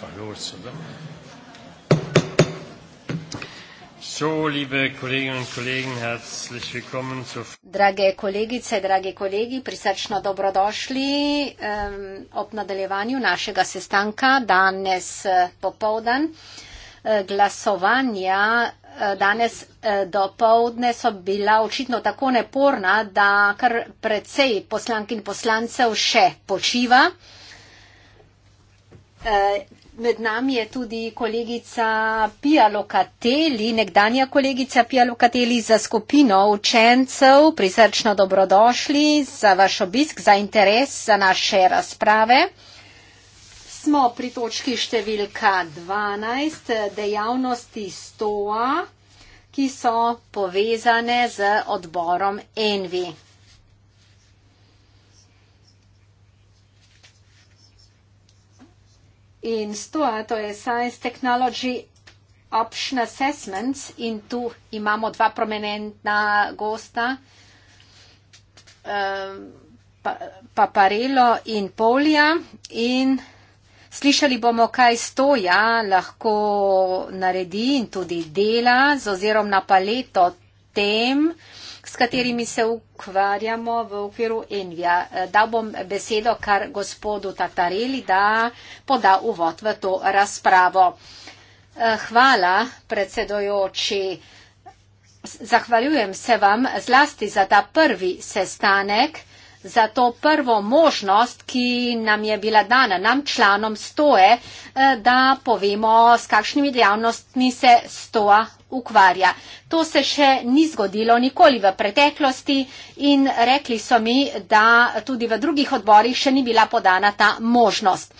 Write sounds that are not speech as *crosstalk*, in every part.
verlor zusammen. So, liebe Kolleginnen und Kollegen, herzlich willkommen zu Drage kolegice, dragi kolegi, prisrčno dobrodošli um, ob nadaljevanju našega sestanka danes eh, popovdan. Eh, glasovanja eh, danes do povdne so bila očitno tako neporna, da kar precej poslank in poslancev še počiva. Med nami je tudi kolegica Pija Lokateli, nekdanja kolegica Pija Lokateli za skupino učencev. Prisrčno dobrodošli za vaš obisk, za interes, za naše razprave. Smo pri točki številka 12, dejavnosti STOA, ki so povezane z odborom ENVI. in stoa, to je Science Technology Option Assessments in tu imamo dva prominentna gosta, um, ehm, Paparelo in Polja in slišali bomo, kaj stoja lahko naredi in tudi dela z ozirom na paleto tem s katerimi se ukvarjamo v okviru Envija. E, da bom besedo kar gospodu Tatareli, da poda uvod v to razpravo. E, hvala, predsedojoči. Zahvaljujem se vam zlasti za ta prvi sestanek, za to prvo možnost, ki nam je bila dana, nam članom stoje, e, da povemo, s kakšnimi dejavnostmi se stoja ukvarja. To se še ni zgodilo nikoli v preteklosti in rekli so mi, da tudi v drugih odborih še ni bila podana ta možnost.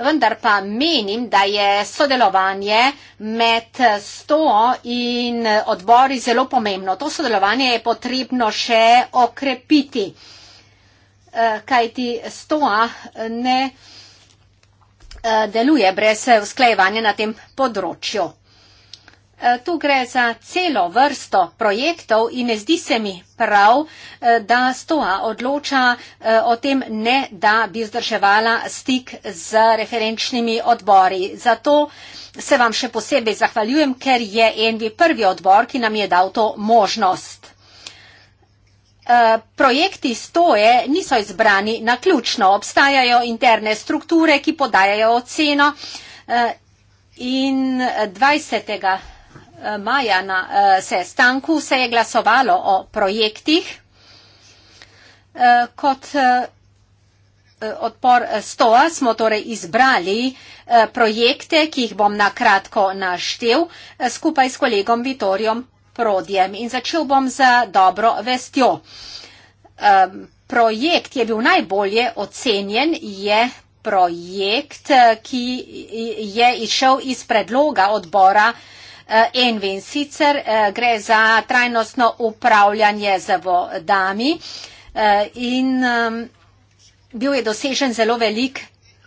Vendar pa menim, da je sodelovanje med sto in odbori zelo pomembno. To sodelovanje je potrebno še okrepiti, eh, kajti stoa eh, ne eh, deluje brez usklajevanja na tem področju. Eh, tu gre za celo vrsto projektov in ne zdi se mi prav, eh, da stoa odloča eh, o tem ne, da bi vzdrževala stik z referenčnimi odbori. Zato se vam še posebej zahvaljujem, ker je ENVI prvi odbor, ki nam je dal to možnost. Projekti stoje niso izbrani na ključno. Obstajajo interne strukture, ki podajajo oceno in 20. Eh, maja na eh, sestanku se je glasovalo o projektih eh, kot odpor stoa smo torej izbrali projekte, ki jih bom nakratko naštel skupaj s kolegom Vitorijom Prodjem in začel bom za dobro vestjo. Projekt je bil najbolje ocenjen, je projekt, ki je išel iz predloga odbora projekta Eh, Envin. Sicer eh, gre za trajnostno upravljanje z vodami eh, in bil je dosežen zelo velik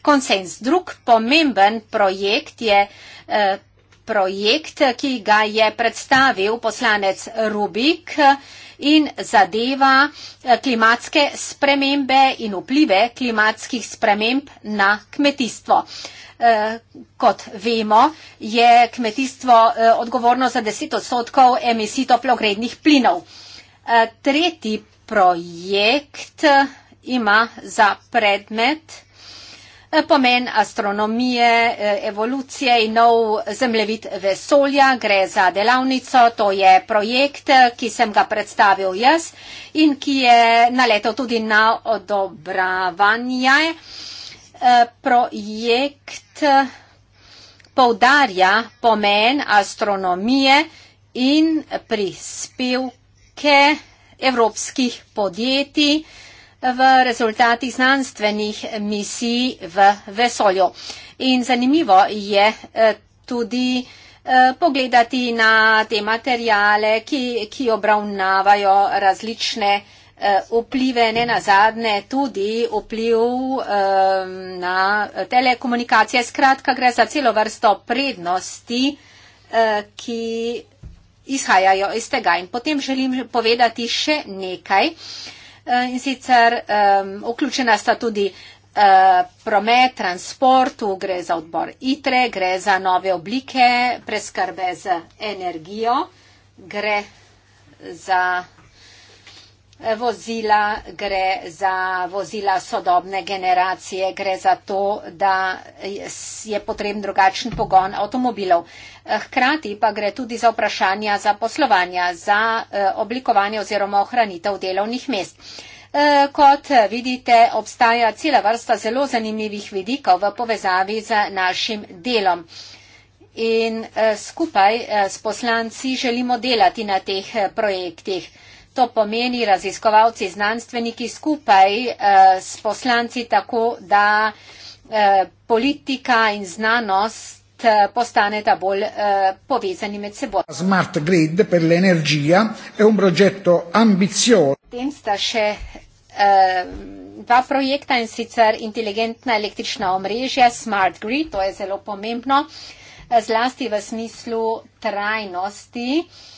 konsens. Drug pomemben projekt je projekt, ki ga je predstavil poslanec Rubik in zadeva eh, klimatske spremembe in vplive klimatskih sprememb na kmetijstvo. Eh, kot vemo, je kmetijstvo eh, odgovorno za 10 odstotkov emisij toplogrednih plinov. Tretji projekt ima za predmet pomen astronomije, e, evolucije in nov zemljevid vesolja. Gre za delavnico, to je projekt, ki sem ga predstavil jaz in ki je naletel tudi na odobravanje. E, projekt poudarja pomen astronomije in prispevke evropskih podjetij v rezultatih znanstvenih misij v vesolju. In zanimivo je eh, tudi eh, pogledati na te materijale, ki, ki obravnavajo različne eh, vplive, ne nazadne, tudi vpliv na telekomunikacije. Skratka, gre za celo vrsto prednosti, ki izhajajo iz tega. In potem želim povedati še nekaj. Eh, in sicer vključena sta tudi eh, promet, transport, gre za odbor ITRE, gre za nove oblike preskrbe z energijo, gre za vozila, gre za vozila sodobne generacije, gre za to, da je potreben drugačen pogon avtomobilov. Hkrati pa gre tudi za vprašanja za poslovanja, za eh, oblikovanje oziroma ohranitev delovnih mest. Eh, kot vidite, obstaja cela vrsta zelo zanimivih vidikov v povezavi z našim delom. In eh, skupaj s poslanci želimo delati na teh projektih. To pomeni raziskovalci, znanstveniki skupaj eh, s poslanci tako, da eh, politika in znanost eh, postaneta bolj eh, povezani med seboj. Smart grid per l'energia è un progetto ambizioso. Potem sta še eh, dva projekta in sicer inteligentna električna omrežja, smart grid, to je zelo pomembno, eh, zlasti v smislu trajnosti. Eh,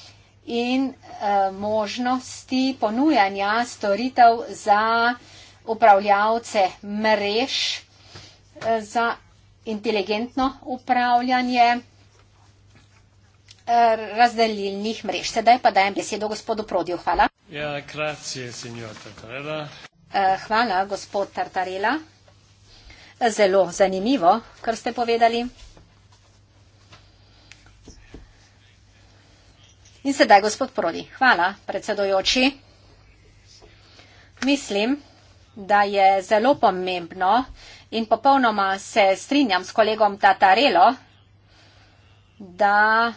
in uh, možnosti ponujanja storitev za upravljavce mrež uh, za inteligentno upravljanje eh, razdelilnih mrež. Sedaj pa dajem besedo gospodu Prodju. Hvala. Ja, grazie, Hvala, gospod Tartarela. Zelo zanimivo, kar ste povedali. In sedaj, gospod Prodi. Hvala, predsedojoči. Mislim, da je zelo pomembno in popolnoma se strinjam s kolegom Tatarelo, da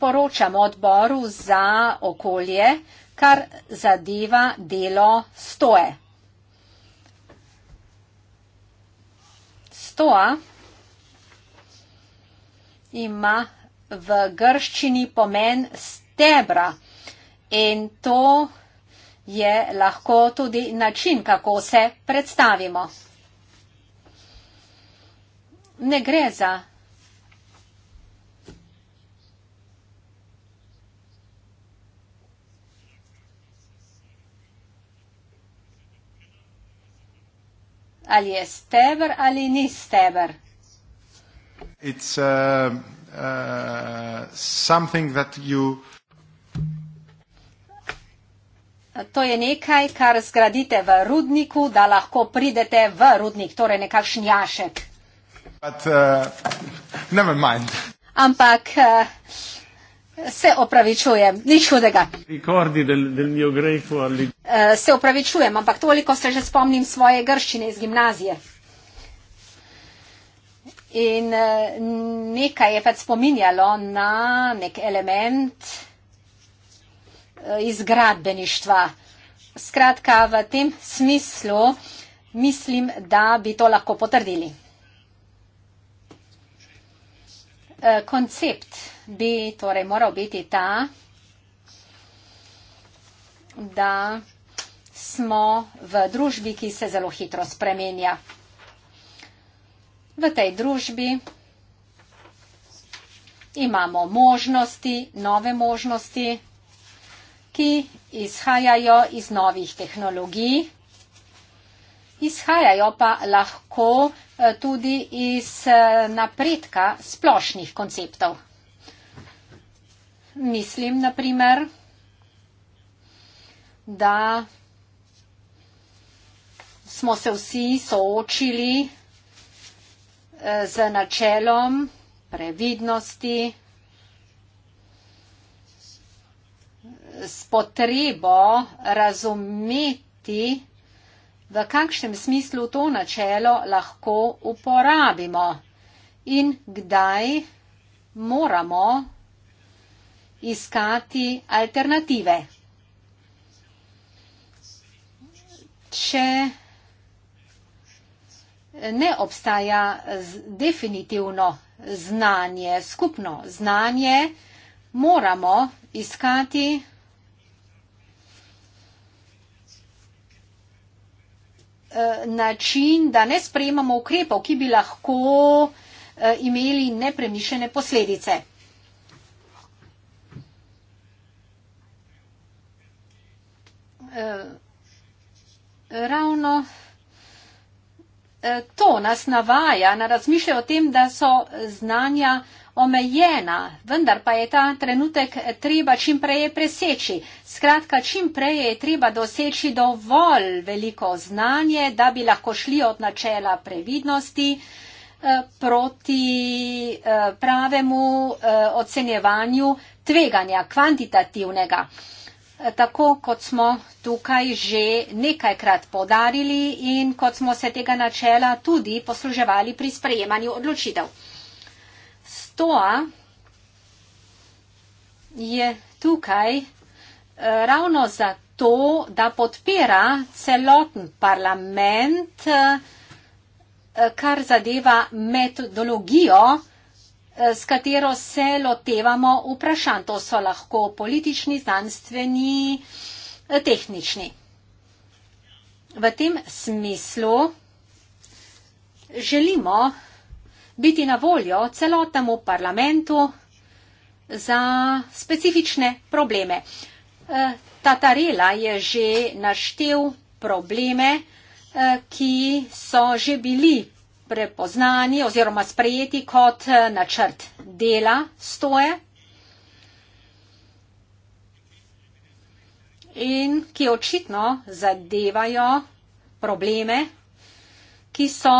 poročam odboru za okolje, kar zadeva delo stoje. Stoa ima v grščini pomen stebra in to je lahko tudi način, kako se predstavimo. Ne gre za ali je stebr ali ni stebr it's uh, uh, something that you To je nekaj, kar zgradite v rudniku, da lahko pridete v rudnik, torej nekakšen jašek. But, uh, Ampak uh, se opravičujem, nič hudega. Uh, se opravičujem, ampak toliko se že spomnim svoje grščine iz gimnazije. In eh, nekaj je pač spominjalo na nek element eh, izgradbeništva. Skratka, v tem smislu mislim, da bi to lahko potrdili. Eh, koncept bi torej moral biti ta, da smo v družbi, ki se zelo hitro spremenja. V tej družbi imamo možnosti, nove možnosti, ki izhajajo iz novih tehnologij, izhajajo pa lahko eh, tudi iz eh, napredka splošnih konceptov. Mislim, na primer, da smo se vsi soočili z načelom previdnosti, s potrebo razumeti, v kakšnem smislu to načelo lahko uporabimo in kdaj moramo iskati alternative. Če ne obstaja definitivno znanje. Skupno znanje moramo iskati način, da ne sprejemamo ukrepov, ki bi lahko e, imeli nepremišljene posledice. E, ravno Eh, to nas navaja na razmišljanje o tem, da so znanja omejena, vendar pa je ta trenutek treba čim prej preseči. Skratka, čim prej je treba doseči dovolj veliko znanje, da bi lahko šli od načela previdnosti eh, proti eh, pravemu ocenjevanju tveganja kvantitativnega tako kot smo tukaj že nekajkrat podarili in kot smo se tega načela tudi posluževali pri sprejemanju odločitev. Stoa je tukaj eh, ravno zato, da podpira celoten parlament, eh, kar zadeva metodologijo, Eh, s katero se lotevamo vprašanj. To so lahko politični, znanstveni, eh, tehnični. V tem smislu želimo biti na voljo celotnemu parlamentu za specifične probleme. Eh, Tatarela je že naštel probleme, ki so že bili prepoznani oziroma sprejeti kot eh, načrt dela stoje in ki očitno zadevajo probleme, ki so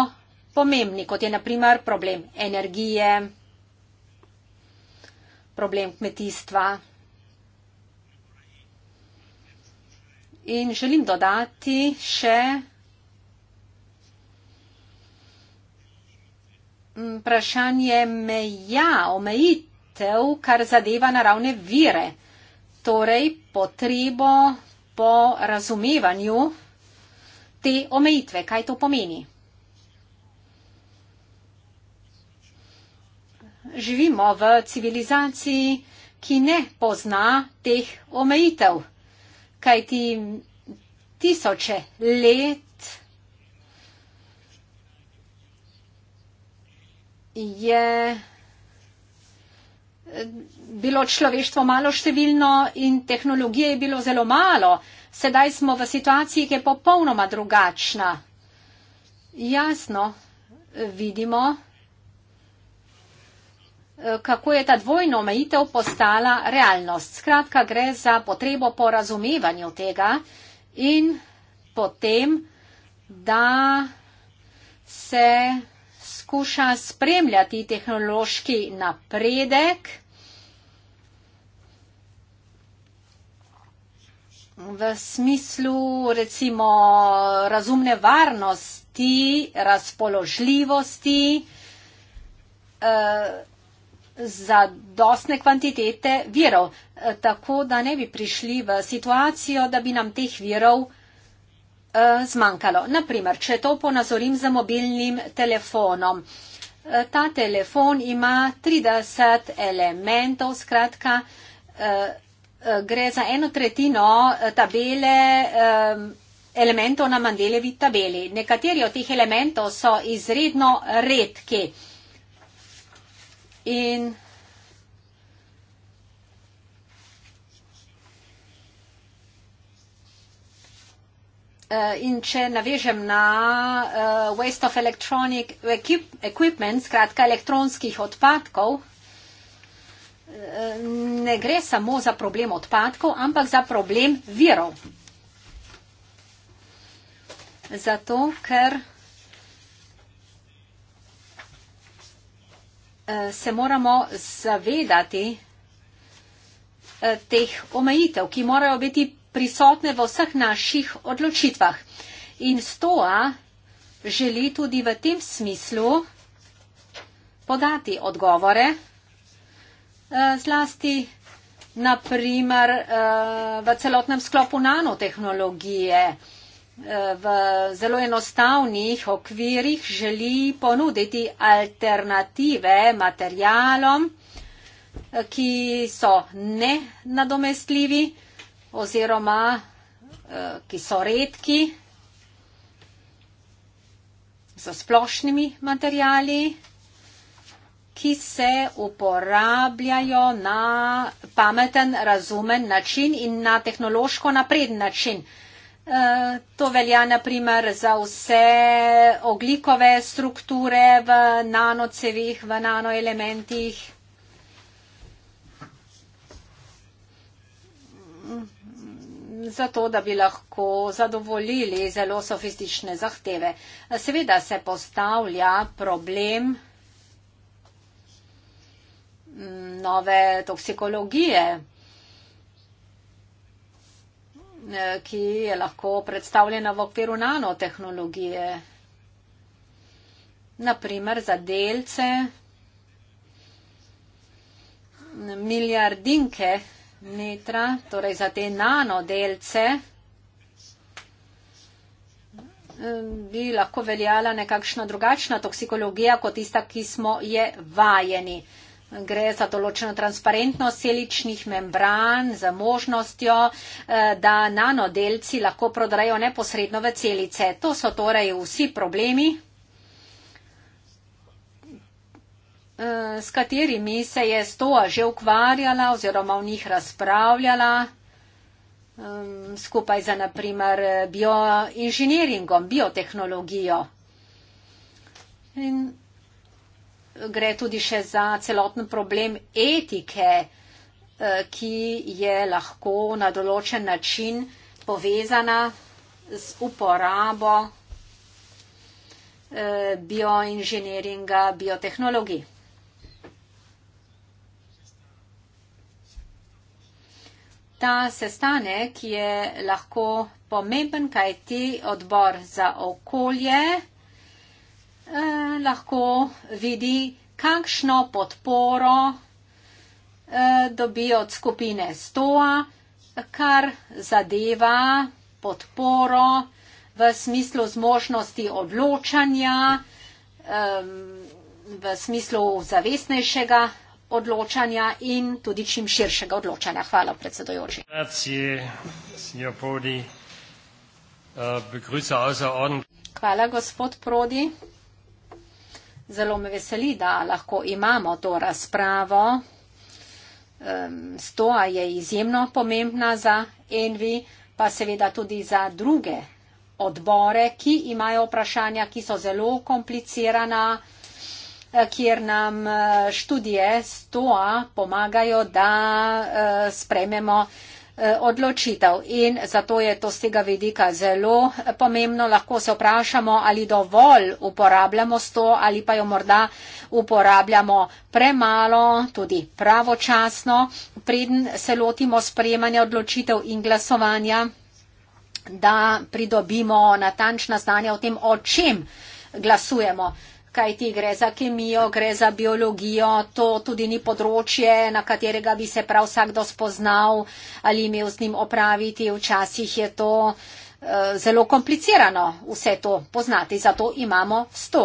pomembni, kot je naprimer problem energije, problem kmetijstva. In želim dodati še vprašanje meja, omejitev, kar zadeva naravne vire, torej potrebo po razumevanju te omejitve, kaj to pomeni. Živimo v civilizaciji, ki ne pozna teh omejitev, kajti tisoče let je bilo človeštvo malo številno in tehnologije je bilo zelo malo. Sedaj smo v situaciji, ki je popolnoma drugačna. Jasno vidimo, kako je ta dvojna omejitev postala realnost. Skratka, gre za potrebo po razumevanju tega in potem, da se poskuša spremljati tehnološki napredek. V smislu recimo razumne varnosti, razpoložljivosti eh, za dosne kvantitete virov, eh, tako da ne bi prišli v situacijo, da bi nam teh virov eh, Eh, zmanjkalo. Naprimer, če to ponazorim z mobilnim telefonom. Eh, ta telefon ima 30 elementov, skratka, eh, gre za eno tretjino tabele elementov na Mandelevi tabeli. Nekateri od teh elementov so izredno redki. In Eh, in če navežem na uh, waste of electronic equip, equipment, skratka elektronskih odpadkov, eh, ne gre samo za problem odpadkov, ampak za problem virov. Zato, ker se moramo zavedati teh omejitev, ki morajo biti prisotne v vseh naših odločitvah. In stoa želi tudi v tem smislu podati odgovore, eh, zlasti naprimer eh, v celotnem sklopu nanotehnologije. Eh, v zelo enostavnih okvirih želi ponuditi alternative materialom, ki so nenadomestljivi oziroma eh, ki so redki z splošnimi materijali, ki se uporabljajo na pameten, razumen način in na tehnološko napreden način. Eh, to velja naprimer za vse oglikove strukture v nanocevih, v nanoelementih zato, da bi lahko zadovoljili zelo sofistične zahteve. Seveda se postavlja problem nove toksikologije, ki je lahko predstavljena v okviru nanotehnologije. Naprimer za delce milijardinke metra, torej za te nanodelce, bi lahko veljala nekakšna drugačna toksikologija kot tista, ki smo je vajeni. Gre za določeno transparentnost celičnih membran z možnostjo, eh, da nanodelci lahko prodrejo neposredno v celice. To so torej vsi problemi. Eh, s katerimi se je stoa že ukvarjala oziroma v njih razpravljala skupaj za naprimer bioinženiringom, biotehnologijo. In gre tudi še za celoten problem etike, eh, ki je lahko na določen način povezana z uporabo eh, bioinženiringa, biotehnologij. ta sestanek, ki je lahko pomemben, kaj ti odbor za okolje eh, lahko vidi, kakšno podporo eh, dobijo od skupine STOA, kar zadeva podporo v smislu zmožnosti odločanja, eh, v smislu zavesnejšega odločanja in tudi čim širšega odločanja. Hvala, predsedojoči. Eh, Hvala, gospod Prodi. Zelo me veseli, da lahko imamo to razpravo. Stoa je izjemno pomembna za Envi, pa seveda tudi za druge odbore, ki imajo vprašanja, ki so zelo komplicirana. Eh, kjer nam eh, študije stoa pomagajo, da eh, sprememo odločitev. In zato je to z tega vidika zelo pomembno. Lahko se vprašamo, ali dovolj uporabljamo sto ali pa jo morda uporabljamo premalo, tudi pravočasno, preden se lotimo sprejemanja odločitev in glasovanja, da pridobimo natančna znanja o tem, o čem glasujemo kaj ti gre za kemijo, gre za biologijo, to tudi ni področje, na katerega bi se prav vsakdo spoznal ali imel z njim opraviti. Včasih je to e, zelo komplicirano vse to poznati, zato imamo sto.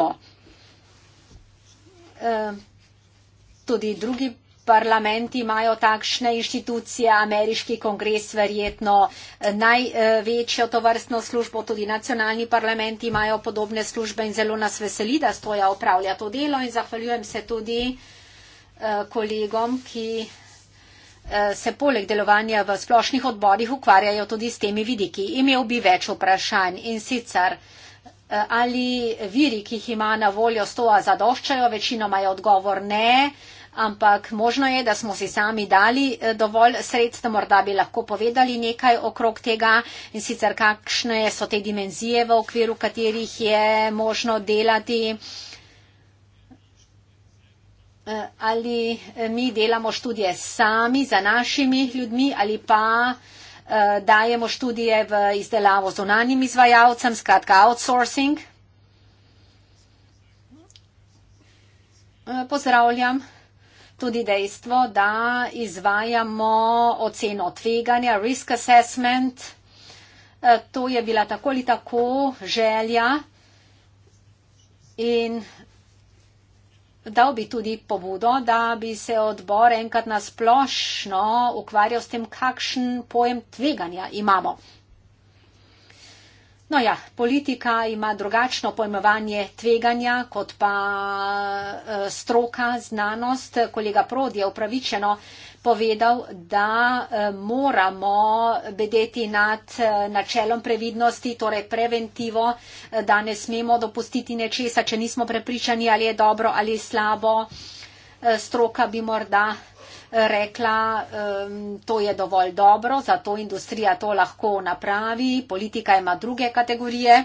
E, tudi drugi parlamenti imajo takšne inštitucije, ameriški kongres verjetno eh, največjo tovrstno službo, tudi nacionalni parlamenti imajo podobne službe in zelo nas veseli, da stoja opravlja to delo in zahvaljujem se tudi eh, kolegom, ki eh, se poleg delovanja v splošnih odborih ukvarjajo tudi s temi vidiki. Imel bi več vprašanj in sicer ali viri, ki jih ima na voljo stoa, zadoščajo, večinoma je odgovor ne ampak možno je, da smo si sami dali eh, dovolj sredstev, morda bi lahko povedali nekaj okrog tega in sicer kakšne so te dimenzije, v okviru katerih je možno delati. Eh, ali eh, mi delamo študije sami za našimi ljudmi ali pa dajemo študije v izdelavo zunanjim izvajalcem, skratka outsourcing. Pozdravljam tudi dejstvo, da izvajamo oceno tveganja, risk assessment. E, to je bila tako ali tako želja in dal bi tudi pobudo, da bi se odbor enkrat nasplošno ukvarjal s tem, kakšen pojem tveganja imamo. No ja, politika ima drugačno pojmovanje tveganja kot pa e, stroka, znanost. Kolega Prod je upravičeno povedal, da e, moramo bedeti nad e, načelom previdnosti, torej preventivo, da ne smemo dopustiti nečesa, če nismo prepričani, ali je dobro ali slabo. Stroka bi morda rekla, to je dovolj dobro, zato industrija to lahko napravi, politika ima druge kategorije.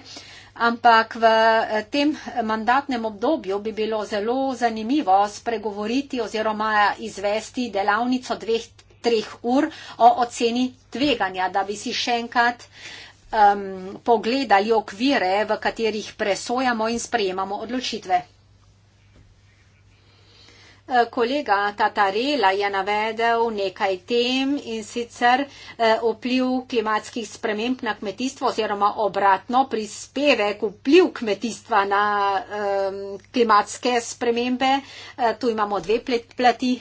Ampak v eh, tem mandatnem obdobju bi bilo zelo zanimivo spregovoriti oziroma izvesti delavnico dveh, treh ur o oceni tveganja, da bi si še enkrat um, pogledali okvire, v katerih presojamo in sprejemamo odločitve. Eh, kolega Tatarela je navedel nekaj tem in sicer eh, vpliv klimatskih sprememb na kmetijstvo oziroma obratno prispevek vpliv kmetijstva na klimatske spremembe. Eh, tu imamo dve plati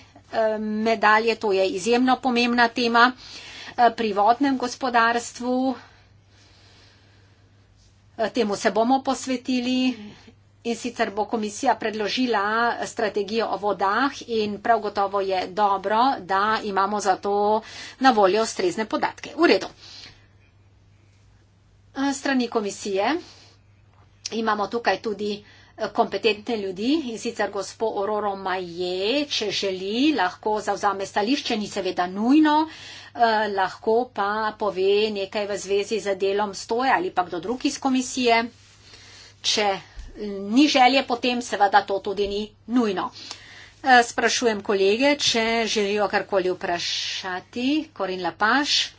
medalje, to je izjemno pomembna tema pri vodnem gospodarstvu. Temu se bomo posvetili In sicer bo komisija predložila strategijo o vodah in prav gotovo je dobro, da imamo za to na voljo strezne podatke. V redu. Strani komisije imamo tukaj tudi eh, kompetentne ljudi in sicer gospo Ororo Maje, če želi, lahko zavzame stališče, ni seveda nujno, eh, lahko pa pove nekaj v zvezi z delom stoje ali pa kdo drugi iz komisije. Če ni želje, potem seveda to tudi ni nujno. Eh, sprašujem kolege, če želijo karkoli vprašati. Korin Lapaš.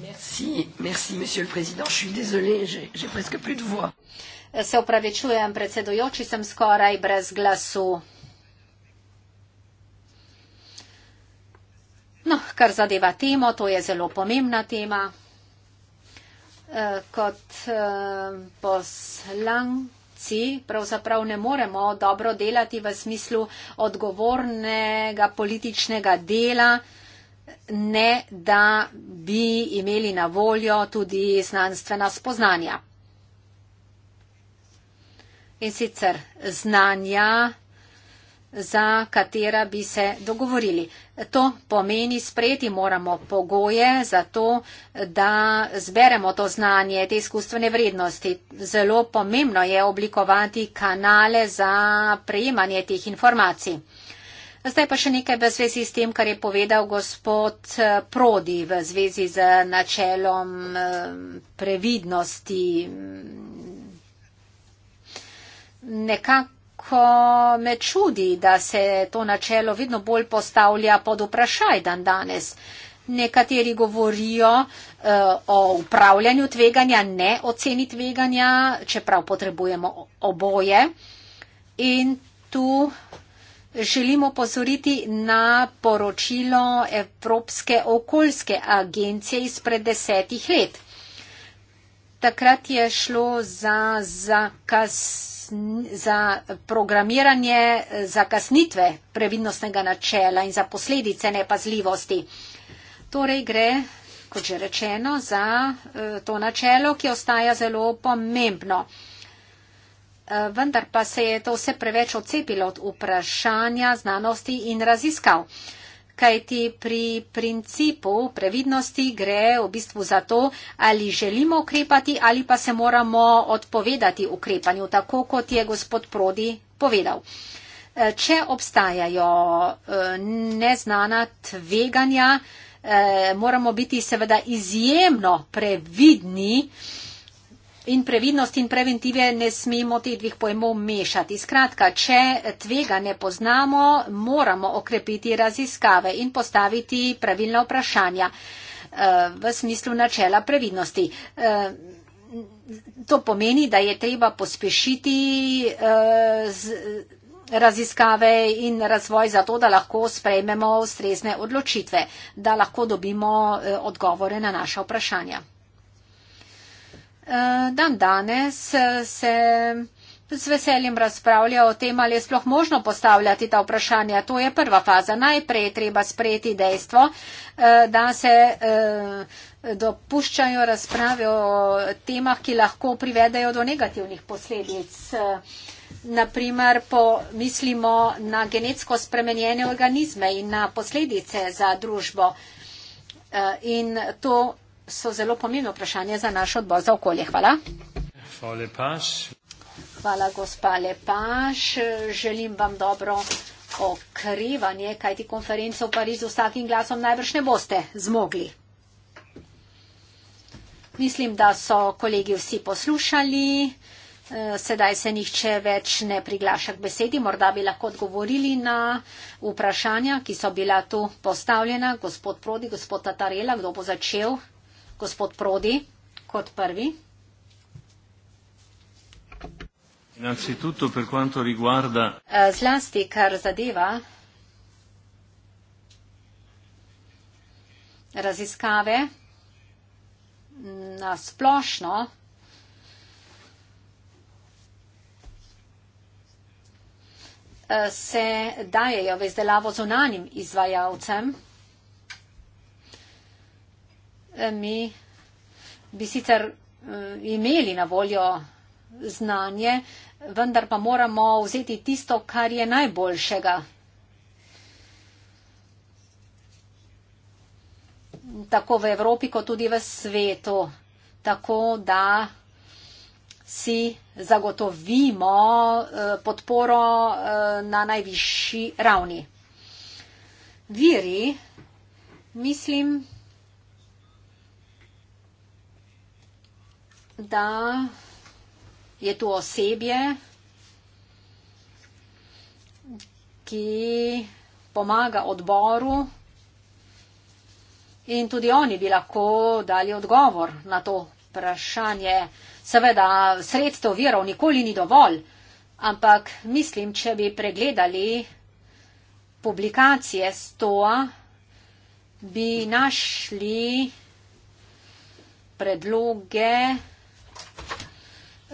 Merci, merci, monsieur le président. Je suis désolé, j'ai presque plus de voix. Eh, se opravičujem, predsedujoči sem skoraj brez glasu. No, kar zadeva temo, to je zelo pomembna tema kot eh, poslanci pravzaprav ne moremo dobro delati v smislu odgovornega političnega dela, ne da bi imeli na voljo tudi znanstvena spoznanja. In sicer znanja za katera bi se dogovorili. To pomeni sprejeti moramo pogoje za to, da zberemo to znanje, te izkustvene vrednosti. Zelo pomembno je oblikovati kanale za prejemanje teh informacij. Zdaj pa še nekaj v zvezi s tem, kar je povedal gospod eh, Prodi v zvezi z načelom eh, previdnosti. Nekak Nekako me čudi, da se to načelo vedno bolj postavlja pod vprašaj dan danes. Nekateri govorijo uh, o upravljanju tveganja, ne o ceni tveganja, čeprav potrebujemo oboje. In tu želimo pozoriti na poročilo Evropske okoljske agencije izpred desetih let. Takrat je šlo za zakaz za programiranje zakasnitve previdnostnega načela in za posledice nepazljivosti. Torej gre, kot že rečeno, za eh, to načelo, ki ostaja zelo pomembno. Eh, vendar pa se je to vse preveč odcepilo od vprašanja znanosti in raziskav kaj ti pri principu previdnosti gre v bistvu za to, ali želimo ukrepati ali pa se moramo odpovedati ukrepanju, tako kot je gospod Prodi povedal. E, če obstajajo e, neznana tveganja, e, moramo biti seveda izjemno previdni, In previdnost in preventive ne smemo teh dveh pojmov mešati. Skratka, če tvega ne poznamo, moramo okrepiti raziskave in postaviti pravilna vprašanja uh, v smislu načela previdnosti. Uh, to pomeni, da je treba pospešiti uh, z, raziskave in razvoj za to, da lahko sprejmemo ustrezne odločitve, da lahko dobimo uh, odgovore na naše vprašanja. Eh, Dan danes eh, se z veseljem razpravlja o tem, ali je sploh možno postavljati ta vprašanja. To je prva faza. Najprej treba sprejeti dejstvo, eh, da se dopuščajo razprave o temah, ki lahko privedajo do negativnih posledic. Naprimer, pomislimo na genetsko spremenjene organizme in na posledice za družbo. In to so zelo pomembno vprašanje za naš odbor za okolje. Hvala. Hvala, gospa Lepaš. Želim vam dobro okrevanje, kajti konferenco v Parizu s takim glasom najbrž ne boste zmogli. Mislim, da so kolegi vsi poslušali. Eh, sedaj se nihče več ne priglaša k besedi. Morda bi lahko odgovorili na vprašanja, ki so bila tu postavljena. Gospod Prodi, gospod Tatarela, kdo bo začel? gospod Prodi kot prvi. Eh, zlasti, kar zadeva raziskave na splošno, eh, se dajejo v izdelavo zunanim izvajalcem mi bi sicer eh, imeli na voljo znanje, vendar pa moramo vzeti tisto, kar je najboljšega. Tako v Evropi, kot tudi v svetu. Tako da si zagotovimo eh, podporo eh, na najvišji ravni. Viri, mislim, da je tu osebje, ki pomaga odboru in tudi oni bi lahko dali odgovor na to vprašanje. Seveda, sredstev virov nikoli ni dovolj, ampak mislim, če bi pregledali publikacije stoa, bi našli predloge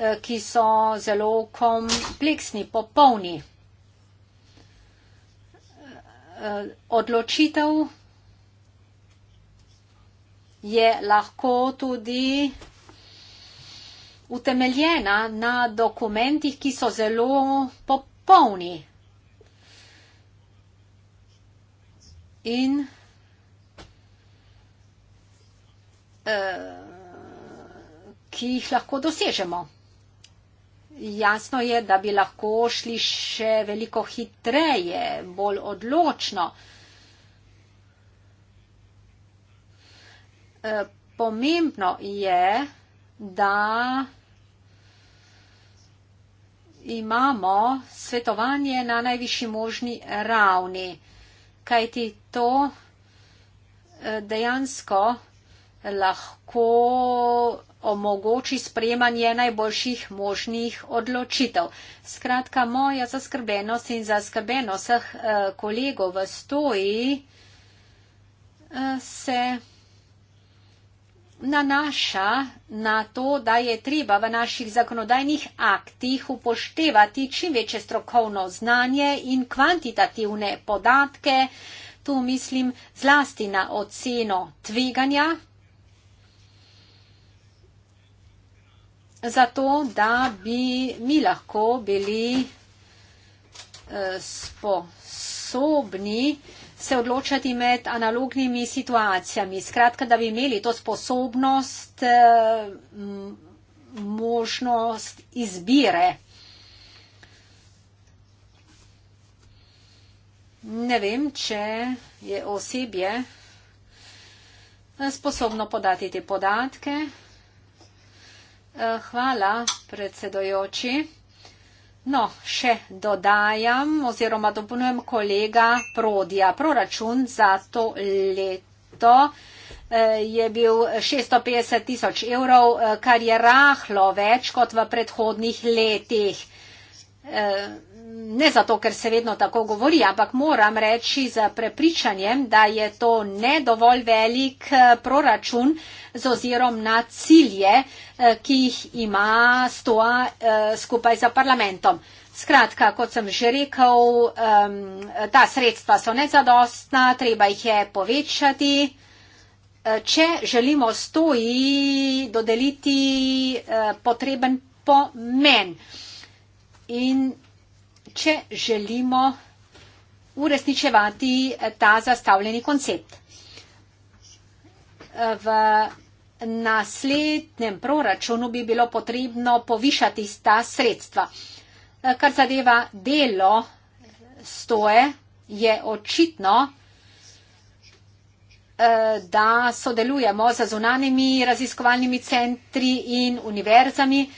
Eh, ki so zelo kompleksni, popolni. Eh, odločitev je lahko tudi utemeljena na dokumentih, ki so zelo popolni. In uh, ki jih lahko dosežemo. Jasno je, da bi lahko šli še veliko hitreje, bolj odločno. E, pomembno je, da imamo svetovanje na najvišji možni ravni, kajti to e, dejansko lahko omogoči sprejemanje najboljših možnih odločitev. Skratka, moja zaskrbenost in zaskrbenost vseh eh, kolegov v stoji eh, se nanaša na to, da je treba v naših zakonodajnih aktih upoštevati čim večje strokovno znanje in kvantitativne podatke. Tu mislim zlasti na oceno tveganja, zato, da bi mi lahko bili eh, sposobni se odločati med analognimi situacijami. Skratka, da bi imeli to sposobnost, eh, možnost izbire. Ne vem, če je osebje eh, sposobno podati te podatke. Eh, hvala, predsedojoči. No, še dodajam oziroma dopolnujem kolega Prodija. Proračun za to leto eh, je bil 650 tisoč evrov, eh, kar je rahlo več kot v predhodnih letih ne zato, ker se vedno tako govori, ampak moram reči z prepričanjem, da je to ne dovolj velik eh, proračun z ozirom na cilje, eh, ki jih ima stoa eh, skupaj za parlamentom. Skratka, kot sem že rekel, ta sredstva so nezadostna, treba jih je povečati. Če želimo stoji dodeliti potreben pomen. In če želimo uresničevati ta zastavljeni koncept. V naslednjem proračunu bi bilo potrebno povišati ta sredstva. Kar zadeva delo stoje, je očitno, da sodelujemo z zunanimi raziskovalnimi centri in univerzami,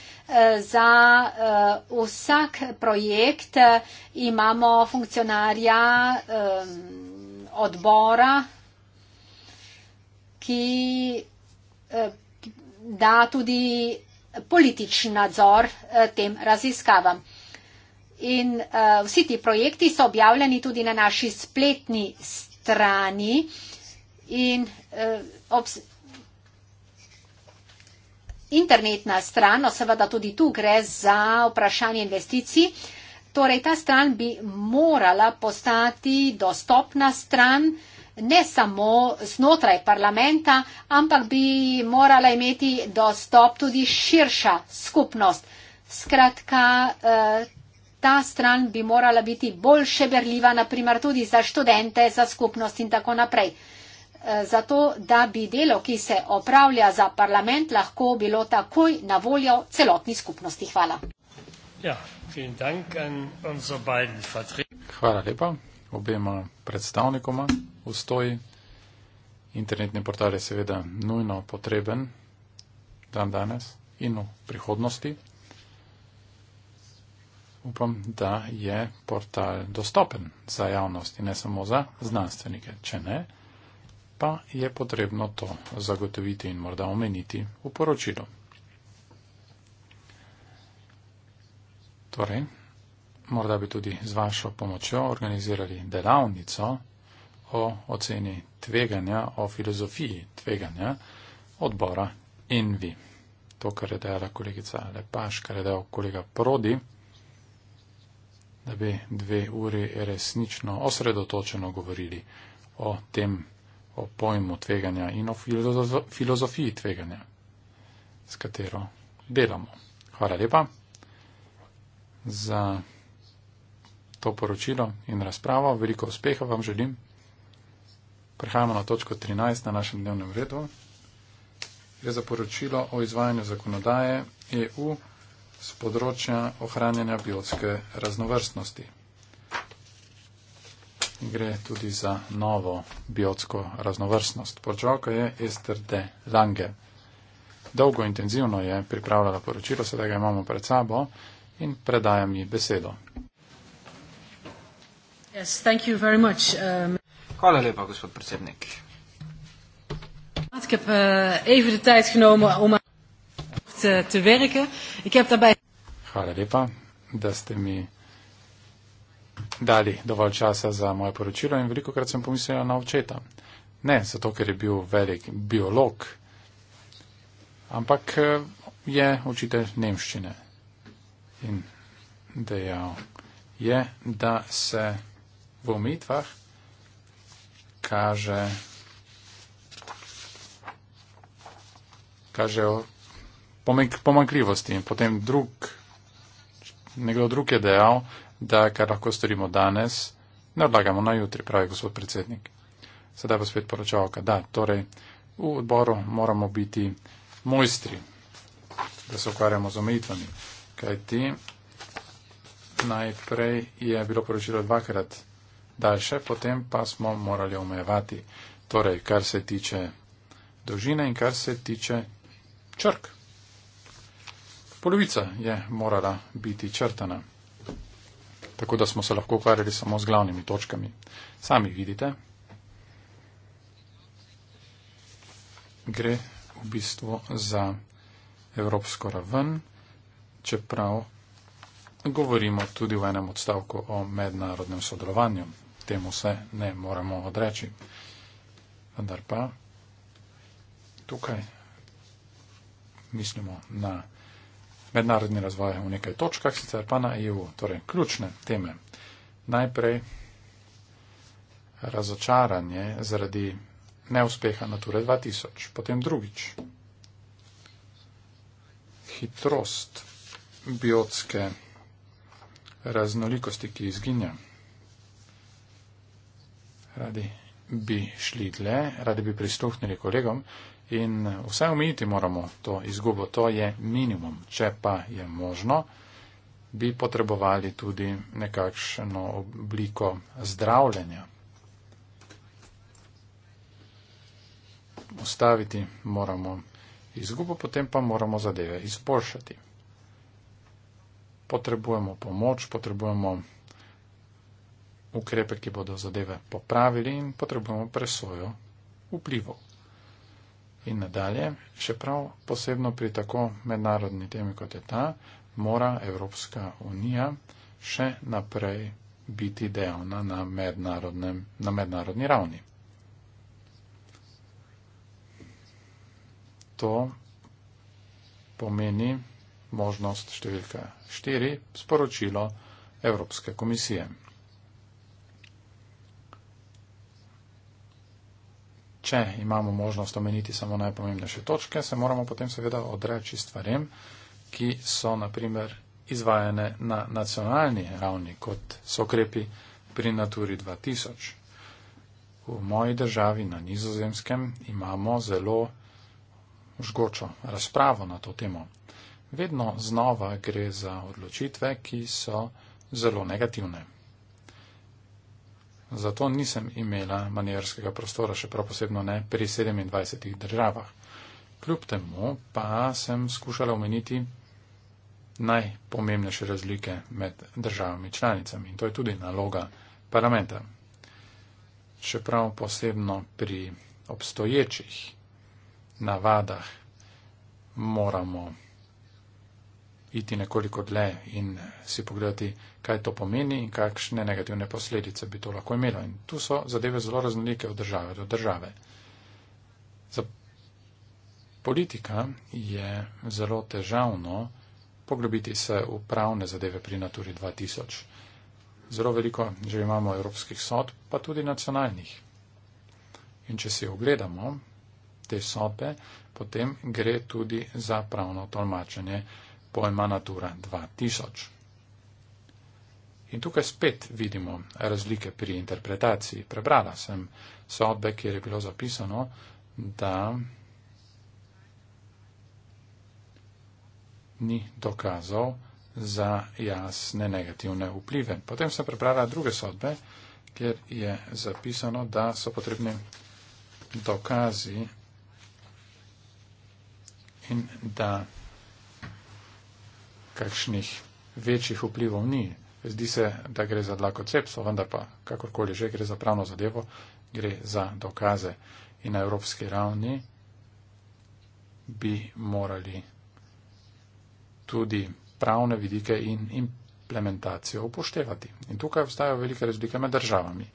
za eh, vsak projekt eh, imamo funkcionarja eh, odbora, ki da tudi političen nadzor tem raziskavam. In vsi ti projekti so objavljeni tudi na naši spletni strani. In internetna stran, no seveda tudi tu gre za vprašanje investicij. Torej, ta stran bi morala postati dostopna stran ne samo znotraj parlamenta, ampak bi morala imeti dostop tudi širša skupnost. Skratka, eh, ta stran bi morala biti bolj šeberljiva, naprimer tudi za študente, za skupnost in tako naprej zato da bi delo, ki se opravlja za parlament, lahko bilo takoj na voljo celotni skupnosti. Hvala. Ja, dank Hvala lepa obema predstavnikoma v stoji. Internetni portal je seveda nujno potreben dan danes in v prihodnosti. Upam, da je portal dostopen za javnost in ne samo za znanstvenike. Če ne, pa je potrebno to zagotoviti in morda omeniti v poročilu. Torej, morda bi tudi z vašo pomočjo organizirali delavnico o oceni tveganja, o filozofiji tveganja odbora Envi. To, kar je dejala kolegica Lepaš, kar je dejal kolega Prodi, da bi dve uri resnično osredotočeno govorili o tem o pojmu tveganja in o filozofiji tveganja, s katero delamo. Hvala lepa za to poročilo in razpravo. Veliko uspeha vam želim. Prehajamo na točko 13 na našem dnevnem redu. Gre za poročilo o izvajanju zakonodaje EU z področja ohranjanja biotske raznovrstnosti gre tudi za novo biotsko raznovrstnost. Poročevalka je Ester de Lange. Dolgo in intenzivno je pripravljala poročilo, sedaj ga imamo pred sabo in predajam ji besedo. Yes, um... Hvala lepa, gospod predsednik. Eh, Hvala lepa, da ste mi dali dovolj časa za moje poročilo in veliko krat sem pomislila na očeta. Ne zato, ker je bil velik biolog, ampak eh, je učitelj nemščine in dejal je, da se v omitvah kaže, kaže pomankljivosti. Potem drug, nekdo drug je dejal, da kar lahko storimo danes, ne odlagamo na jutri, pravi gospod predsednik. Sedaj pa spet poročavka. Da, torej, v odboru moramo biti mojstri, da se ukvarjamo z omejitvami. Kaj ti? Najprej je bilo poročilo dvakrat daljše, potem pa smo morali omejevati. Torej, kar se tiče dolžine in kar se tiče črk. Polovica je morala biti črtana tako da smo se lahko ukvarjali samo z glavnimi točkami. Sami vidite, gre v bistvu za evropsko raven, čeprav govorimo tudi v enem odstavku o mednarodnem sodelovanju. Temu se ne moramo odreči. Vendar pa tukaj mislimo na mednarodni razvoj v nekaj točkah, sicer pa na EU. Torej, ključne teme. Najprej razočaranje zaradi neuspeha Nature 2000, potem drugič hitrost biotske raznolikosti, ki izginja. Radi bi šli dlje, radi bi prisluhnili kolegom, In vsaj omejiti moramo to izgubo, to je minimum. Če pa je možno, bi potrebovali tudi nekakšno obliko zdravljenja. Ostaviti moramo izgubo, potem pa moramo zadeve izboljšati. Potrebujemo pomoč, potrebujemo ukrepe, ki bodo zadeve popravili in potrebujemo presojo vplivov. In nadalje, še prav posebno pri tako mednarodni temi kot je ta, mora Evropska unija še naprej biti dejavna na, na mednarodni ravni. To pomeni možnost številka 4, sporočilo Evropske komisije. če imamo možnost omeniti samo najpomembnejše točke, se moramo potem seveda odreči stvarem, ki so naprimer izvajane na nacionalni ravni, kot so ukrepi pri Naturi 2000. V moji državi na nizozemskem imamo zelo žgočo razpravo na to temo. Vedno znova gre za odločitve, ki so zelo negativne zato nisem imela manevrskega prostora, še prav posebno ne pri 27 državah. Kljub temu pa sem skušala omeniti najpomembnejše razlike med državami članicami in to je tudi naloga parlamenta. Še prav posebno pri obstoječih navadah moramo iti nekoliko dlje in si pogledati, kaj to pomeni in kakšne negativne posledice bi to lahko imelo. In tu so zadeve zelo raznolike od države do države. Za politika je zelo težavno poglobiti se v pravne zadeve pri Naturi 2000. Zelo veliko že imamo evropskih sod, pa tudi nacionalnih. In če si ogledamo te sope, potem gre tudi za pravno tolmačenje pojma Natura 2000. In tukaj spet vidimo razlike pri interpretaciji. Prebrala sem sodbe, kjer je bilo zapisano, da ni dokazov za jasne negativne vplive. Potem sem prebrala druge sodbe, kjer je zapisano, da so potrebni dokazi in da kakšnih večjih vplivov ni. Zdi se, da gre za dlako cepso, vendar pa kakorkoli že gre za pravno zadevo, gre za dokaze. In na evropski ravni bi morali tudi pravne vidike in implementacijo upoštevati. In tukaj obstajajo velike razlike med državami.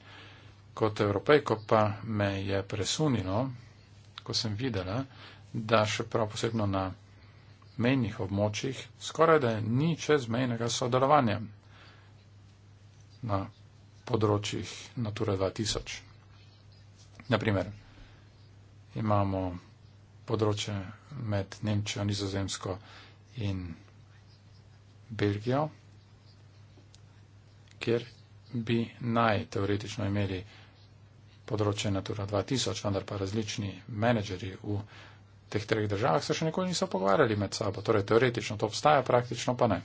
Kot evropejko pa me je presunilo, ko sem videla, da še prav posebno na mejnih območjih skoraj da ni čezmejnega sodelovanja na področjih Natura 2000. Naprimer, imamo področje med Nemčijo, Nizozemsko in Belgijo, kjer bi naj teoretično imeli področje Natura 2000, vendar pa različni menedžeri v teh treh državah se še nikoli niso pogovarjali med sabo. Torej, teoretično to obstaja, praktično pa ne.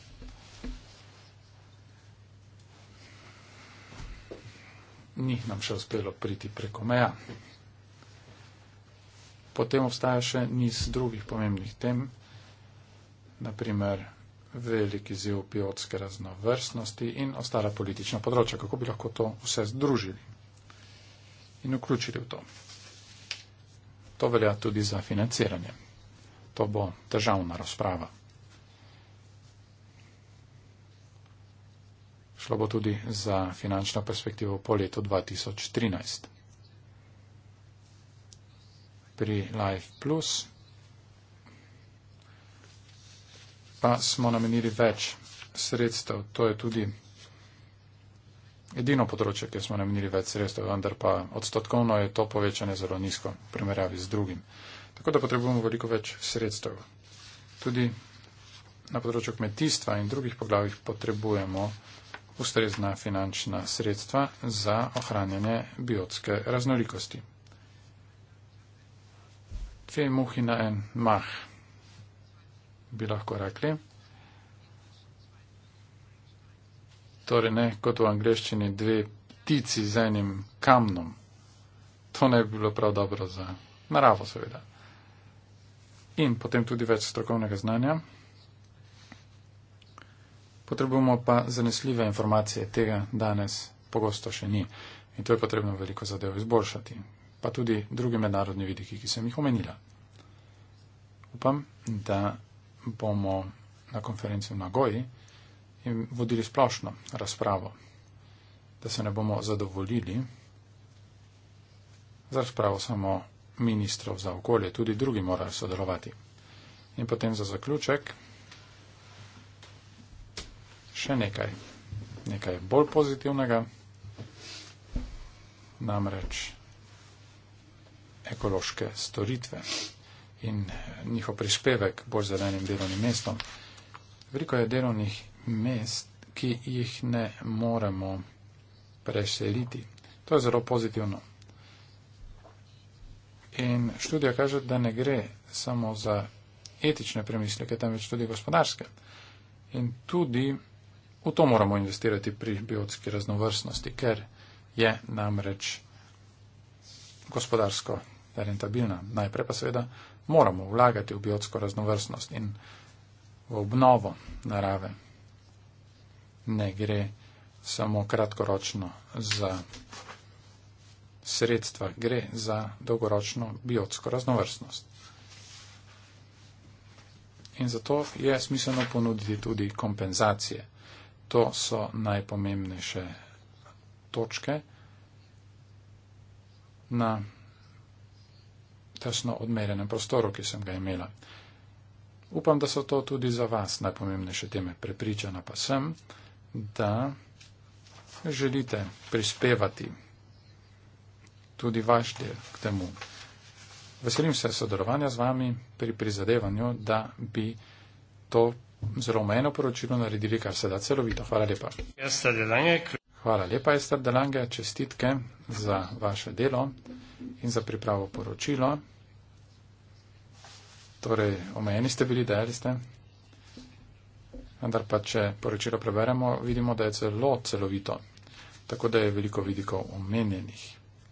Ni nam še uspelo priti preko meja. Potem obstaja še niz drugih pomembnih tem, naprimer veliki ziv biotske raznovrstnosti in ostala politična področja, kako bi lahko to vse združili in vključili v to. To velja tudi za financiranje. To bo državna razprava. Šlo bo tudi za finančno perspektivo po letu 2013. Pri Life Plus pa smo namenili več sredstev. To je tudi edino področje, kjer smo namenili več sredstev, vendar pa odstotkovno je to povečanje zelo nizko v primerjavi z drugim. Tako da potrebujemo veliko več sredstev. Tudi na področju kmetijstva in drugih poglavjih potrebujemo ustrezna finančna sredstva za ohranjanje biotske raznolikosti. Dve muhi na en mah bi lahko rekli. torej ne kot v angleščini dve ptici z enim kamnom. To ne bi bilo prav dobro za naravo, seveda. In potem tudi več strokovnega znanja. Potrebujemo pa zanesljive informacije, tega danes pogosto še ni. In to je potrebno veliko zadev izboljšati, pa tudi druge mednarodne vidiki, ki sem jih omenila. Upam, da bomo na konferenci v Nagoji in vodili splošno razpravo, da se ne bomo zadovoljili za razpravo samo ministrov za okolje, tudi drugi morajo sodelovati. In potem za zaključek še nekaj, nekaj bolj pozitivnega, namreč ekološke storitve in njihov prispevek bolj zelenim delovnim mestom. Veliko je delovnih mest, ki jih ne moremo preseliti. To je zelo pozitivno. In študija kaže, da ne gre samo za etične premisleke, temveč tudi gospodarske. In tudi v to moramo investirati pri biotski raznovrstnosti, ker je namreč gospodarsko rentabilna. Najprej pa seveda moramo vlagati v biotsko raznovrstnost in v obnovo narave ne gre samo kratkoročno za sredstva, gre za dolgoročno biotsko raznovrstnost. In zato je smiselno ponuditi tudi kompenzacije. To so najpomembnejše točke na tesno odmerjenem prostoru, ki sem ga imela. Upam, da so to tudi za vas najpomembnejše teme. Prepričana pa sem, da želite prispevati tudi vaš del k temu. Veselim se sodelovanja z vami pri prizadevanju, da bi to zelo omejeno poročilo naredili kar se da celovito. Hvala lepa. Hvala lepa, Ester Delange, čestitke za vaše delo in za pripravo poročilo. Torej, omejeni ste bili, da ali ste? Vendar pa, če poročilo preberemo, vidimo, da je zelo celovito. Tako da je veliko vidikov omenjenih,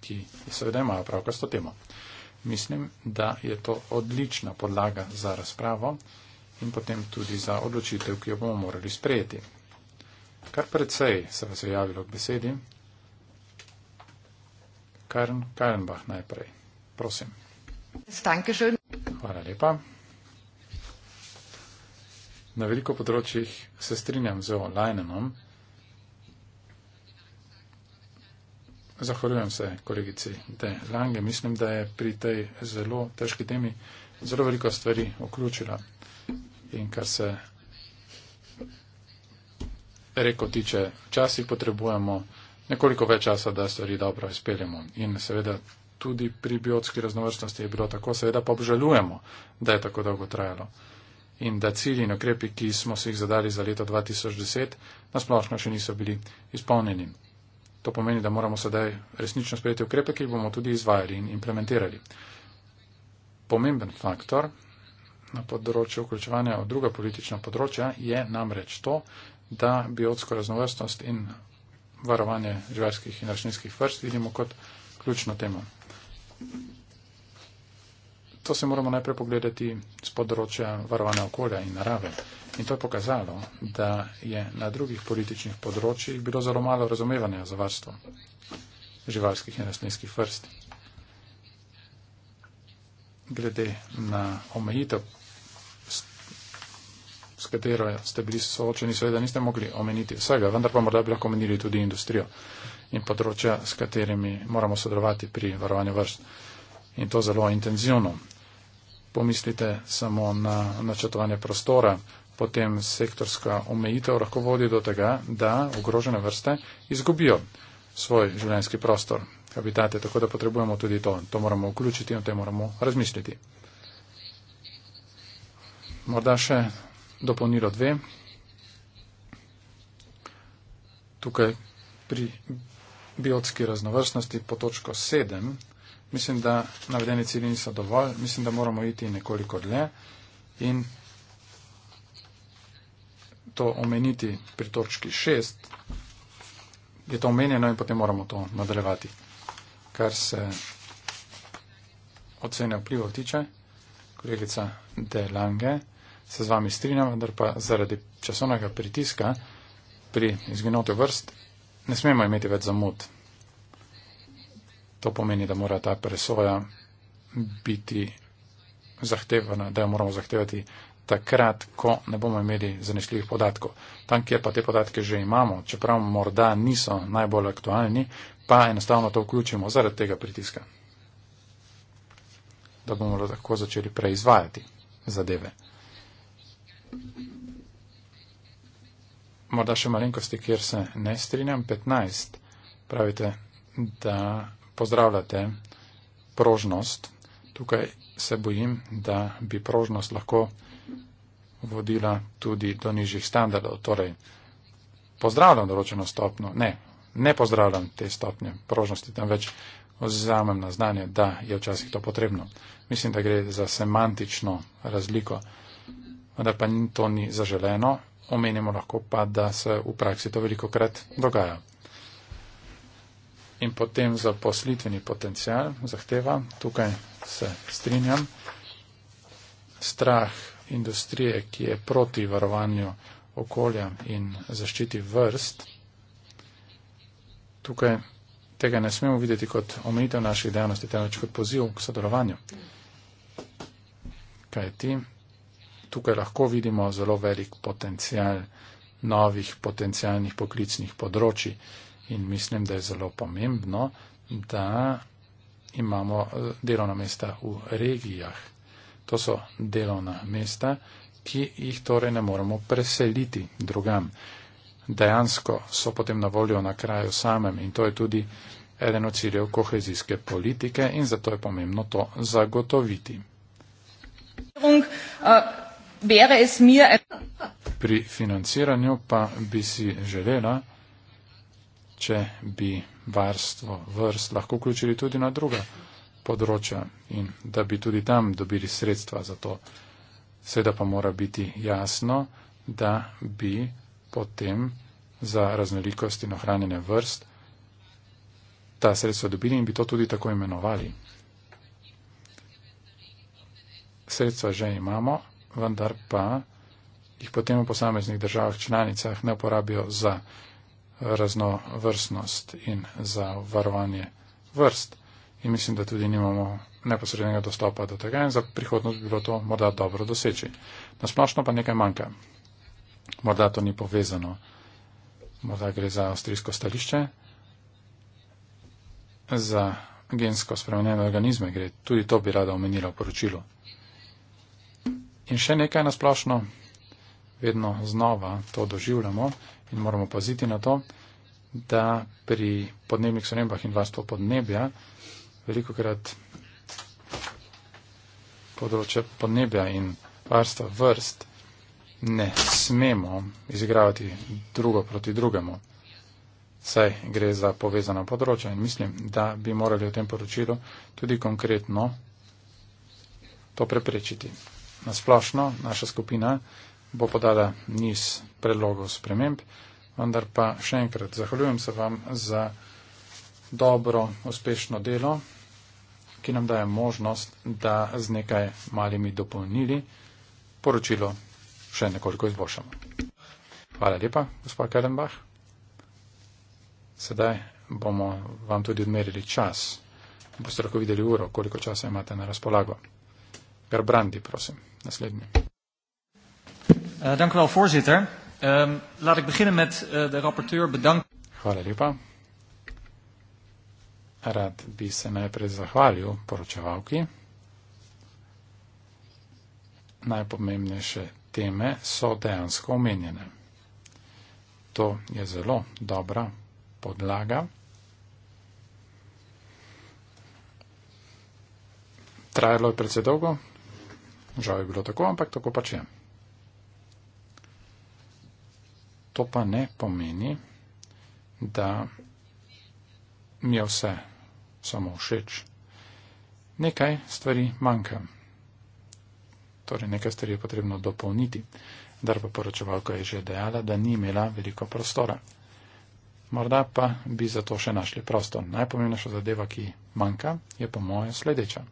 ki seveda imajo pravko s to temo. Mislim, da je to odlična podlaga za razpravo in potem tudi za odločitev, ki jo bomo morali sprejeti. Kar predvsej se vas je javilo k besedi. Karen Kajenbach najprej. Prosim. Hvala lepa na veliko področjih se strinjam z onlinem. Zahvaljujem se kolegici De Lange. Mislim, da je pri tej zelo težki temi zelo veliko stvari vključila. In kar se reko tiče, včasih potrebujemo nekoliko več časa, da stvari dobro izpeljemo. In seveda tudi pri biotski raznovrstnosti je bilo tako, seveda pa obžalujemo, da je tako dolgo trajalo in da cilji in okrepi, ki smo si jih zadali za leto 2010, nasplošno še niso bili izpolnjeni. To pomeni, da moramo sedaj resnično sprejeti ukrepe, ki jih bomo tudi izvajali in implementirali. Pomemben faktor na področju vključevanja v druga politična področja je namreč to, da biotsko raznovrstnost in varovanje živalskih in rašninskih vrst vidimo kot ključno temo to se moramo najprej pogledati z področja varovanja okolja in narave. In to je pokazalo, da je na drugih političnih področjih bilo zelo malo razumevanja za varstvo živalskih in rastlinskih vrst. Glede na omejitev, s katero ste bili soočeni, seveda niste mogli omeniti vsega, vendar pa morda bi lahko omenili tudi industrijo in področja, s katerimi moramo sodelovati pri varovanju vrst. In to zelo intenzivno pomislite samo na načrtovanje prostora, potem sektorska omejitev lahko vodi do tega, da ogrožene vrste izgubijo svoj življenjski prostor, habitate, tako da potrebujemo tudi to. To moramo vključiti in o tem moramo razmisliti. Morda še dopolnilo dve. Tukaj pri biotski raznovrstnosti po točko sedem Mislim, da navedeni cilji niso dovolj, mislim, da moramo iti nekoliko dlje in to omeniti pri točki 6. Je to omenjeno in potem moramo to nadaljevati. Kar se ocene vplivov tiče, kolegica De Lange, se z vami strinjam, vendar pa zaradi časovnega pritiska pri izginotju vrst ne smemo imeti več zamud. To pomeni, da mora ta presoja biti zahtevana, da jo moramo zahtevati takrat, ko ne bomo imeli zanesljivih podatkov. Tam, kjer pa te podatke že imamo, čeprav morda niso najbolj aktualni, pa enostavno to vključimo zaradi tega pritiska, da bomo lahko začeli preizvajati zadeve. Morda še malenkosti, kjer se ne strinjam. 15. Pravite, da pozdravljate prožnost. Tukaj se bojim, da bi prožnost lahko vodila tudi do nižjih standardov. Torej, pozdravljam določeno stopno, ne, ne pozdravljam te stopnje prožnosti, temveč vzamem na znanje, da je včasih to potrebno. Mislim, da gre za semantično razliko, vendar pa to ni zaželeno. Omenimo lahko pa, da se v praksi to veliko krat dogaja in potem zaposlitveni potencial zahteva, tukaj se strinjam, strah industrije, ki je proti varovanju okolja in zaščiti vrst, tukaj tega ne smemo videti kot omejitev naših dejavnosti, temveč kot poziv k sodelovanju. Kaj ti? Tukaj lahko vidimo zelo velik potencial novih potencialnih poklicnih področji. In mislim, da je zelo pomembno, da imamo eh, delovna mesta v regijah. To so delovna mesta, ki jih torej ne moremo preseliti drugam. Dejansko so potem na voljo na kraju samem in to je tudi eden od ciljev kohezijske politike in zato je pomembno to zagotoviti. Euh, Pri financiranju pa bi si želela, če bi varstvo vrst lahko vključili tudi na druga področja in da bi tudi tam dobili sredstva za to. Seveda pa mora biti jasno, da bi potem za raznolikost in ohranjene vrst ta sredstva dobili in bi to tudi tako imenovali. Sredstva že imamo, vendar pa jih potem v posameznih državah članicah ne uporabijo za raznovrstnost in za varovanje vrst. In mislim, da tudi nimamo neposrednega dostopa do tega in za prihodnost bi bilo to morda dobro doseči. Nasplošno pa nekaj manjka. Morda to ni povezano. Morda gre za avstrijsko stališče, za gensko spremenjene organizme gre. Tudi to bi rada omenila v poročilu. In še nekaj nasplošno vedno znova to doživljamo in moramo paziti na to, da pri podnebnih sorembah in varstvu podnebja veliko krat področje podnebja in varstva vrst ne smemo izigravati drugo proti drugemu. Saj gre za povezana področja in mislim, da bi morali v tem poročilu tudi konkretno to preprečiti. Nasplošno naša skupina bo podala niz predlogov sprememb, vendar pa še enkrat zahvaljujem se vam za dobro, uspešno delo, ki nam daje možnost, da z nekaj malimi dopolnili poročilo še nekoliko izboljšamo. Hvala lepa, gospod Kellenbach. Sedaj bomo vam tudi odmerili čas. Boste lahko videli uro, koliko časa imate na razpolago. Gerbrandi, prosim, naslednji. Eh, dank u wel, voorzitter. Um, laat ik beginnen met uh, de rapporteur bedanken. Hvala lepa. Rad bi se najprej zahvalil poročevalki. Najpomembnejše teme so dejansko omenjene. To je zelo dobra podlaga. Trajalo je predvsej dolgo, žal je bilo tako, ampak tako pač je. to pa ne pomeni, da mi je vse samo všeč. Nekaj stvari manjka. Torej, nekaj stvari je potrebno dopolniti. Dar pa poročevalka je že dejala, da ni imela veliko prostora. Morda pa bi za to še našli prostor. Najpomembnejša zadeva, ki manjka, je po moje sledeča.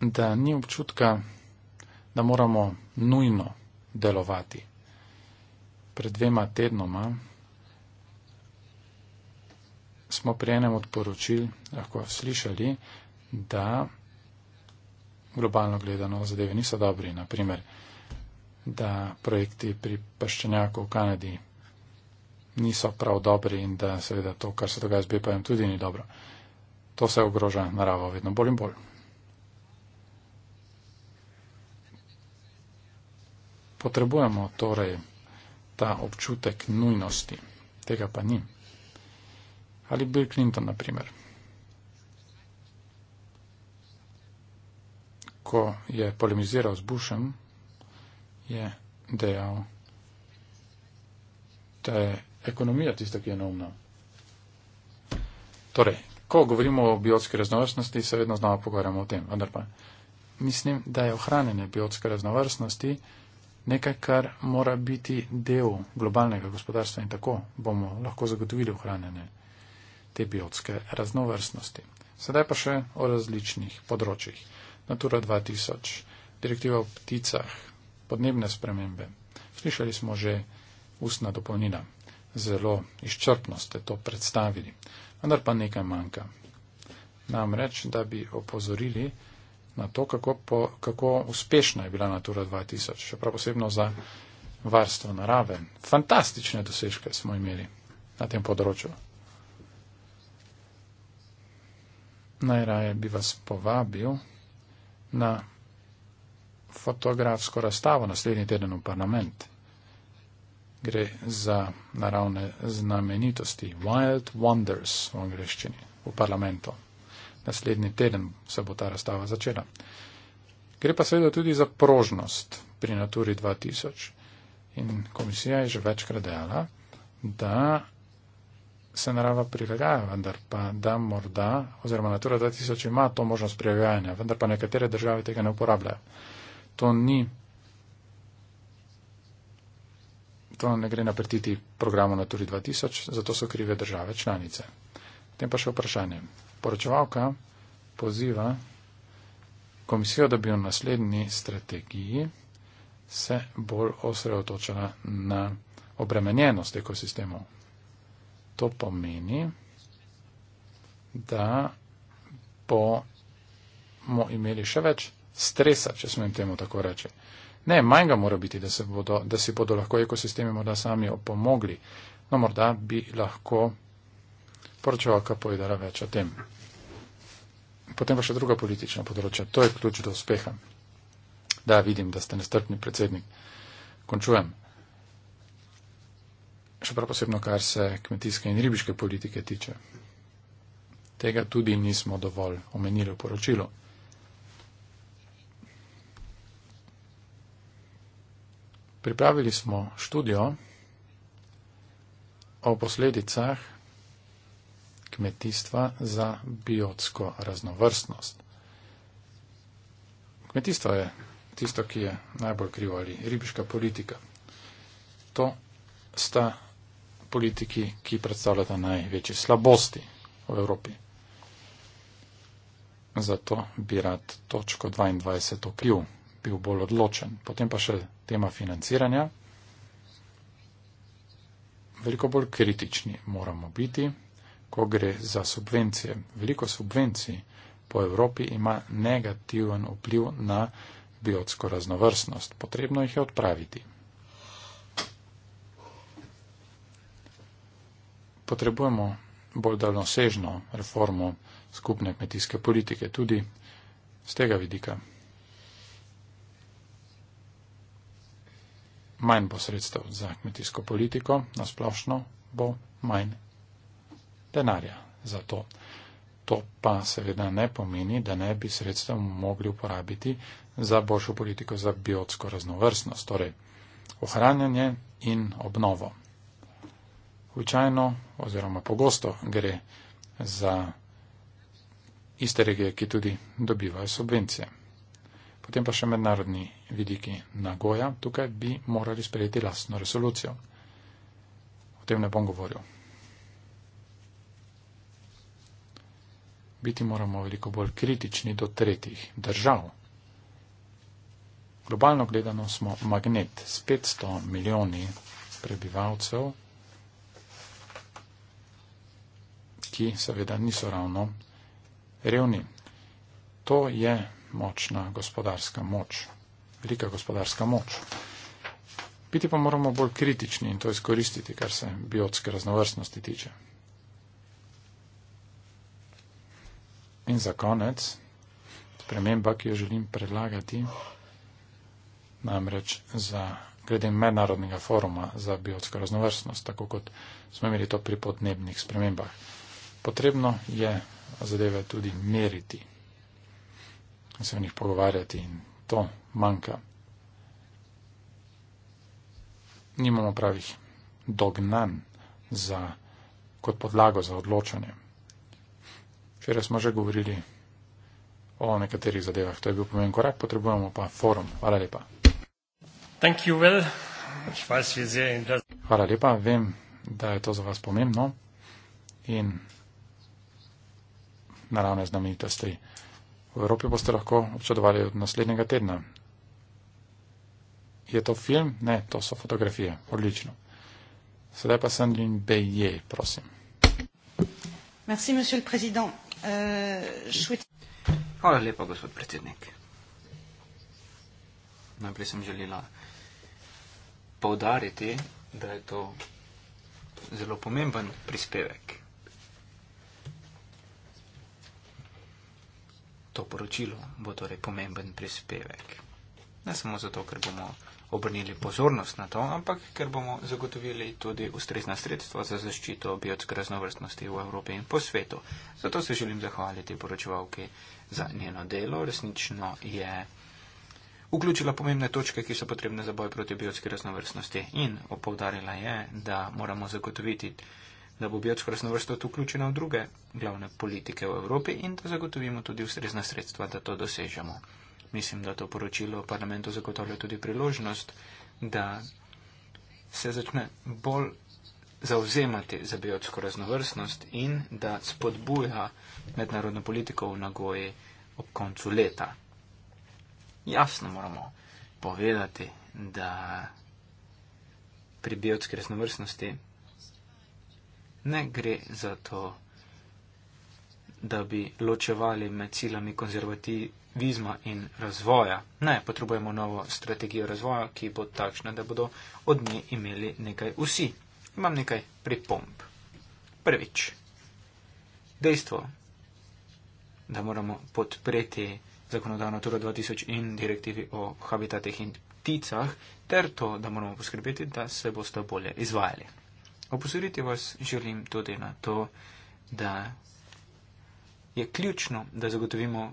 Da ni občutka, da moramo nujno delovati. Pred dvema tednoma smo pri enem od poročil lahko slišali, da globalno gledano zadeve niso dobri. Naprimer, da projekti pri paščenjaku v Kanadi niso prav dobri in da seveda to, kar se dogaja z BPM, tudi ni dobro. To se ogroža naravo vedno bolj in bolj. Potrebujemo torej ta občutek nujnosti. Tega pa ni. Ali Bill Clinton, na primer. Ko je polemiziral z Bushem, je dejal, da je ekonomija tista, ki je neumna. Torej, ko govorimo o biotski raznovrstnosti, se vedno znova pogovarjamo o tem. Vendar pa mislim, da je ohranjanje biotske raznovrstnosti nekaj, kar mora biti del globalnega gospodarstva in tako bomo lahko zagotovili ohranjanje te biotske raznovrstnosti. Sedaj pa še o različnih področjih. Natura 2000, direktiva o pticah, podnebne spremembe. Slišali smo že ustna dopolnila. Zelo izčrpno ste to predstavili. Vendar pa nekaj manjka. Namreč, da bi opozorili, na to, kako, po, kako uspešna je bila Natura 2000, še prav posebno za varstvo narave. Fantastične dosežke smo imeli na tem področju. Najraje bi vas povabil na fotografsko razstavo naslednji teden v parlament. Gre za naravne znamenitosti, Wild Wonders v angleščini, v parlamentu naslednji teden se bo ta razstava začela. Gre pa seveda tudi za prožnost pri Naturi 2000 in komisija je že večkrat dejala, da se narava prilagaja, vendar pa da morda, oziroma Natura 2000 ima to možnost prilagajanja, vendar pa nekatere države tega ne uporabljajo. To ni. To ne gre naprtiti programu Naturi 2000, zato so krive države članice. Potem pa še vprašanje poročevalka poziva komisijo, da bi v naslednji strategiji se bolj osredotočala na obremenjenost ekosistemov. To pomeni, da bomo imeli še več stresa, če smem temu tako reči. Ne, manj ga mora biti, da, bodo, da si bodo lahko ekosistemi morda sami opomogli. No, morda bi lahko poročevalka povedala več o tem. Potem pa še druga politična področja. To je ključ do uspeha. Da, vidim, da ste nestrpni predsednik. Končujem. Še prav posebno, kar se kmetijske in ribiške politike tiče. Tega tudi nismo dovolj omenili v poročilu. Pripravili smo študijo o posledicah kmetijstva za biotsko raznovrstnost. Kmetijstvo je tisto, ki je najbolj krivo ali ribiška politika. To sta politiki, ki predstavljata največje slabosti v Evropi. Zato bi rad točko 22 okril, bil bolj odločen. Potem pa še tema financiranja. Veliko bolj kritični moramo biti ko gre za subvencije. Veliko subvencij po Evropi ima negativen vpliv na biotsko raznovrstnost. Potrebno jih je odpraviti. Potrebujemo bolj daljnosežno reformo skupne kmetijske politike tudi z tega vidika. Manj bo sredstev za kmetijsko politiko, nasplošno bo manj denarja za to. To pa seveda ne pomeni, da ne bi sredstev mogli uporabiti za boljšo politiko za biotsko raznovrstnost, torej ohranjanje in obnovo. Učajno oziroma pogosto gre za iste regije, ki tudi dobivajo subvencije. Potem pa še mednarodni vidiki Nagoja, tukaj bi morali sprejeti lastno resolucijo. O tem ne bom govoril. biti moramo veliko bolj kritični do tretjih držav. Globalno gledano smo magnet s 500 milijoni prebivalcev, ki seveda niso ravno revni. To je močna gospodarska moč, velika gospodarska moč. Biti pa moramo bolj kritični in to izkoristiti, kar se biotske raznovrstnosti tiče. In za konec, sprememba, ki jo želim predlagati, namreč za glede mednarodnega foruma za biotsko raznovrstnost, tako kot smo imeli to pri podnebnih spremembah. Potrebno je zadeve tudi meriti in se o njih pogovarjati in to manjka. Nimamo pravih dognan za, kot podlago za odločanje katere smo že govorili o nekaterih zadevah. To je bil pomemben korak, potrebujemo pa forum. Hvala lepa. Hvala lepa, vem, da je to za vas pomembno in naravne znamenitosti v Evropi boste lahko občudovali od naslednjega tedna. Je to film? Ne, to so fotografije. Odlično. Sedaj pa Sandrin Beje, prosim. Merci, monsieur le président. Švic... Hvala lepa, gospod predsednik. Najprej sem želela povdariti, da je to zelo pomemben prispevek. To poročilo bo torej pomemben prispevek. Ne samo zato, ker bomo obrnili pozornost na to, ampak ker bomo zagotovili tudi ustrezna sredstva za zaščito biotske raznovrstnosti v Evropi in po svetu. Zato se želim zahvaliti poročevalki za njeno delo. Resnično je vključila pomembne točke, ki so potrebne za boj proti biotski raznovrstnosti in opovdarila je, da moramo zagotoviti, da bo biotsko raznovrstnost vključena v druge glavne politike v Evropi in da zagotovimo tudi ustrezna sredstva, da to dosežemo. Mislim, da to poročilo parlamentu zagotavlja tudi priložnost, da se začne bolj zauzemati za biotsko raznovrstnost in da spodbuja mednarodno politiko v nagoji ob koncu leta. Jasno moramo povedati, da pri biotski raznovrstnosti ne gre za to, da bi ločevali med silami konzervativnosti vizma in razvoja. Ne, potrebujemo novo strategijo razvoja, ki bo takšna, da bodo od nje imeli nekaj vsi. Imam nekaj pripomb. Prvič, dejstvo, da moramo podpreti zakonodavno Turo 2000 in direktivi o habitatih in pticah, ter to, da moramo poskrbeti, da se boste bolje izvajali. Opozoriti vas želim tudi na to, da je ključno, da zagotovimo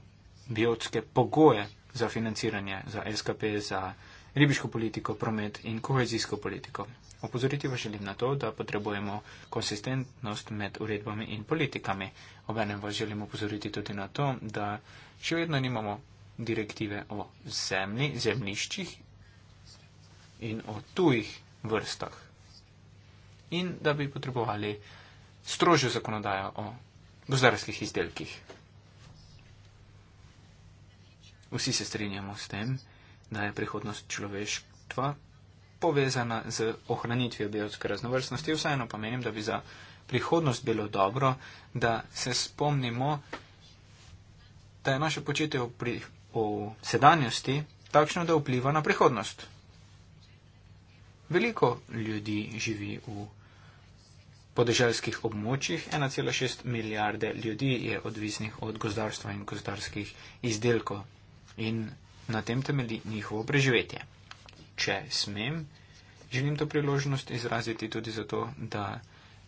biotske pogoje za financiranje, za SKP, za ribiško politiko, promet in kohezijsko politiko. Opozoriti vas želim na to, da potrebujemo konsistentnost med uredbami in politikami. Obenem vas želim opozoriti tudi na to, da še vedno nimamo direktive o zemlji, zemliščih in o tujih vrstah. In da bi potrebovali strožjo zakonodajo o gozdarskih izdelkih. Vsi se strinjamo s tem, da je prihodnost človeštva povezana z ohranitvijo biotske raznovrstnosti. Vseeno pa menim, da bi za prihodnost bilo dobro, da se spomnimo, da je naše početje v, pri, v sedanjosti takšno, da vpliva na prihodnost. Veliko ljudi živi v podeželskih območjih, 1,6 milijarde ljudi je odvisnih od gozdarstva in gozdarskih izdelkov in na tem temelji njihovo preživetje. Če smem, želim to priložnost izraziti tudi zato, da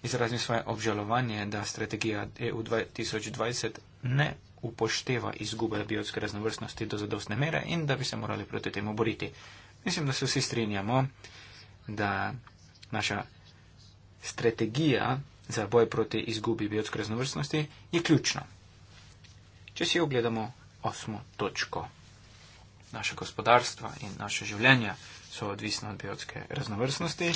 izrazim svoje obžalovanje, da strategija EU 2020 ne upošteva izgube biotske raznovrstnosti do zadostne mere in da bi se morali proti temu boriti. Mislim, da se vsi strinjamo, da naša strategija za boj proti izgubi biotske raznovrstnosti je ključna. Če si ogledamo osmo točko naše gospodarstva in naše življenja so odvisne od biotske raznovrstnosti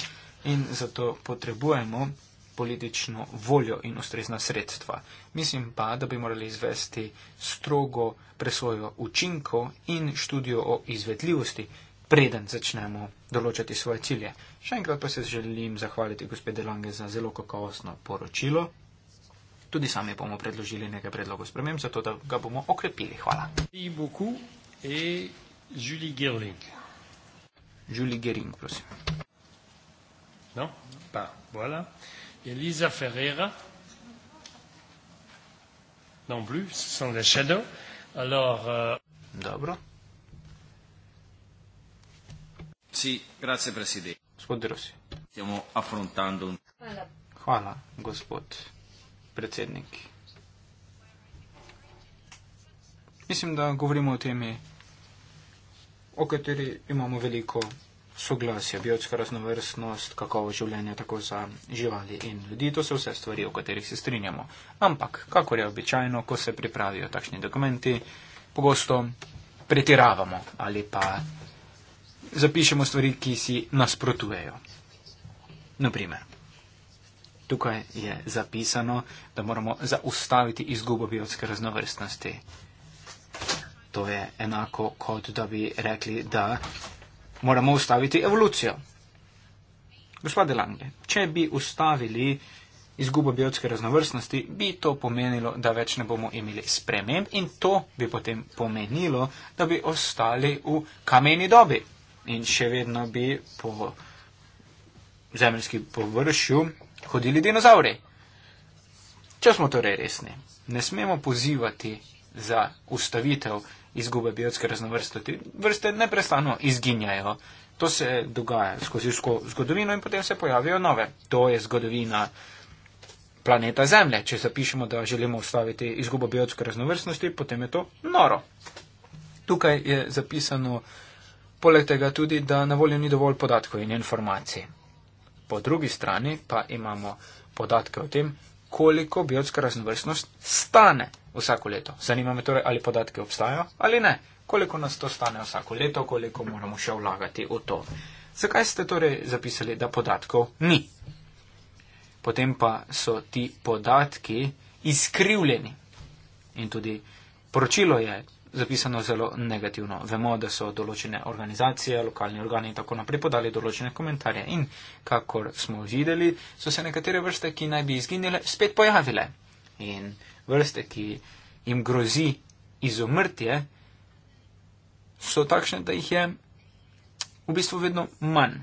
in zato potrebujemo politično voljo in ustrezna sredstva. Mislim pa, da bi morali izvesti strogo presojo učinkov in študijo o izvedljivosti, preden začnemo določati svoje cilje. Še enkrat pa se želim zahvaliti gospe Delange za zelo kakovostno poročilo. Tudi sami bomo predložili nekaj predlogov sprememb, zato da ga bomo okrepili. Hvala et Julie Gerling. Julie Gerling, prosim. Non Pas. Voilà. Elisa Ferreira. Non plus. Ce sont les shadows. Alors. Euh... D'abord. Si, merci, Président. Gospod Rossi. Stiamo affrontando un. Hvala, gospod predsednik. Mislim, da govorimo o temi o kateri imamo veliko soglasja, biotska raznovrstnost, kakovo življenje tako za živali in ljudi, to so vse stvari, o katerih se strinjamo. Ampak, kakor je običajno, ko se pripravijo takšni dokumenti, pogosto pretiravamo ali pa zapišemo stvari, ki si nasprotujejo. Naprimer, tukaj je zapisano, da moramo zaustaviti izgubo biotske raznovrstnosti. To je enako, kot da bi rekli, da moramo ustaviti evolucijo. Gospod Delange, če bi ustavili izgubo biotske raznovrstnosti, bi to pomenilo, da več ne bomo imeli sprememb in to bi potem pomenilo, da bi ostali v kameni dobi in še vedno bi po zemljski površju hodili dinozauri. Če smo torej resni, ne smemo pozivati za ustavitev izgube biotske raznovrstnosti. Vrste neprestano izginjajo. To se dogaja skozi vsko zgodovino in potem se pojavijo nove. To je zgodovina planeta Zemlje. Če zapišemo, da želimo ustaviti izgubo biotske raznovrstnosti, potem je to noro. Tukaj je zapisano poleg tega tudi, da na voljo ni dovolj podatkov in informacij. Po drugi strani pa imamo podatke o tem, koliko biotska raznovrstnost stane vsako leto. Zanima me torej, ali podatke obstajajo ali ne. Koliko nas to stane vsako leto, koliko moramo še vlagati v to. Zakaj ste torej zapisali, da podatkov ni? Potem pa so ti podatki izkrivljeni. In tudi poročilo je zapisano zelo negativno. Vemo, da so določene organizacije, lokalni organi in tako naprej podali določene komentarje in, kakor smo videli, so se nekatere vrste, ki naj bi izginile, spet pojavile. In vrste, ki jim grozi izumrtje, so takšne, da jih je v bistvu vedno manj.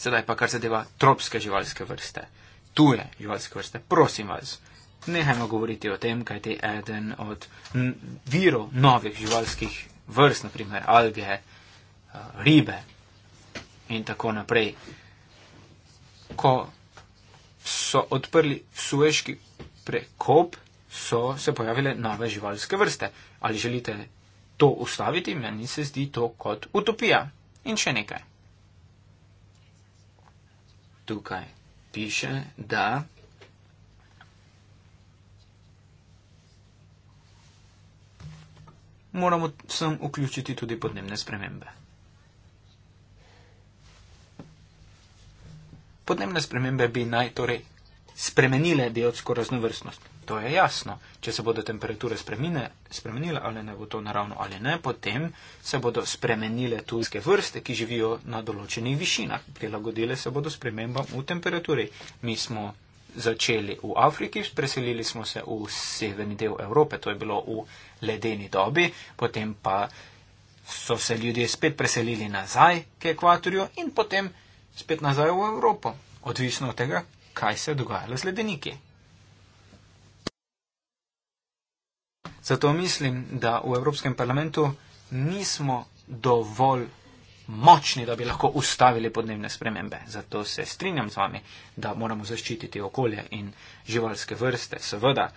Sedaj pa kar zadeva tropske živalske vrste. Tuje živalske vrste, prosim vas. Nehajmo govoriti o tem, kaj ti eden od virov novih živalskih vrst, naprimer alge, eh, ribe in tako naprej. Ko so odprli sueški prekop, so se pojavile nove živalske vrste. Ali želite to ustaviti? Meni se zdi to kot utopija. In še nekaj. Tukaj piše, da moramo sem vključiti tudi podnebne spremembe. Podnebne spremembe bi naj torej spremenile biotsko raznovrstnost. To je jasno. Če se bodo temperature spremine, spremenile ali ne bo to naravno ali ne, potem se bodo spremenile tujske vrste, ki živijo na določenih višinah. Prilagodile se bodo spremembam v temperaturi. Mi smo začeli v Afriki, preselili smo se v severni del Evrope, to je bilo v ledeni dobi, potem pa so se ljudje spet preselili nazaj k ekvatorju in potem spet nazaj v Evropo, odvisno od tega, kaj se je dogajalo z ledeniki. Zato mislim, da v Evropskem parlamentu nismo dovolj močni, da bi lahko ustavili podnebne spremembe. Zato se strinjam z vami, da moramo zaščititi okolje in živalske vrste. Seveda,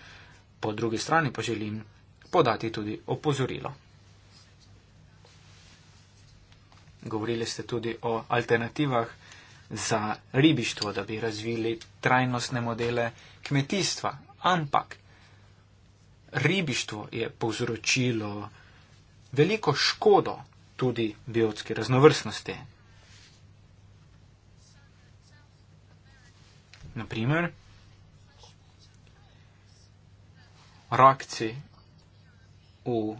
po drugi strani pa želim, podati tudi opozorilo. Govorili ste tudi o alternativah za ribištvo, da bi razvili trajnostne modele kmetijstva, ampak ribištvo je povzročilo veliko škodo tudi biotski raznovrstnosti. Naprimer, rakci v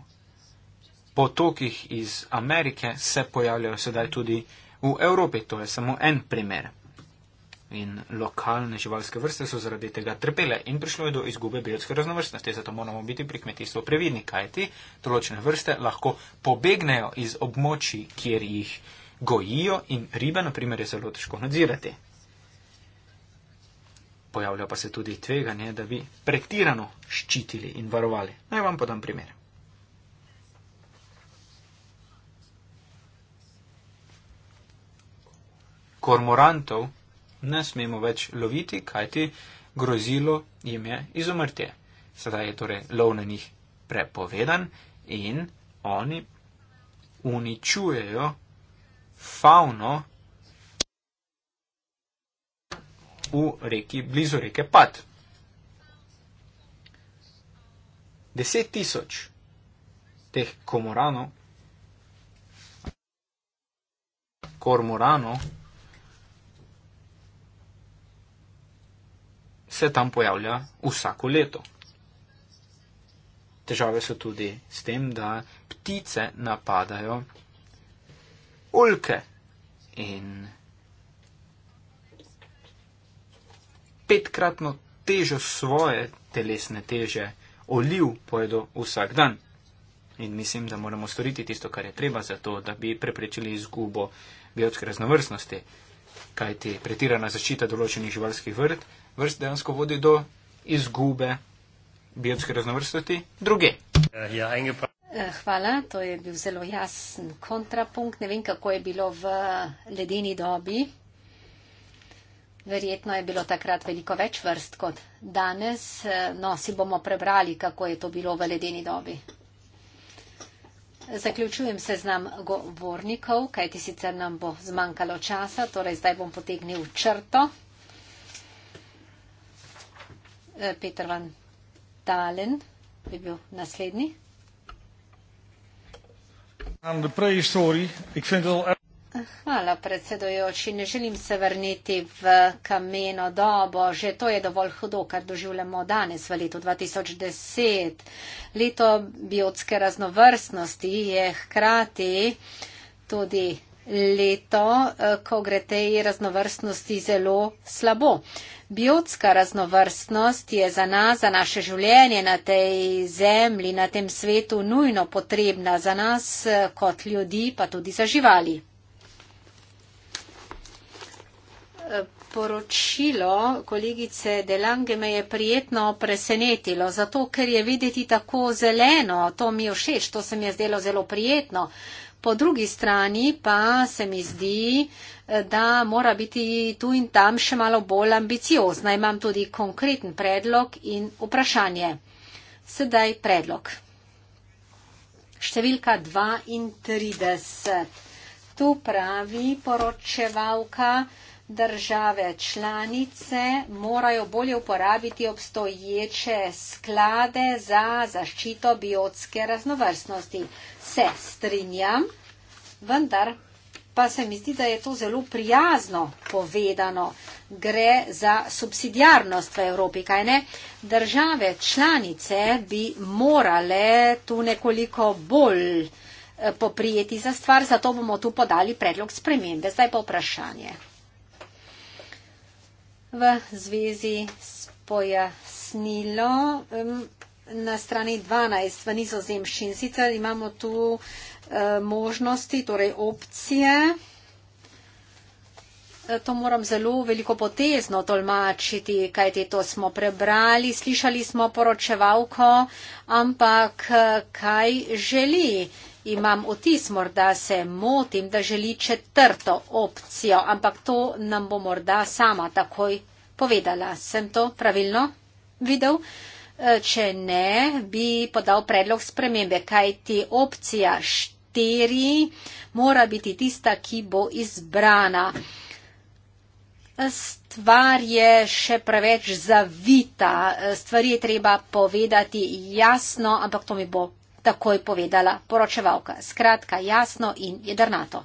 potokih iz Amerike se pojavljajo sedaj tudi v Evropi. To je samo en primer. In lokalne živalske vrste so zaradi tega trpele in prišlo je do izgube biotske raznovrstnosti. Zato moramo biti pri kmetijstvu previdni, kaj ti določene vrste lahko pobegnejo iz območij, kjer jih gojijo in ribe, na primer, je zelo težko nadzirati. Pojavlja pa se tudi tveganje, da bi pretirano ščitili in varovali. Naj vam podam primer. kormorantov ne smemo več loviti, kajti grozilo jim je izumrtje. Sedaj je torej lov na njih prepovedan in oni uničujejo fauno v reki, blizu reke Pat. Deset tisoč teh komoranov, kormoranov, se tam pojavlja vsako leto. Težave so tudi s tem, da ptice napadajo ulke in petkratno težo svoje telesne teže oliv pojedo vsak dan. In mislim, da moramo storiti tisto, kar je treba za to, da bi preprečili izgubo biotske raznovrstnosti, kajti pretirana zaščita določenih živalskih vrt vrst dejansko vodi do izgube biotske raznovrstnosti druge. Ja, Hvala, to je bil zelo jasen kontrapunkt. Ne vem, kako je bilo v ledeni dobi. Verjetno je bilo takrat veliko več vrst kot danes. No, si bomo prebrali, kako je to bilo v ledeni dobi. Zaključujem se znam govornikov, kajti sicer nam bo zmanjkalo časa, torej zdaj bom potegnil črto. Eh, Peter van Dalen bi bil naslednji. Eh, Hvala, predsedojoči. Ne želim se vrniti v kameno dobo. Že to je dovolj hudo, kar doživljamo danes v letu 2010. Leto biotske raznovrstnosti je hkrati tudi leto, eh, ko gre tej raznovrstnosti zelo slabo. Biotska raznovrstnost je za nas, za naše življenje na tej zemlji, na tem svetu nujno potrebna za nas eh, kot ljudi, pa tudi za živali. Eh, poročilo kolegice Delange me je prijetno presenetilo, zato ker je videti tako zeleno, to mi je všeč, to se mi je zdelo zelo prijetno. Po drugi strani pa se mi zdi, eh, da mora biti tu in tam še malo bolj ambiciozna. Imam tudi konkreten predlog in vprašanje. Sedaj predlog. Številka 32. Tu pravi poročevalka, države članice morajo bolje uporabiti obstoječe sklade za zaščito biotske raznovrstnosti. Se strinjam, vendar pa se mi zdi, da je to zelo prijazno povedano. Gre za subsidijarnost v Evropi, kaj ne? Države članice bi morale tu nekoliko bolj eh, poprijeti za stvar, zato bomo tu podali predlog spremembe. Zdaj pa vprašanje v zvezi s pojasnilo na strani 12 v nizozemščini. Sicer imamo tu eh, možnosti, torej opcije. Eh, to moram zelo veliko potezno tolmačiti, kajti to smo prebrali, slišali smo poročevalko, ampak eh, kaj želi? imam vtis morda se motim, da želi četrto opcijo, ampak to nam bo morda sama takoj povedala. Sem to pravilno videl? E, če ne, bi podal predlog spremembe, kaj ti opcija štiri mora biti tista, ki bo izbrana. Stvar je še preveč zavita, stvari je treba povedati jasno, ampak to mi bo takoj povedala poročevalka. Skratka, jasno in jedrnato.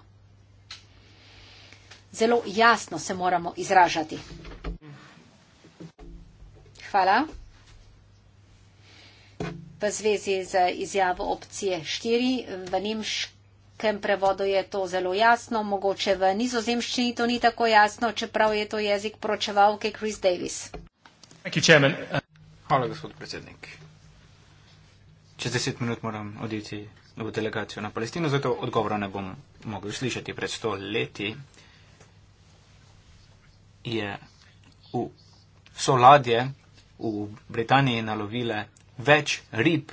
Zelo jasno se moramo izražati. Hvala. V zvezi z izjavo opcije 4 v Nemški. V kem prevodu je to zelo jasno, mogoče v nizozemščini to ni tako jasno, čeprav je to jezik poročevalke Chris Davis. Hvala, gospod predsednik čez deset minut moram oditi v delegacijo na Palestino, zato odgovora ne bom mogel slišati. Pred sto leti je v soladje v Britaniji nalovile več rib,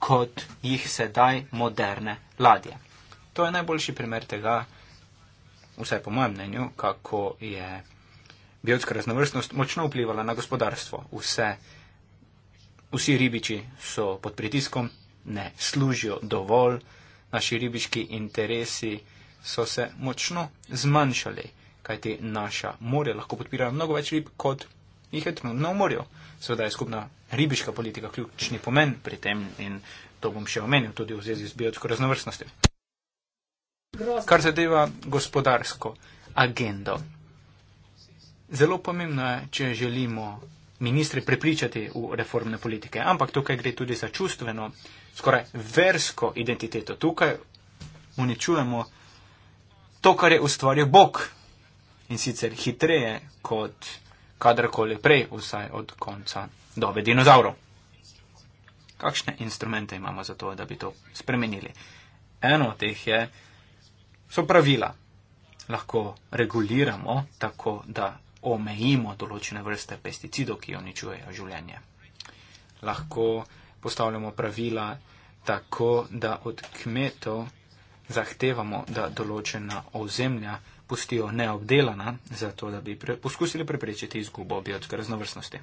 kot jih sedaj moderne ladje. To je najboljši primer tega, vsaj po mojem mnenju, kako je biotska raznovrstnost močno vplivala na gospodarstvo. Vse vsi ribiči so pod pritiskom, ne služijo dovolj, naši ribiški interesi so se močno zmanjšali, kajti naša morja lahko podpirajo mnogo več rib, kot jih je trenutno v morju. Seveda je skupna ribiška politika ključni pomen pri tem in to bom še omenil tudi v zvezi z biotsko raznovrstnostjo. Kar zadeva gospodarsko agendo. Zelo pomembno je, če želimo ministre prepričati v reformne politike, ampak tukaj gre tudi za čustveno, skoraj versko identiteto. Tukaj uničujemo to, kar je ustvaril Bog in sicer hitreje kot kadarkoli prej, vsaj od konca dobe dinozaurov. Kakšne instrumente imamo za to, da bi to spremenili? Eno od teh je, so pravila. Lahko reguliramo tako, da omejimo določene vrste pesticidov, ki uničujejo življenje. Lahko postavljamo pravila tako, da od kmetov zahtevamo, da določena ozemlja pustijo neobdelana, zato da bi pre poskusili preprečiti izgubo biotske raznovrstnosti.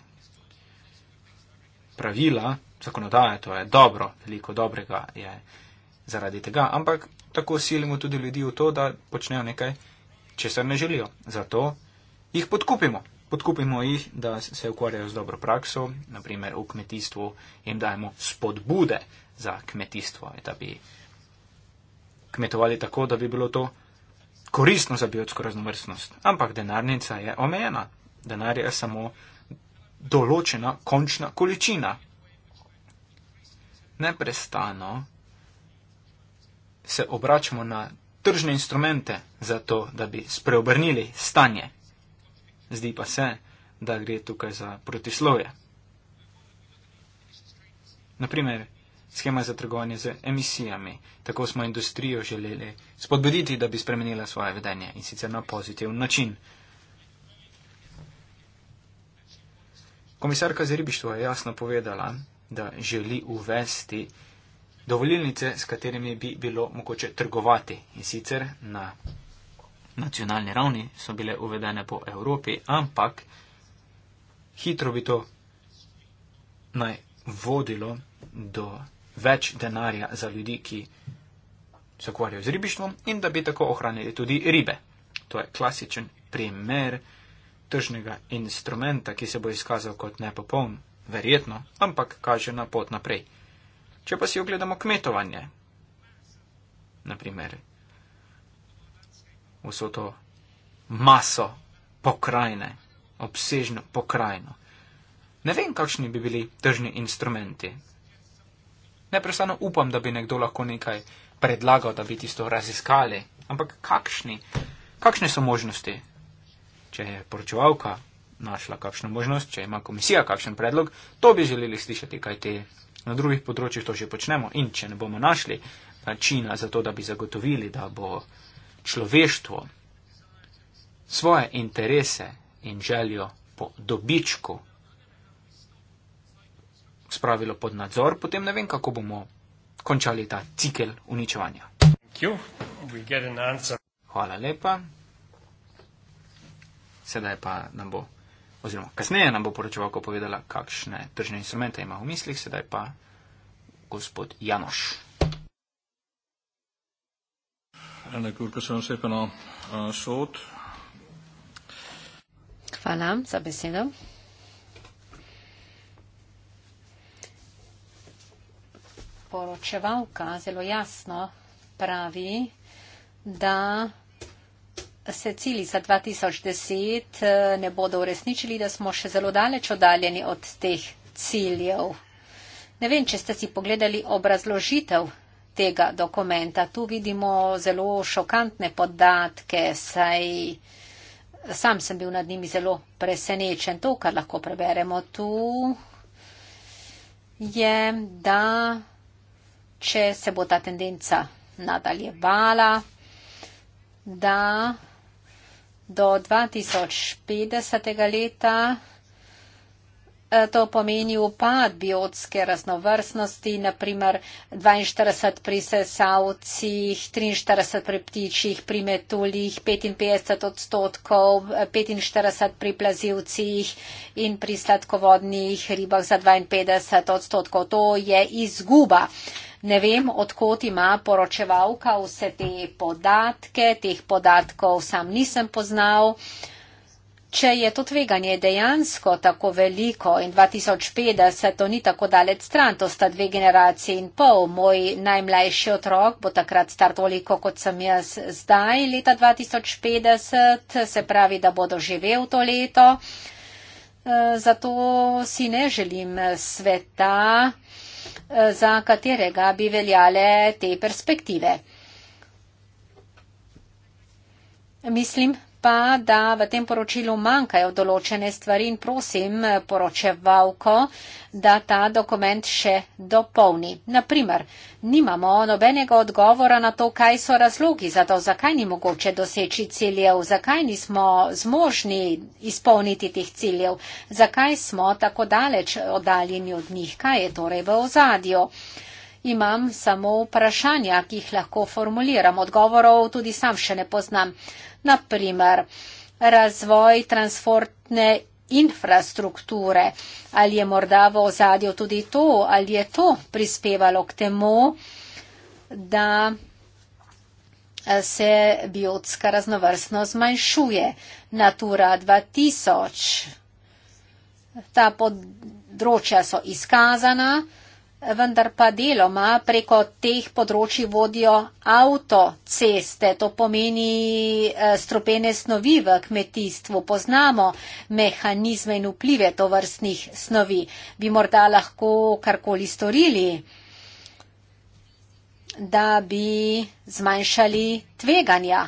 Pravila, zakonodaje, to je dobro, veliko dobrega je zaradi tega, ampak tako silimo tudi ljudi v to, da počnejo nekaj, česar ne želijo. Zato jih podkupimo. Podkupimo jih, da se ukvarjajo z dobro prakso, naprimer v kmetijstvu, jim dajemo spodbude za kmetijstvo, da bi kmetovali tako, da bi bilo to koristno za biotsko raznovrstnost. Ampak denarnica je omejena. Denar je samo določena končna količina. Neprestano se obračamo na tržne instrumente za to, da bi spreobrnili stanje zdi pa se, da gre tukaj za protislovje. Naprimer, schema za trgovanje z emisijami. Tako smo industrijo želeli spodbuditi, da bi spremenila svoje vedenje in sicer na pozitiven način. Komisarka za ribištvo je jasno povedala, da želi uvesti dovolilnice, s katerimi bi bilo mogoče trgovati in sicer na nacionalni ravni so bile uvedene po Evropi, ampak hitro bi to naj vodilo do več denarja za ljudi, ki se ukvarjajo z ribištvom in da bi tako ohranili tudi ribe. To je klasičen primer tržnega instrumenta, ki se bo izkazal kot nepopoln, verjetno, ampak kaže na pot naprej. Če pa si ogledamo kmetovanje, naprimer vso to maso pokrajine, obsežno pokrajino. Ne vem, kakšni bi bili tržni instrumenti. Neprestano upam, da bi nekdo lahko nekaj predlagal, da bi tisto raziskali, ampak kakšni, kakšne so možnosti? Če je poročevalka našla kakšno možnost, če ima komisija kakšen predlog, to bi želeli slišati, kaj te na drugih področjih to že počnemo in če ne bomo našli načina za to, da bi zagotovili, da bo človeštvo svoje interese in željo po dobičku spravilo pod nadzor, potem ne vem, kako bomo končali ta cikel uničevanja. Hvala lepa. Sedaj pa nam bo, oziroma kasneje nam bo poročevalko povedala, kakšne tržne instrumente ima v mislih, sedaj pa gospod Janoš. Hvala za besedo. Poročevalka zelo jasno pravi, da se cili za 2010 eh, ne bodo uresničili, da smo še zelo daleč oddaljeni od teh ciljev. Ne vem, če ste si pogledali obrazložitev tega dokumenta. Tu vidimo zelo šokantne podatke, saj sam sem bil nad njimi zelo presenečen. To, kar lahko preberemo tu, je, da če se bo ta tendenca nadaljevala, da do 2050. leta to pomeni upad biotske raznovrstnosti, naprimer 42 pri sesavcih, 43 pri ptičjih, pri metuljih, 55 odstotkov, 45 pri plazivcih in pri sladkovodnih ribah za 52 odstotkov. To je izguba. Ne vem, odkot ima poročevalka vse te podatke, teh podatkov sam nisem poznal. Uh, Če je to tveganje dejansko tako veliko in 2050 to ni tako daleč stran, to sta dve generacije in pol, moj najmlajši otrok bo takrat star toliko, kot sem jaz zdaj, leta 2050, se pravi, da bo doživel to leto. Zato si ne želim sveta, za katerega bi veljale te perspektive. Mislim, pa, da v tem poročilu manjkajo določene stvari in prosim eh, poročevalko, da ta dokument še dopolni. Naprimer, nimamo nobenega odgovora na to, kaj so razlogi za to, zakaj ni mogoče doseči ciljev, zakaj nismo zmožni izpolniti tih ciljev, zakaj smo tako daleč oddaljeni od njih, kaj je torej v ozadju imam samo vprašanja, ki jih lahko formuliram. Odgovorov tudi sam še ne poznam. Naprimer, razvoj transportne infrastrukture. Ali je morda v ozadju tudi to, ali je to prispevalo k temu, da se biotska raznovrstnost zmanjšuje. Natura 2000. Ta področja so izkazana vendar pa deloma preko teh področji vodijo avtoceste, to pomeni eh, strupene snovi v kmetijstvu. Poznamo mehanizme in vplive tovrstnih snovi. Bi morda lahko karkoli storili, da bi zmanjšali tveganja,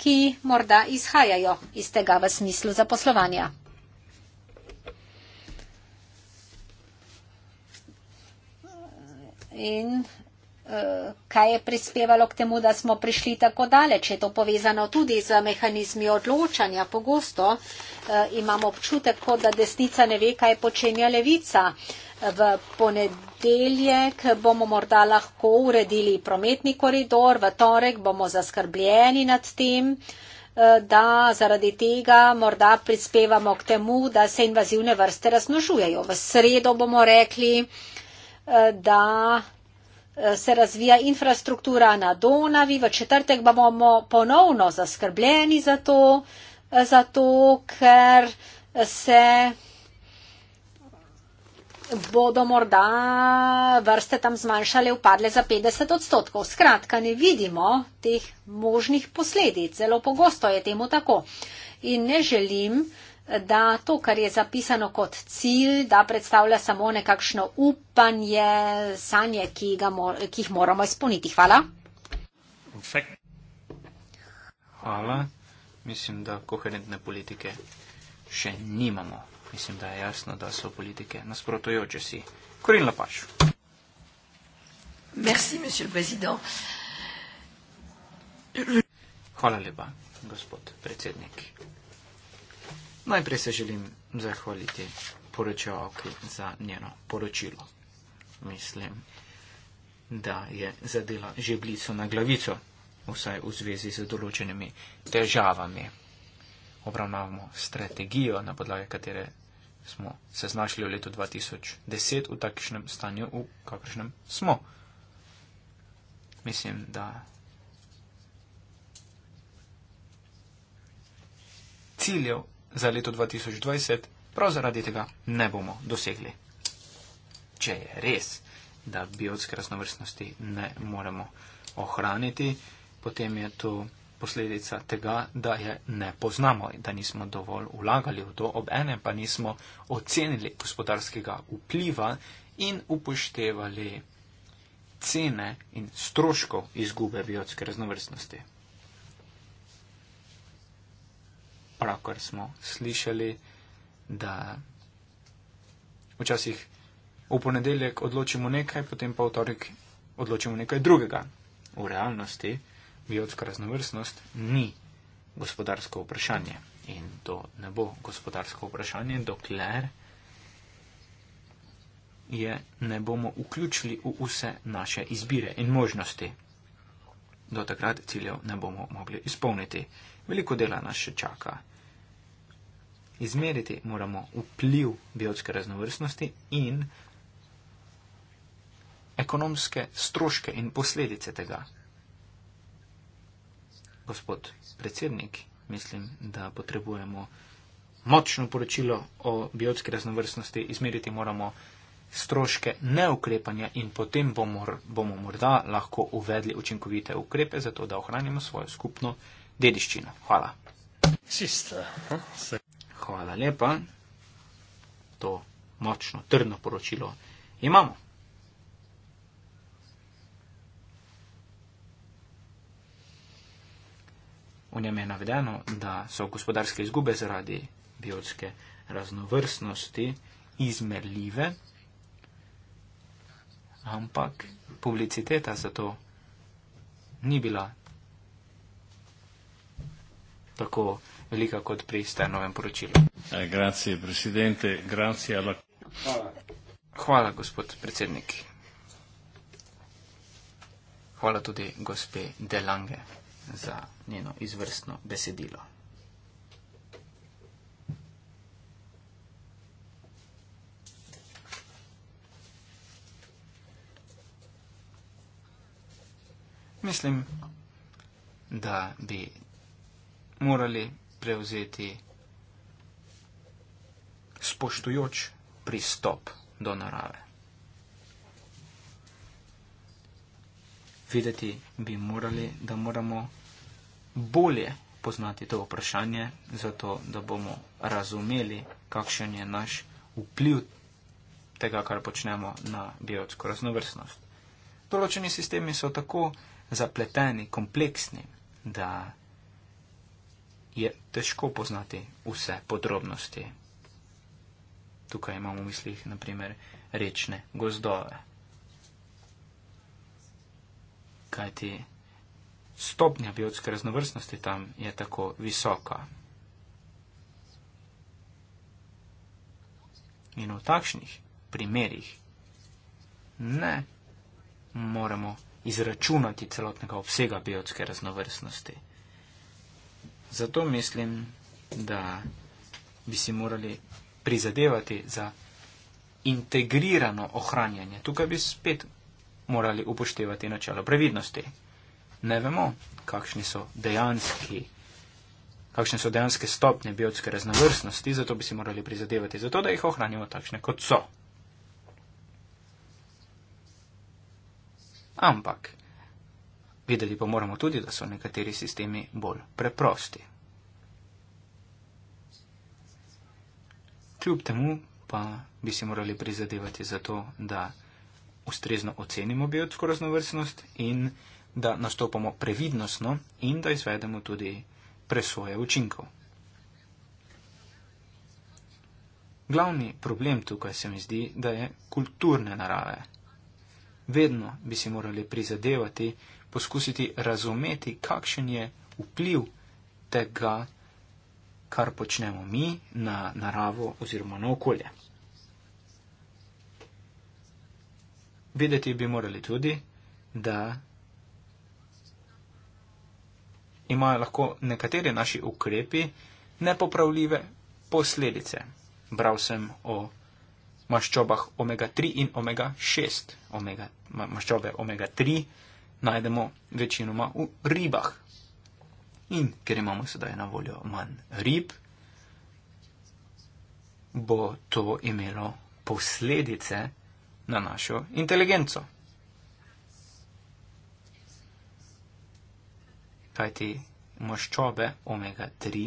ki morda izhajajo iz tega v smislu zaposlovanja. in eh, kaj je prispevalo k temu, da smo prišli tako daleč. Je to povezano tudi z mehanizmi odločanja. Pogosto eh, imamo občutek, kot da desnica ne ve, kaj počenja levica. V ponedeljek bomo morda lahko uredili prometni koridor, v torek bomo zaskrbljeni nad tem, eh, da zaradi tega morda prispevamo k temu, da se invazivne vrste raznožujejo. V sredo bomo rekli, da eh, se razvija infrastruktura na Donavi. V četrtek pa bomo ponovno zaskrbljeni za to, eh, za to ker se bodo morda vrste tam zmanjšale, upadle za 50 odstotkov. Skratka, ne vidimo teh možnih posledic. Zelo pogosto je temu tako. In ne želim, uh, da to, kar je zapisano kot cilj, da predstavlja samo nekakšno upanje, sanje, ki, ga, ki jih moramo izpolniti. Hvala. Hvala. Mislim, da koherentne politike še nimamo. Mislim, da je jasno, da so politike nasprotujoče si. Korin Lapaš. Merci, monsieur le président. Hvala lepa, gospod predsednik. Najprej se želim zahvaliti poročevalki za njeno poročilo. Mislim, da je zadela žeblico na glavico, vsaj v zvezi z določenimi težavami. Obravnavamo strategijo, na podlagi katere smo se znašli v letu 2010 v takšnem stanju, v kakršnem smo. Mislim, da ciljev za leto 2020 prav zaradi tega ne bomo dosegli. Če je res, da biotske raznovrstnosti ne moremo ohraniti, potem je to posledica tega, da je ne poznamo, da nismo dovolj vlagali v to, ob enem pa nismo ocenili gospodarskega vpliva in upoštevali cene in stroškov izgube biotske raznovrstnosti. pravkar smo slišali, da včasih v ponedeljek odločimo nekaj, potem pa v torek odločimo nekaj drugega. V realnosti biotska raznovrstnost ni gospodarsko vprašanje in to ne bo gospodarsko vprašanje, dokler je ne bomo vključili v vse naše izbire in možnosti. Do takrat ciljev ne bomo mogli izpolniti. Veliko dela nas še čaka. Izmeriti moramo vpliv biotske raznovrstnosti in ekonomske stroške in posledice tega. Gospod predsednik, mislim, da potrebujemo močno poročilo o biotski raznovrstnosti. Izmeriti moramo stroške neukrepanja in potem bomo, bomo morda lahko uvedli učinkovite ukrepe, zato da ohranimo svojo skupno dediščino. Hvala. Sister, huh? Hvala lepa. To močno, trdno poročilo imamo. V njem je navedeno, da so gospodarske izgube zaradi biotske raznovrstnosti izmerljive, ampak publiciteta za to ni bila tako velika kot pri Sternovem poročilu. Eh, grazie, presidente. Grazie alla... Hvala. Hvala, gospod predsednik. Hvala tudi gospe Delange za njeno izvrstno besedilo. Mislim, da bi morali prevzeti spoštujoč pristop do narave. Videti bi morali, da moramo bolje poznati to vprašanje, zato da bomo razumeli, kakšen je naš vpliv tega, kar počnemo na biotsko raznovrstnost. Določeni sistemi so tako zapleteni, kompleksni, da je težko poznati vse podrobnosti. Tukaj imamo v mislih naprimer rečne gozdove. Kajti stopnja biotske raznovrstnosti tam je tako visoka. In v takšnih primerjih ne moremo izračunati celotnega obsega biotske raznovrstnosti. Zato mislim, da bi si morali prizadevati za integrirano ohranjanje. Tukaj bi spet morali upoštevati načelo previdnosti. Ne vemo, kakšni so dejanski. Kakšne so dejanske stopnje biotske raznovrstnosti, zato bi si morali prizadevati, zato da jih ohranimo takšne, kot so. Ampak Videli pa moramo tudi, da so nekateri sistemi bolj preprosti. Kljub temu pa bi si morali prizadevati za to, da ustrezno ocenimo biotsko raznovrstnost in da nastopamo previdnostno in da izvedemo tudi presoje učinkov. Glavni problem tukaj se mi zdi, da je kulturne narave. Vedno bi si morali prizadevati, poskusiti razumeti, kakšen je vpliv tega, kar počnemo mi na naravo oziroma na okolje. Videti bi morali tudi, da imajo lahko nekateri naši ukrepi nepopravljive posledice. Bral sem o maščobah omega 3 in omega 6. Omega, maščobe omega 3 najdemo večinoma v ribah. In ker imamo sedaj na voljo manj rib, bo to imelo posledice na našo inteligenco. Kajti maščobe omega 3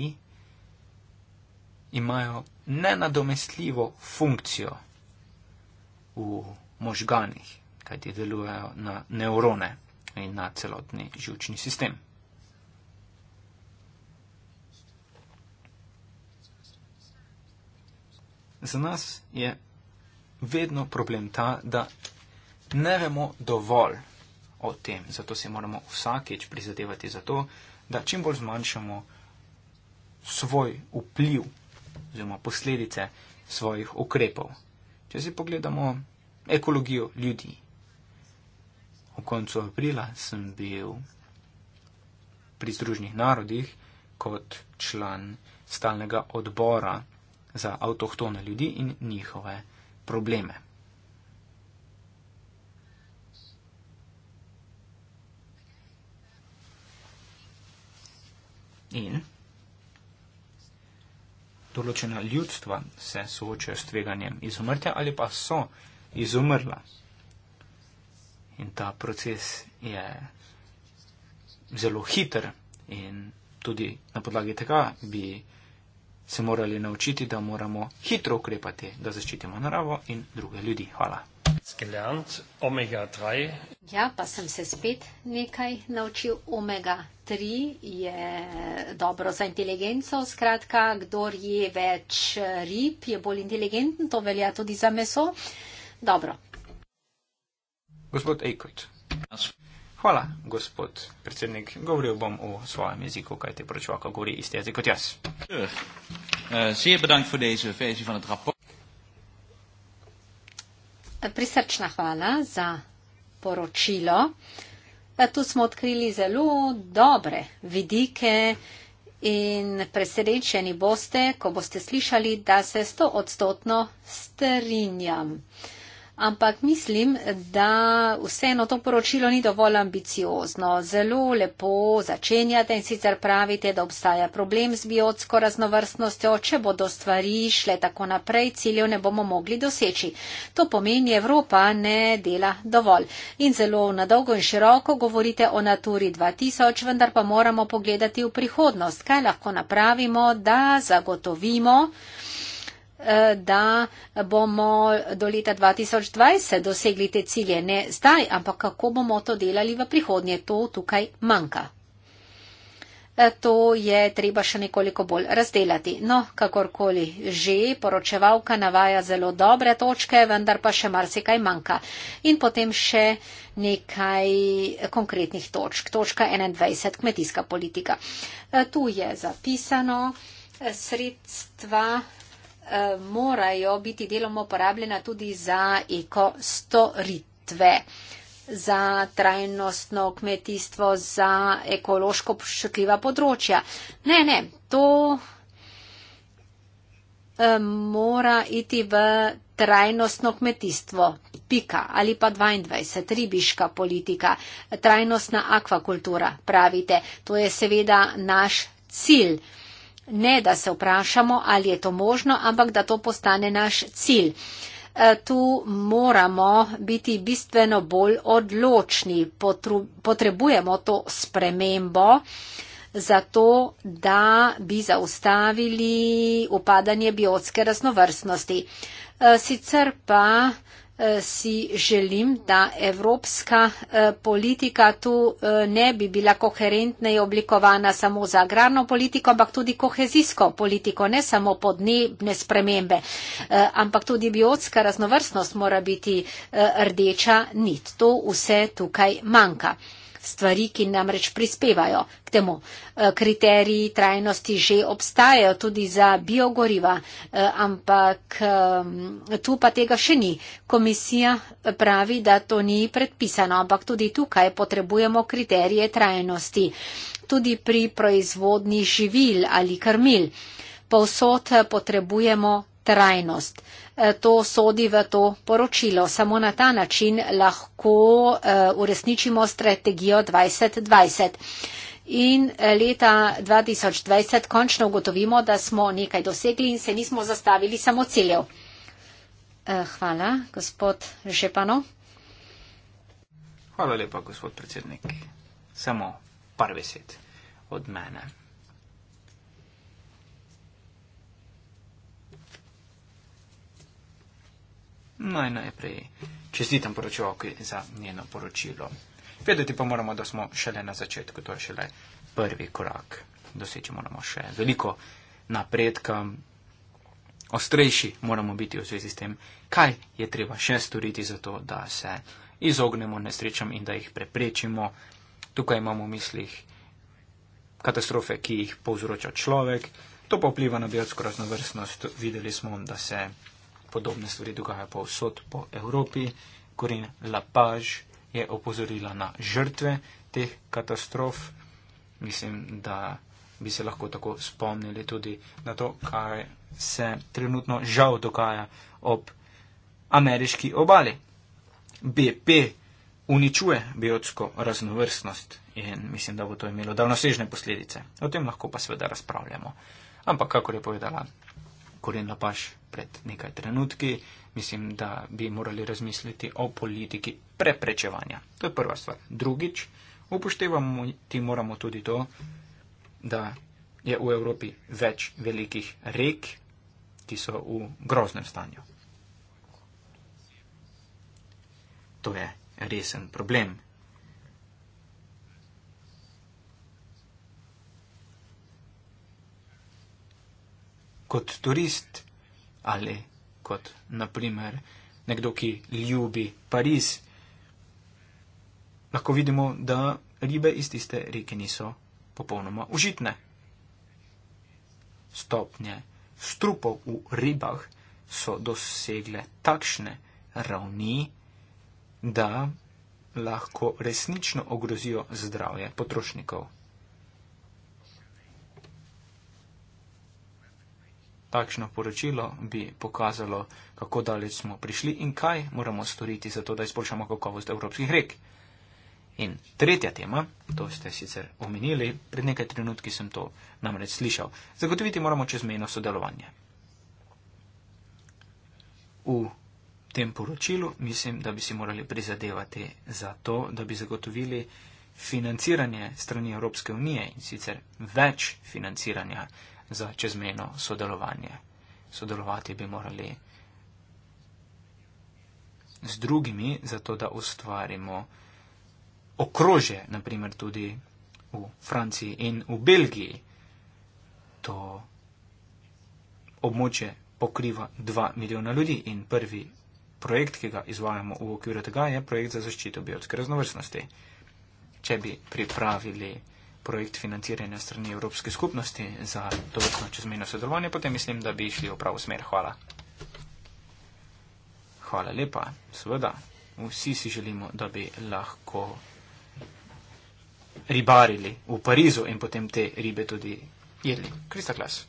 imajo nenadomestljivo funkcijo v možganih, kajti delujejo na neurone in na celotni žilčni sistem. Za nas je vedno problem ta, da ne vemo dovolj o tem, zato se moramo vsakeč prizadevati za to, da čim bolj zmanjšamo svoj vpliv oziroma posledice svojih ukrepov. Če si pogledamo ekologijo ljudi, V koncu aprila sem bil pri Združnih narodih kot član stalnega odbora za avtohtone ljudi in njihove probleme. In določena ljudstva se soočajo s tveganjem izumrtja ali pa so izumrla. In ta proces je zelo hiter in tudi na podlagi tega bi se morali naučiti, da moramo hitro ukrepati, da zaščitimo naravo in druge ljudi. Hvala. Gelernt, omega 3. Ja, pa sem se spet nekaj naučil. Omega 3 je dobro za inteligenco. Skratka, kdor je več rib, je bolj inteligenten. To velja tudi za meso. Dobro, Gospod Ejkot. Hvala, gospod predsednik. Govoril bom v svojem jeziku, kaj te pročvaka govori isti jezik kot jaz. Prisrčna hvala za poročilo. E, tu smo odkrili zelo dobre vidike in presrečeni boste, ko boste slišali, da se sto odstotno strinjam. Ampak mislim, da vseeno to poročilo ni dovolj ambiciozno. Zelo lepo začenjate in sicer pravite, da obstaja problem z biotsko raznovrstnostjo, če bodo stvari šle tako naprej, ciljev ne bomo mogli doseči. To pomeni, Evropa ne dela dovolj. In zelo na dolgo in široko govorite o naturi 2000, vendar pa moramo pogledati v prihodnost, kaj lahko napravimo, da zagotovimo. Eh, da bomo do leta 2020 dosegli te cilje. Ne zdaj, ampak kako bomo to delali v prihodnje. To tukaj manjka. Eh, to je treba še nekoliko bolj razdelati. No, kakorkoli že, poročevalka navaja zelo dobre točke, vendar pa še marsikaj manjka. In potem še nekaj konkretnih točk. Točka 21, kmetijska politika. Eh, tu je zapisano sredstva Eh, morajo biti deloma uporabljena tudi za ekostoritve, za trajnostno kmetijstvo, za ekološko pošutljiva področja. Ne, ne, to eh, mora iti v trajnostno kmetijstvo, pika ali pa 22, ribiška politika, trajnostna akvakultura, pravite. To je seveda naš cilj ne da se vprašamo, ali je to možno, ampak da to postane naš cilj. E, tu moramo biti bistveno bolj odločni, potrebujemo to spremembo, zato da bi zaustavili upadanje biotske raznovrstnosti. E, sicer pa Eh, si želim, da evropska eh, politika tu eh, ne bi bila koherentna in oblikovana samo za agrarno politiko, ampak tudi kohezijsko politiko, ne samo podnebne spremembe, ampak tudi biotska raznovrstnost mora biti rdeča nit. To vse tukaj manjka stvari, ki namreč prispevajo k temu. Eh, kriteriji trajnosti že obstajajo tudi za biogoriva, eh, ampak eh, tu pa tega še ni. Komisija pravi, da to ni predpisano, ampak tudi tukaj potrebujemo kriterije trajnosti. Tudi pri proizvodni živil ali krmil. Povsod potrebujemo trajnost. Eh, to sodi v to poročilo. Samo na ta način lahko eh, uresničimo strategijo 2020. In eh, leta 2020 končno ugotovimo, da smo nekaj dosegli in se nismo zastavili samo ciljev. Hvala, gospod Žepano. Hvala lepa, gospod predsednik. Samo par besed od mene. Naj najprej čestitam poročevalki za njeno poročilo. Vedeti pa moramo, da smo šele na začetku, to je šele prvi korak. Doseči moramo še veliko napredka, ostrejši moramo biti v zvezi s tem, kaj je treba še storiti za to, da se izognemo nesrečam in da jih preprečimo. Tukaj imamo v mislih katastrofe, ki jih povzroča človek, to pa vpliva na biotsko raznovrstnost. Videli smo, da se podobne stvari dogajajo povsod po Evropi. Corinne Lapage je opozorila na žrtve teh katastrof. Mislim, da bi se lahko tako spomnili tudi na to, kaj se trenutno žal dogaja ob ameriški obali. BP uničuje biotsko raznovrstnost in mislim, da bo to imelo daljnosežne posledice. O tem lahko pa seveda razpravljamo. Ampak, kako je povedala Koren Lapaš pred nekaj trenutki, mislim, da bi morali razmisliti o politiki preprečevanja. To je prva stvar. Drugič, upoštevamo ti moramo tudi to, da je v Evropi več velikih rek, ki so v groznem stanju. To je resen problem. kot turist ali kot naprimer nekdo, ki ljubi Pariz, lahko vidimo, da ribe iz tiste reke niso popolnoma užitne. Stopnje strupov v ribah so dosegle takšne ravni, da lahko resnično ogrozijo zdravje potrošnikov. takšno poročilo bi pokazalo, kako daleč smo prišli in kaj moramo storiti, zato da izboljšamo kakovost evropskih rek. In tretja tema, to ste sicer omenili, pred nekaj trenutki sem to namreč slišal, zagotoviti moramo čezmejno sodelovanje. V tem poročilu mislim, da bi si morali prizadevati za to, da bi zagotovili financiranje strani Evropske unije in sicer več financiranja za čezmeno sodelovanje. Sodelovati bi morali z drugimi, zato da ustvarimo okrožje, naprimer tudi v Franciji in v Belgiji. To območje pokriva dva milijona ljudi in prvi projekt, ki ga izvajamo v okviru tega, je projekt za zaščito biotske raznovrstnosti. Če bi pripravili projekt financiranja strani Evropske skupnosti za dobro čezmejno sodelovanje, potem mislim, da bi išli v pravo smer. Hvala. Hvala lepa. Seveda, vsi si želimo, da bi lahko ribarili v Parizu in potem te ribe tudi jedli. Krista Klas.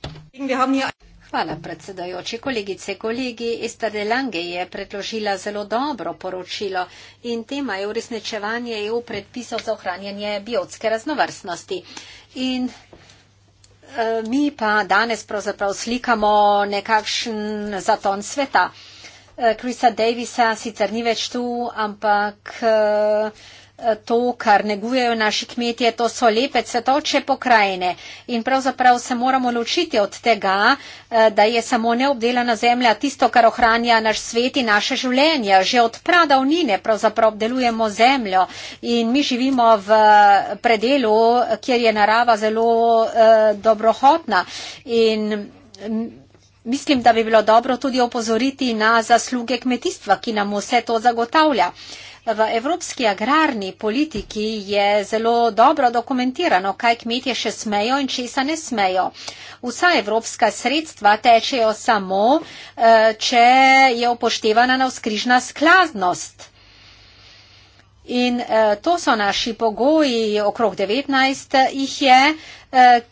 Hvala, predsedajoči. Kolegice, kolegi, Ester de Lange je predložila zelo dobro poročilo in tema je uresničevanje EU predpisov za ohranjanje biotske raznovrstnosti. In e, mi pa danes pravzaprav slikamo nekakšen zaton sveta. E, eh, Krista Davisa sicer ni več tu, ampak. E, Eh, to, kar negujejo naši kmetije, to so lepe cvetoče pokrajine. In pravzaprav se moramo ločiti od tega, eh, da je samo neobdelana zemlja tisto, kar ohranja naš svet in naše življenje. Že od pradavnine pravzaprav obdelujemo zemljo in mi živimo v eh, predelu, kjer je narava zelo eh, dobrohotna. In, mm, Mislim, da bi bilo dobro tudi opozoriti na zasluge kmetijstva, ki nam vse to zagotavlja. Uh, V evropski agrarni politiki je zelo dobro dokumentirano, kaj kmetje še smejo in česa ne smejo. Vsa evropska sredstva tečejo samo, eh, če je upoštevana navskrižna skladnost. In eh, to so naši pogoji, okrog 19 jih je, eh,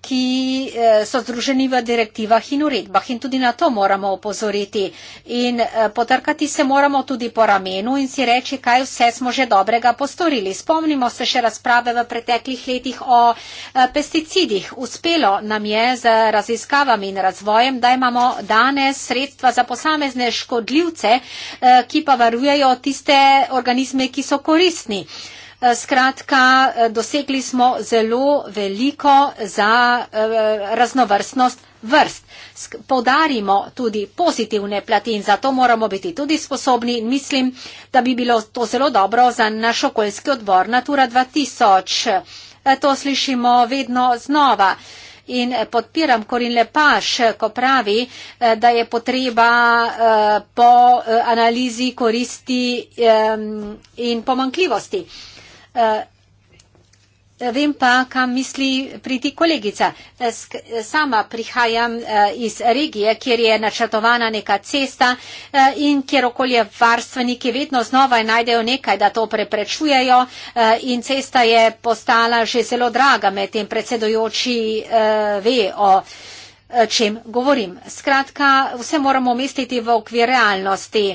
ki eh, so združeni v direktivah in uredbah. In tudi na to moramo opozoriti. In eh, potrkati se moramo tudi po ramenu in si reči, kaj vse smo že dobrega postorili. Spomnimo se še razprave v preteklih letih o eh, pesticidih. Uspelo nam je z raziskavami in razvojem, da imamo danes sredstva za posamezne škodljivce, ki pa varujejo tiste organizme, ki so koristni. Eh, skratka, eh, dosegli smo zelo veliko za eh, raznovrstnost vrst. Povdarimo tudi pozitivne plati in zato moramo biti tudi sposobni. Mislim, da bi bilo to zelo dobro za naš okoljski odbor Natura 2000. To slišimo vedno znova. In podpiram Korin Lepaš, ko pravi, da je potreba po analizi koristi in pomankljivosti. Eh, vem pa, kam misli priti kolegica. Eh, eh, sama prihajam iz regije, kjer je načrtovana neka cesta in kjer okoljevarstveniki vedno znova najdejo nekaj, da to preprečujejo in cesta je postala že zelo draga, medtem predsedojoči ve o čem govorim. Skratka, vse moramo misliti v okvir realnosti.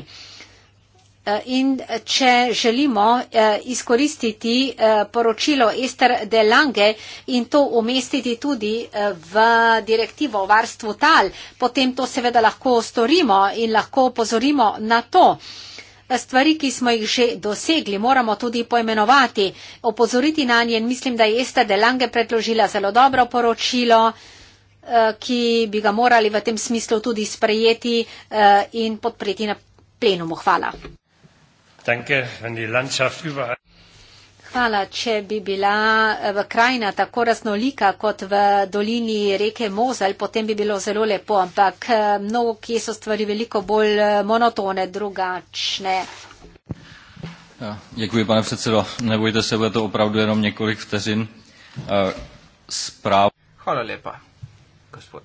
Eh, in če želimo eh, izkoristiti eh, poročilo Ester de Lange in to umestiti tudi v direktivo o varstvu tal, potem to seveda lahko storimo in lahko pozorimo na to. Stvari, ki smo jih že dosegli, moramo tudi poimenovati, opozoriti na nje in mislim, da je Ester de Lange predložila zelo dobro poročilo ki bi ga morali v tem smislu tudi sprejeti in podpreti na plenumu. Hvala. Danke, wenn die Landschaft überall. Hvala, če bi bila eh, krajina tako raznolika kot v dolini reke Mozel, potem bi bilo zelo lepo, ampak eh, mnogo kje so stvari veliko bolj eh, monotone, drugačne. Ja, děkuji, pane predsedo. Nebojte se, bo to opravdu jenom nekoliko vteřin. Sprav... Hvala lepa, gospod.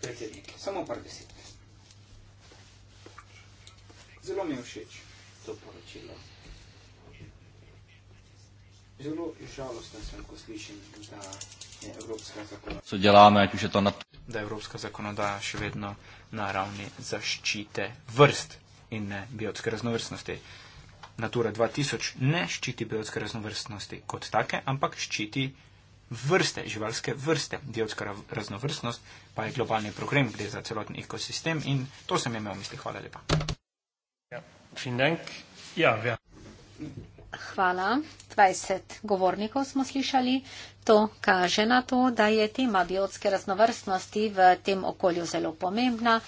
Predsednik, samo par deset. Zelo mi je všeč to poročilo. Zelo žalosten sem, ko slišim, da je evropska zakonodaja. Sodelujemo, če že to na to. Da je evropska zakonodaja še vedno na ravni zaščite vrst in ne biotske raznovrstnosti. Natura 2000 ne ščiti biotske raznovrstnosti kot take, ampak ščiti vrste, živalske vrste. Biotska raznovrstnost pa je globalni program, gre za celoten ekosistem in to sem imel v mislih. Hvala lepa. Ja, vielen Dank. Ja, wir Hvala. 20 govornikov smo slišali. To kaže na to, da je tema biotske raznovrstnosti v tem okolju zelo pomembna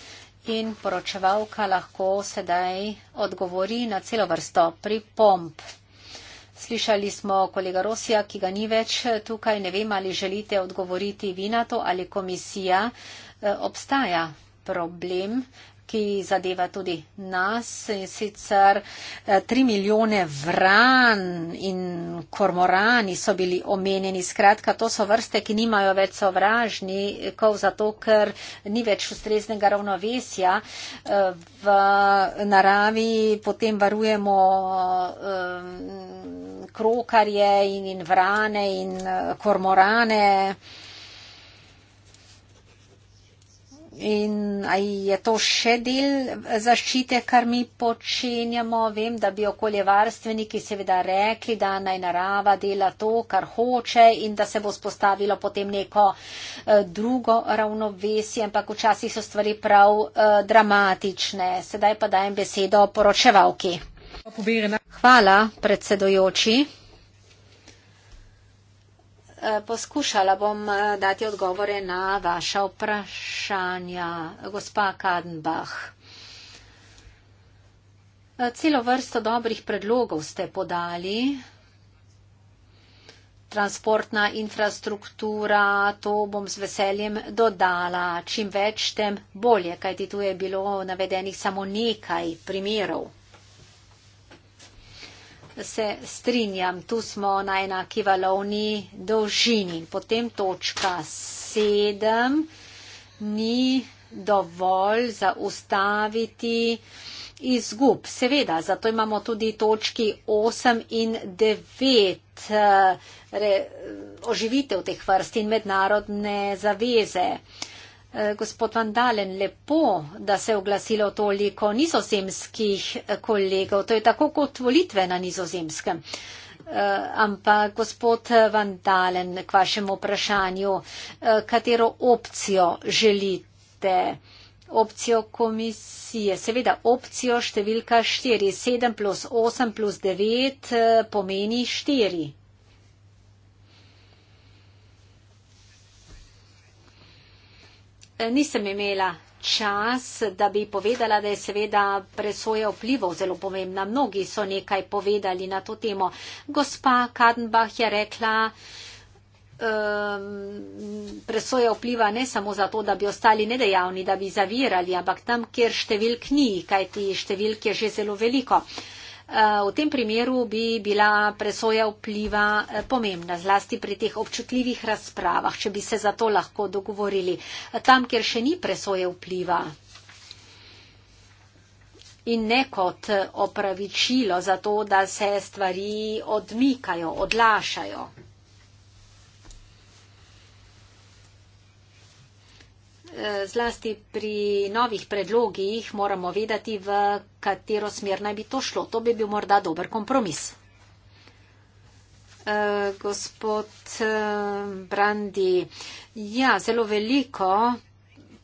in poročevalka lahko sedaj odgovori na celo vrsto pripomp. Slišali smo kolega Rosija, ki ga ni več tukaj. Ne vem, ali želite odgovoriti vi na to, ali komisija eh, obstaja problem ki zadeva tudi nas in sicer eh, tri milijone vran in kormorani so bili omenjeni. Skratka, to so vrste, ki nimajo več sovražnikov, zato ker ni več ustreznega ravnovesja. Eh, v naravi potem varujemo eh, krokarje in vrane in kormorane. In aj je to še del zaščite, kar mi počenjamo? Vem, da bi okoljevarstveniki seveda rekli, da naj narava dela to, kar hoče in da se bo spostavilo potem neko eh, drugo ravnovesje, ampak včasih so stvari prav eh, dramatične. Sedaj pa dajem besedo poročevalki. Hvala, predsedojoči poskušala bom eh, dati odgovore na vaša vprašanja, gospa Kadenbach. Eh, celo vrsto dobrih predlogov ste podali. Transportna infrastruktura, to bom z veseljem dodala. Čim več, tem bolje, kajti tu je bilo navedenih samo nekaj primerov se strinjam, tu smo na enaki valovni dolžini. Potem točka sedem ni dovolj zaustaviti izgub. Seveda, zato imamo tudi točki osem in devet eh, oživitev teh vrst in mednarodne zaveze. Eh, gospod Vandalen, lepo, da se je oglasilo toliko nizozemskih eh, kolegov. To je tako kot volitve na nizozemskem. Eh, ampak, gospod Vandalen, k vašemu vprašanju, katero opcijo želite? Opcijo komisije, seveda opcijo številka 4, 7 plus 8 plus 9 pomeni 4. nisem imela čas, da bi povedala, da je seveda presoja vplivov zelo pomembna. Mnogi so nekaj povedali na to temo. Gospa Kadenbach je rekla, um, presoja vpliva ne samo zato, da bi ostali nedejavni, da bi zavirali, ampak tam, kjer številk ni, kajti številk je že zelo veliko. Uh, Eh, v tem primeru bi bila presoja vpliva eh, pomembna, zlasti pri teh občutljivih razpravah, če bi se za to lahko dogovorili. Eh, tam, kjer še ni presoje vpliva in ne kot opravičilo za to, da se stvari odmikajo, odlašajo. zlasti pri novih predlogih moramo vedeti, v katero smer naj bi to šlo. To bi bil morda dober kompromis. E, gospod e, Brandi, ja, zelo veliko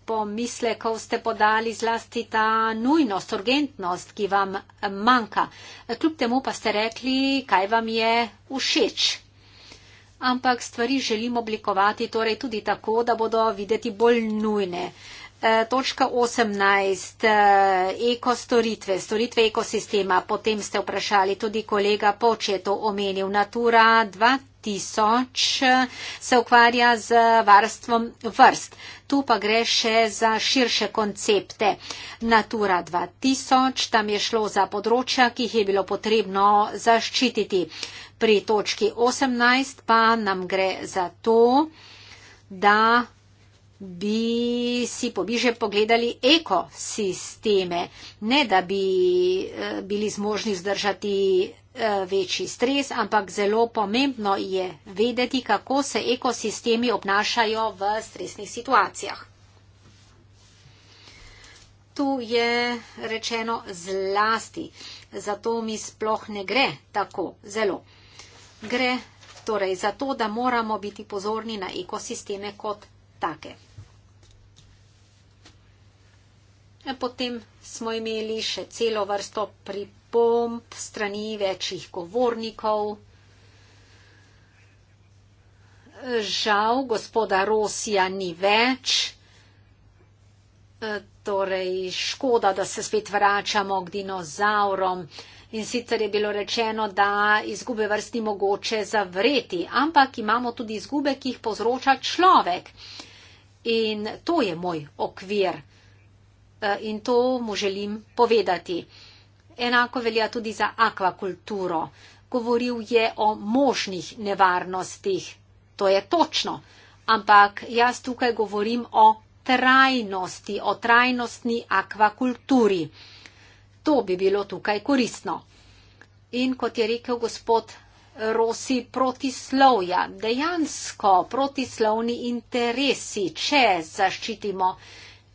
pomislekov ste podali zlasti ta nujnost, urgentnost, ki vam manjka. Kljub temu pa ste rekli, kaj vam je všeč, ampak stvari želim oblikovati torej tudi tako, da bodo videti bolj nujne. E, točka 18. E, Ekostoritve, storitve ekosistema. Potem ste vprašali tudi kolega Početo omenil Natura 2000 tisoč se ukvarja z varstvom vrst. Tu pa gre še za širše koncepte. Natura 2000, tam je šlo za področja, ki jih je bilo potrebno zaščititi. Pri točki 18 pa nam gre za to, da bi si pobiže pogledali ekosisteme, ne da bi eh, bili zmožni zdržati Eh, večji stres, ampak zelo pomembno je vedeti, kako se ekosistemi obnašajo v stresnih situacijah. Tu je rečeno zlasti, zato mi sploh ne gre tako zelo. Gre torej zato, da moramo biti pozorni na ekosisteme kot take. E, potem smo imeli še celo vrsto pripomb pripomb strani večjih govornikov. Žal gospoda Rosija ni več, e, torej škoda, da se spet vračamo k dinozaurom. In sicer je bilo rečeno, da izgube vrsti mogoče zavreti, ampak imamo tudi izgube, ki jih povzroča človek. In to je moj okvir. E, in to mu želim povedati. Enako velja tudi za akvakulturo. Govoril je o možnih nevarnostih. To je točno. Ampak jaz tukaj govorim o trajnosti, o trajnostni akvakulturi. To bi bilo tukaj koristno. In kot je rekel gospod Rosi, protislovja, dejansko protislovni interesi, če zaščitimo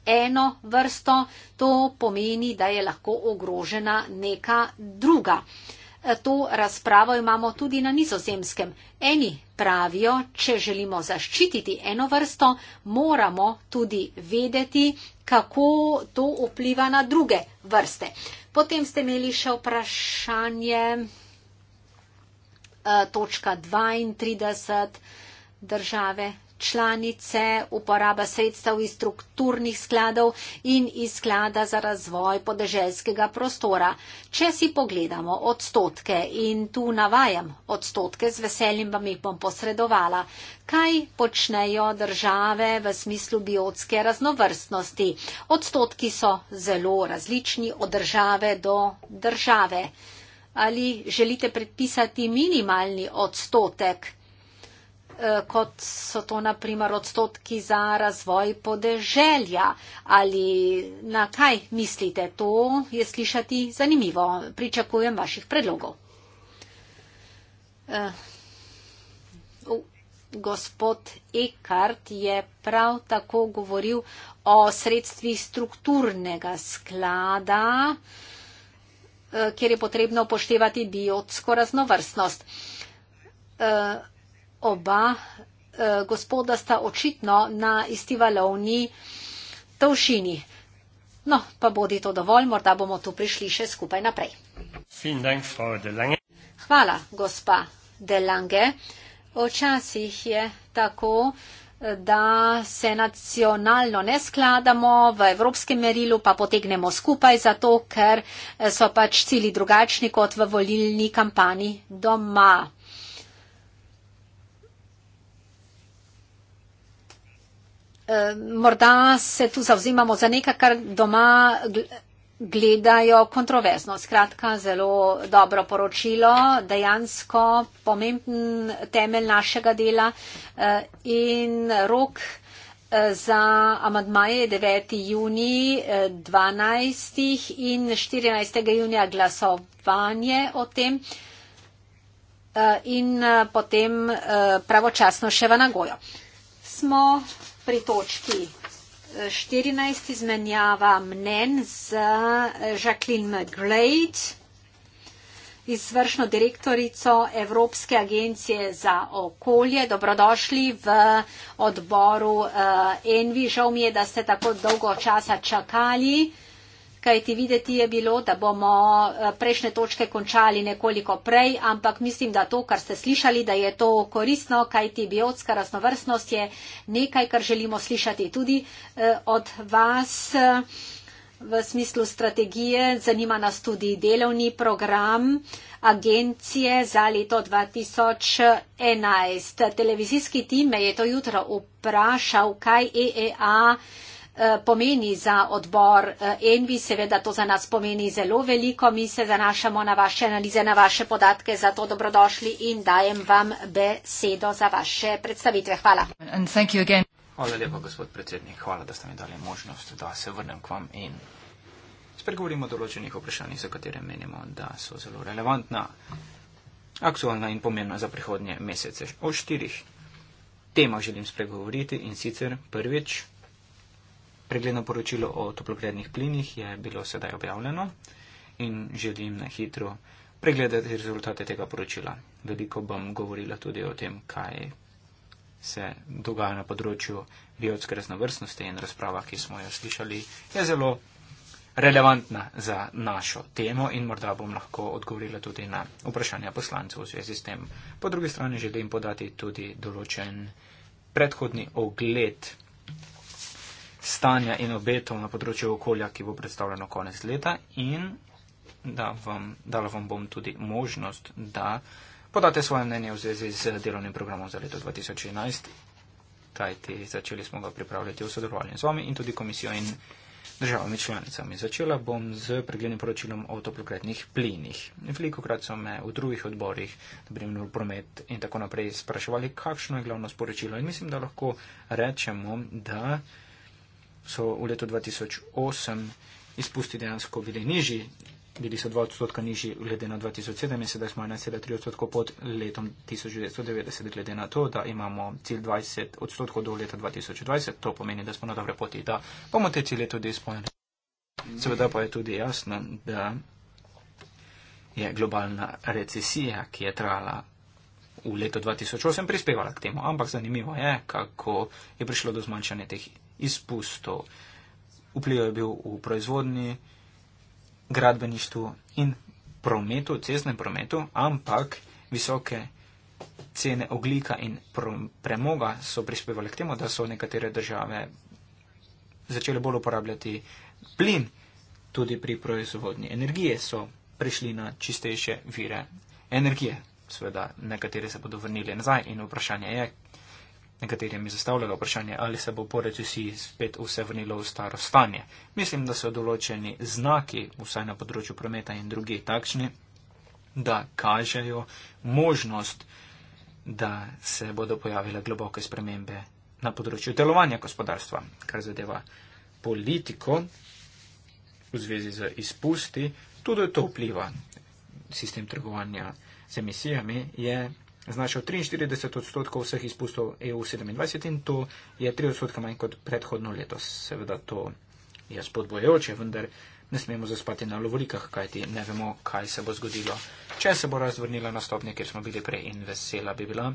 eno vrsto, to pomeni, da je lahko ogrožena neka druga. E, to razpravo imamo tudi na nizozemskem. Eni pravijo, če želimo zaščititi eno vrsto, moramo tudi vedeti, kako to vpliva na druge vrste. Potem ste imeli še vprašanje e, točka 32 države članice uporaba sredstev iz strukturnih skladov in iz sklada za razvoj podeželskega prostora. Če si pogledamo odstotke in tu navajam odstotke, z veseljem vam jih bom posredovala, kaj počnejo države v smislu biotske raznovrstnosti. Odstotki so zelo različni od države do države. Ali želite predpisati minimalni odstotek? Eh, kot so to na primer odstotki za razvoj podeželja. Ali na kaj mislite? To je slišati zanimivo. Pričakujem vaših predlogov. Eh, gospod Ekart je prav tako govoril o sredstvih strukturnega sklada, eh, kjer je potrebno upoštevati biotsko raznovrstnost oba eh, gospoda sta očitno na isti valovni tovšini. No, pa bodi to dovolj, morda bomo tu prišli še skupaj naprej. Hvala, gospa Delange. Včasih je tako, eh, da se nacionalno ne skladamo, v evropskem merilu pa potegnemo skupaj, zato ker eh, so pač cili drugačni kot v volilni kampanji doma. Eh, morda se tu zauzimamo za nekaj, kar doma gledajo kontroverzno. Skratka, zelo dobro poročilo, dejansko pomemben temelj našega dela eh, in rok eh, za amadmaje 9. juni 12. in 14. junija glasovanje o tem in potem pravočasno še v Nagojo. Smo pri točki 14 eh, izmenjava mnen z eh, Jacqueline McGrade, izvršno direktorico Evropske agencije za okolje. Dobrodošli v odboru eh, Envi. Žal mi je, da ste tako dolgo časa čakali kaj ti videti je bilo, da bomo eh, prejšnje točke končali nekoliko prej, ampak mislim, da to, kar ste slišali, da je to korisno, kaj ti biotska raznovrstnost je nekaj, kar želimo slišati tudi eh, od vas. Eh, v smislu strategije zanima nas tudi delovni program agencije za leto 2011. Televizijski tim me je to jutro vprašal, kaj EEA. Eh, pomeni za odbor eh, Envi, seveda to za nas pomeni zelo veliko. Mi se zanašamo na vaše analize, na vaše podatke, zato dobrodošli in dajem vam besedo za vaše predstavitve. Hvala. Hvala lepa, gospod predsednik. Hvala, da ste mi dali možnost, da se vrnem k vam in spregovorimo o določenih vprašanjih, za katere menimo, da so zelo relevantna, aktualna in pomembna za prihodnje mesece. O štirih temah želim spregovoriti in sicer prvič Pregledno poročilo o toplogrednih plinih je bilo sedaj objavljeno in želim na hitro pregledati rezultate tega poročila. Veliko bom govorila tudi o tem, kaj se dogaja na področju biotske raznovrstnosti in razprava, ki smo jo slišali, je zelo relevantna za našo temo in morda bom lahko odgovorila tudi na vprašanja poslancev v zvezi s tem. Po drugi strani želim podati tudi določen predhodni ogled stanja in obetov na področju okolja, ki bo predstavljeno konec leta in da vam, dala vam bom tudi možnost, da podate svoje mnenje v zvezi z delovnim programom za leto 2011, kajti začeli smo ga pripravljati v sodelovanju z vami in tudi komisijo in državami članicami. Začela bom z preglednim poročilom o toplogrednih plinih. Veliko krat so me v drugih odborih, da bi imel promet in tako naprej, spraševali, kakšno je glavno sporočilo. In mislim, da lahko rečemo, da so v letu 2008 izpusti dejansko bili nižji, bili so 2 odstotka nižji glede na 2007 in sedaj smo 1,3 odstotka pod letom 1990 glede na to, da imamo cilj 20 odstotkov do leta 2020. To pomeni, da smo na dobre poti, da bomo te cilje tudi izpolnili. Seveda pa je tudi jasno, da je globalna recesija, ki je trajala v letu 2008, prispevala k temu. Ampak zanimivo je, kako je prišlo do zmanjšanja teh izpustov. Vpliv je bil v proizvodni, gradbeništvu in prometu, cestnem prometu, ampak visoke cene oglika in premoga so prispevali k temu, da so nekatere države začele bolj uporabljati plin. Tudi pri proizvodni energije so prišli na čistejše vire energije. Sveda nekatere se bodo vrnili nazaj in vprašanje je, nekaterim zastavljalo vprašanje, ali se bo po recesiji spet vse vrnilo v staro stanje. Mislim, da so določeni znaki, vsaj na področju prometa in druge takšni, da kažejo možnost, da se bodo pojavile globoke spremembe na področju delovanja gospodarstva, kar zadeva politiko v zvezi z izpusti, tudi to vpliva. Sistem trgovanja z emisijami je znašal 43 odstotkov vseh izpustov EU27 in to je 3 odstotka manj kot predhodno leto. Seveda to je spodbojoče, vendar ne smemo zaspati na lovolikah, kajti ne vemo, kaj se bo zgodilo. Če se bo razvrnila na stopnje, kjer smo bili prej in vesela bi bila,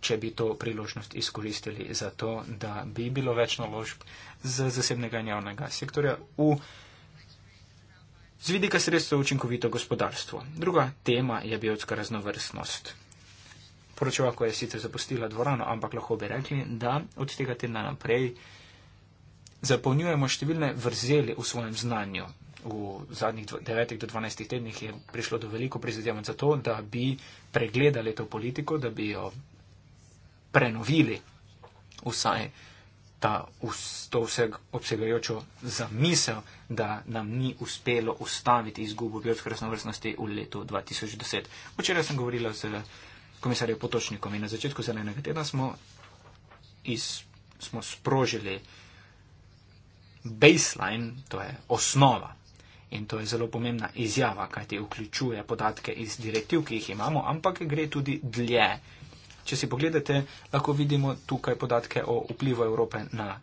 če bi to priložnost izkoristili za to, da bi bilo več naložb z zasebnega in javnega sektorja v. Z vidika sredstva učinkovito gospodarstvo. Druga tema je biotska raznovrstnost poročevalko je sicer zapustila dvorano, ampak lahko bi rekli, da od tega tedna naprej zapolnjujemo številne vrzeli v svojem znanju. V zadnjih 9 do 12 tednih je prišlo do veliko prizadevanj za to, da bi pregledali to politiko, da bi jo prenovili vsaj ta to vseg obsegajočo zamisel, da nam ni uspelo ustaviti izgubo biotske raznovrstnosti v letu 2010. Včeraj sem govorila z komisarju Potočnikom. In na začetku zelenega tedna smo, iz, smo sprožili baseline, to je osnova. In to je zelo pomembna izjava, kajti vključuje podatke iz direktiv, ki jih imamo, ampak gre tudi dlje. Če si pogledate, lahko vidimo tukaj podatke o vplivu Evrope na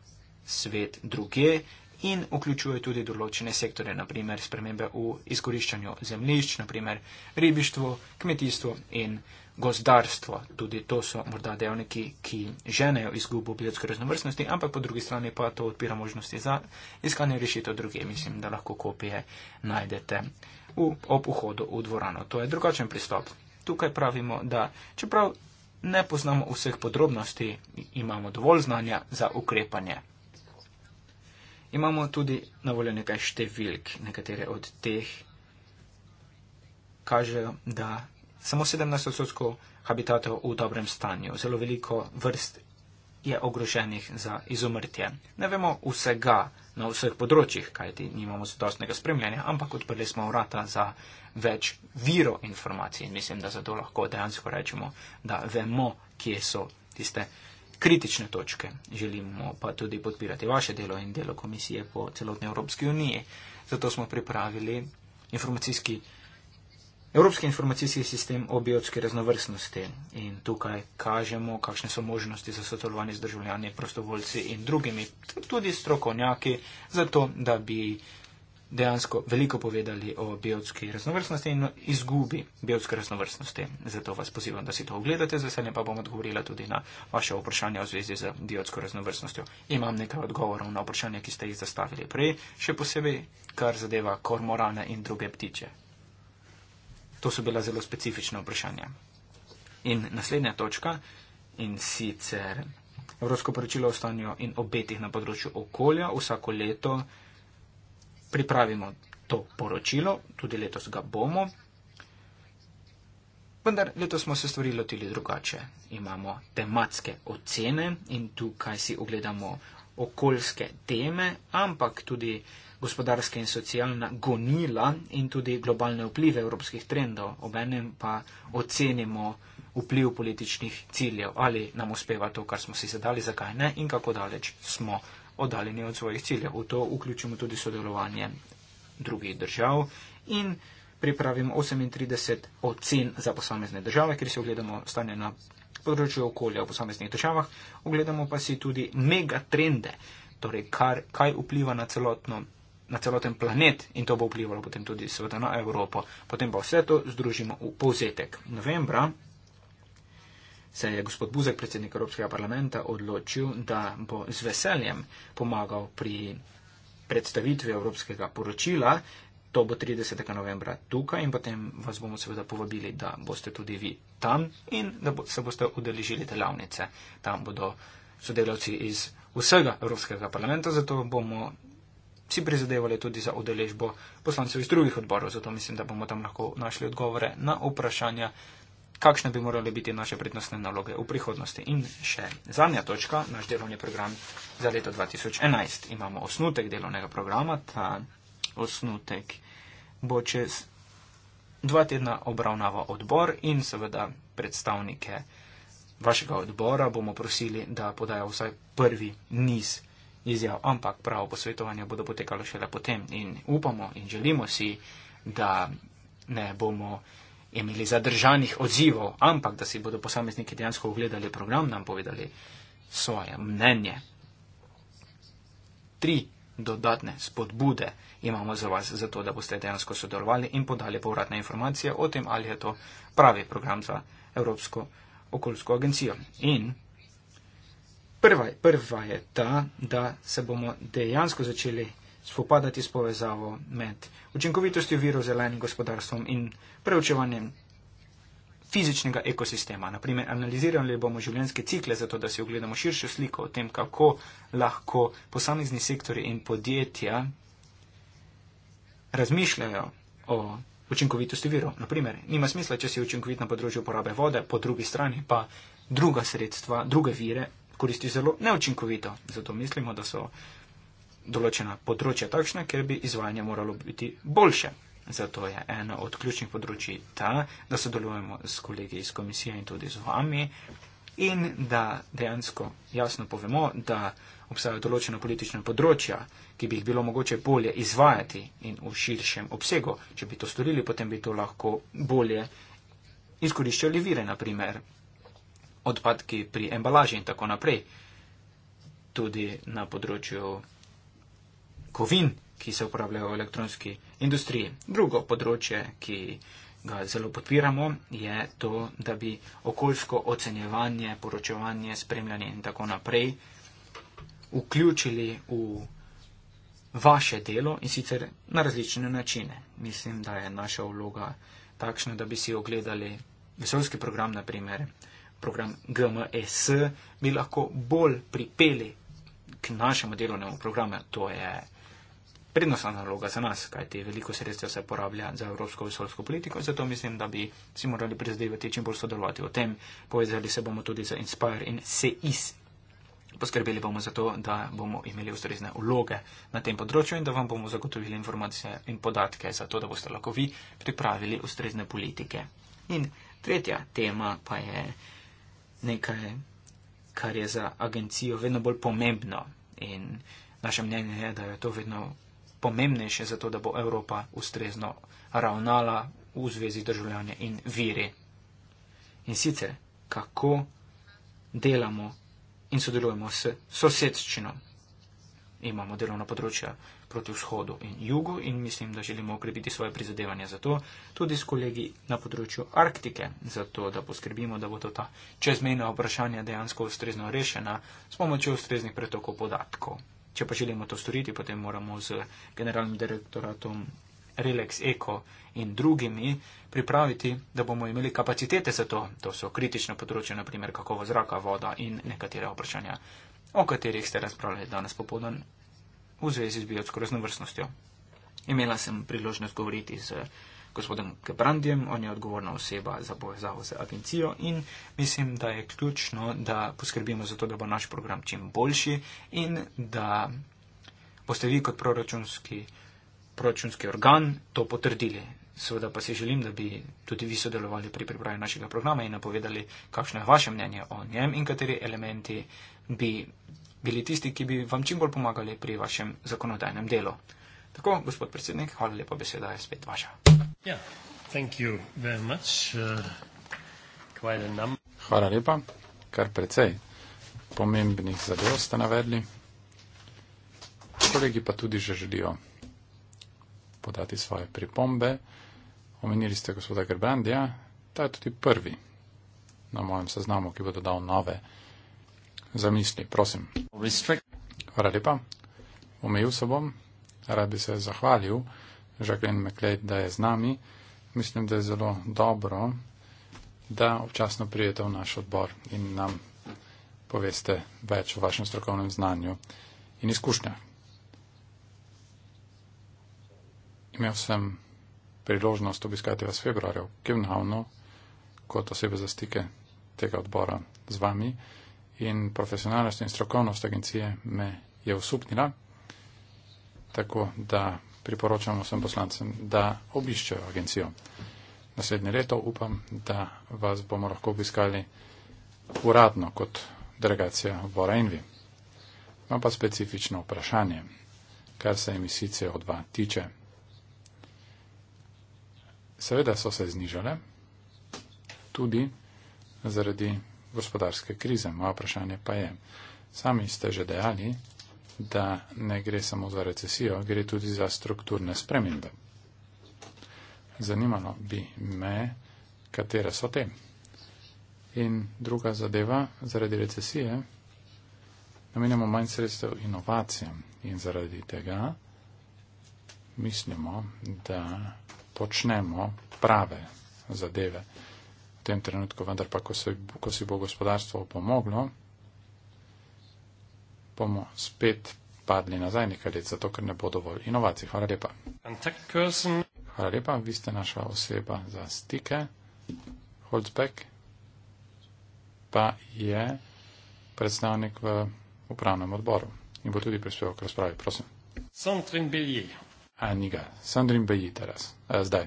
svet druge in vključuje tudi določene sektore, naprimer spremembe v izkoriščanju zemlišč, naprimer ribištvo, kmetijstvo in gozdarstvo. Tudi to so morda dejavniki, ki ženejo izgubo biotske raznovrstnosti, ampak po drugi strani pa to odpira možnosti za iskanje rešitev druge. Mislim, da lahko kopije najdete v, ob vhodu v dvorano. To je drugačen pristop. Tukaj pravimo, da čeprav ne poznamo vseh podrobnosti, imamo dovolj znanja za ukrepanje. Imamo tudi na voljo nekaj številk, nekatere od teh kažejo, da samo 17 odstotkov habitatov v dobrem stanju. Zelo veliko vrst je ogroženih za izumrtje. Ne vemo vsega na vseh področjih, kajti nimamo zadostnega spremljanja, ampak odprli smo vrata za več viro informacij in mislim, da zato lahko dejansko rečemo, da vemo, kje so tiste kritične točke. Želimo pa tudi podpirati vaše delo in delo komisije po celotni Evropski uniji. Zato smo pripravili informacijski. Evropski informacijski sistem o biotski raznovrstnosti in tukaj kažemo, kakšne so možnosti za sodelovanje z državljani, prostovoljci in drugimi, tudi strokovnjaki, zato da bi dejansko veliko povedali o biotski raznovrstnosti in izgubi biotske raznovrstnosti. Zato vas pozivam, da si to ogledate, z veseljem pa bom odgovorila tudi na vaše vprašanje v zvezi z biotsko raznovrstnostjo. Imam nekaj odgovorov na vprašanje, ki ste jih zastavili prej, še posebej, kar zadeva kormorane in druge ptiče. To so bila zelo specifična vprašanja. In naslednja točka in sicer Evropsko poročilo o stanju in obetih na področju okolja. Vsako leto pripravimo to poročilo, tudi letos ga bomo. Vendar letos smo se stvari lotili drugače. Imamo tematske ocene in tukaj si ogledamo okoljske teme, ampak tudi eh, gospodarska in socialna gonila in tudi globalne vplive evropskih trendov, obenem pa ocenimo vpliv političnih ciljev, ali nam uspeva to, kar smo si zadali, zakaj ne in kako daleč smo oddaljeni od svojih ciljev. V to vključimo tudi sodelovanje drugih držav in pripravimo 38 ocen za posamezne države, kjer si ogledamo stanje na področju okolja v posameznih državah, ogledamo pa si tudi megatrende, torej kar, kaj vpliva na celotno na celoten planet in to bo vplivalo potem tudi seveda na Evropo. Potem pa vse to združimo v povzetek. Novembra se je gospod Buzek, predsednik Evropskega parlamenta, odločil, da bo z veseljem pomagal pri predstavitvi Evropskega poročila. To bo 30. novembra tukaj in potem vas bomo seveda povabili, da boste tudi vi tam in da bo, se boste udeležili delavnice. Tam bodo sodelavci iz vsega Evropskega parlamenta, zato bomo si prizadevali tudi za udeležbo poslancev iz drugih odborov, zato mislim, da bomo tam lahko našli odgovore na vprašanja, kakšne bi morale biti naše prednostne naloge v prihodnosti. In še zadnja točka, naš delovni program za leto 2011. Imamo osnutek delovnega programa, ta osnutek bo čez dva tedna obravnava odbor in seveda predstavnike vašega odbora bomo prosili, da podajo vsaj prvi niz izjav, ampak pravo posvetovanje bodo potekalo šele potem. In upamo in želimo si, da ne bomo imeli zadržanih odzivov, ampak da si bodo posamezniki dejansko ogledali program, nam povedali svoje mnenje. Tri dodatne spodbude imamo za vas, zato da boste dejansko sodelovali in podali povratne informacije o tem, ali je to pravi program za Evropsko okoljsko agencijo. In Prva, prva je ta, da se bomo dejansko začeli spopadati s povezavo med učinkovitostjo virov zelenim gospodarstvom in preučevanjem fizičnega ekosistema. Naprimer, analizirali bomo življenjske cikle, zato da si ogledamo širšo sliko o tem, kako lahko posamezni sektori in podjetja razmišljajo o učinkovitosti virov. Naprimer, nima smisla, če si učinkovit na področju porabe vode, po drugi strani pa druga sredstva, druge vire koristi zelo neučinkovito. Zato mislimo, da so določena področja takšna, ker bi izvajanje moralo biti boljše. Zato je eno od ključnih področji ta, da sodelujemo s kolegi iz komisije in tudi z vami in da dejansko jasno povemo, da obstajajo določena politična področja, ki bi jih bilo mogoče bolje izvajati in v širšem obsegu. Če bi to storili, potem bi to lahko bolje izkoriščali vire, naprimer odpadki pri embalaži in tako naprej. Tudi na področju kovin, ki se uporabljajo v elektronski industriji. Drugo področje, ki ga zelo podpiramo, je to, da bi okoljsko ocenjevanje, poročevanje, spremljanje in tako naprej vključili v vaše delo in sicer na različne načine. Mislim, da je naša vloga takšna, da bi si ogledali vesoljski program, naprimer, program GMS bi lahko bolj pripeli k našemu delovnemu programu. To je prednostna naloga za nas, kajti veliko sredstev se porablja za evropsko vesoljsko politiko, zato mislim, da bi si morali prizadevati čim bolj sodelovati o tem. Povezali se bomo tudi za Inspire in SEIS. Poskrbeli bomo za to, da bomo imeli ustrezne vloge na tem področju in da vam bomo zagotovili informacije in podatke za to, da boste lahko vi pripravili ustrezne politike. In tretja tema pa je nekaj, kar je za agencijo vedno bolj pomembno. In naše mnenje je, da je to vedno pomembnejše za to, da bo Evropa ustrezno ravnala v zvezi državljanja in viri. In sicer, kako delamo in sodelujemo s sosedščino. Imamo delovna področja proti vzhodu in jugu in mislim, da želimo okrepiti svoje prizadevanje za to, tudi s kolegi na področju Arktike, zato da poskrbimo, da bodo ta čezmejna vprašanja dejansko ustrezno rešena s pomočjo ustreznih pretokov podatkov. Če pa želimo to storiti, potem moramo z generalnim direktoratom Relax Eco in drugimi pripraviti, da bomo imeli kapacitete za to. To so kritična področja, naprimer kakovo zraka, voda in nekatere vprašanja, o katerih ste razpravljali danes popoldan v zvezi z biotsko raznovrstnostjo. Imela sem priložnost govoriti z gospodom Kebrandjem, on je odgovorna oseba za povezavo z agencijo in mislim, da je ključno, da poskrbimo za to, da bo naš program čim boljši in da boste vi kot proračunski, proračunski organ to potrdili. Seveda pa si želim, da bi tudi vi sodelovali pri pripravi našega programa in napovedali, kakšno je vaše mnenje o njem in kateri elementi bi bili tisti, ki bi vam čim bolj pomagali pri vašem zakonodajnem delu. Tako, gospod predsednik, hvala lepa, beseda je spet vaša. Uh, hvala lepa, kar precej pomembnih zadev ste navedli. Kolegi pa tudi že želijo podati svoje pripombe. Omenili ste gospoda Grbandija, ta je tudi prvi na mojem seznamu, ki bo dodal nove zamisli, prosim. Hvala lepa. Omejil se bom. Rad bi se zahvalil Žaklen Meklej, da je z nami. Mislim, da je zelo dobro, da občasno prijete v naš odbor in nam poveste več o vašem strokovnem znanju in izkušnjah. Imel sem priložnost obiskati vas februarja v Kevnhavnu kot osebe za stike tega odbora z vami in profesionalnost in strokovnost agencije me je usupnila, tako da priporočam vsem poslancem, da obiščejo agencijo. Naslednje leto upam, da vas bomo lahko obiskali uradno kot delegacija v Rejnvi. Imam pa specifično vprašanje, kar se emisice od dva tiče. Seveda so se znižale, tudi zaradi gospodarske krize. Moje vprašanje pa je, sami ste že dejali, da ne gre samo za recesijo, gre tudi za strukturne spremembe. Zanimalo bi me, katere so te. In druga zadeva, zaradi recesije namenjamo manj sredstev inovacijam in zaradi tega mislimo, da počnemo prave zadeve tem trenutku, vendar pa, ko, se, ko si bo gospodarstvo pomoglo, bomo spet padli nazaj nekaj let, zato ker ne bo dovolj inovacij. Hvala lepa. Hvala lepa, vi ste naša oseba za stike. Holzbeck pa je predstavnik v upravnem odboru in bo tudi prispeval k razpravi, prosim. Sandrin Bilji. A, njega. Sandrin Bilji teraz. Zdaj.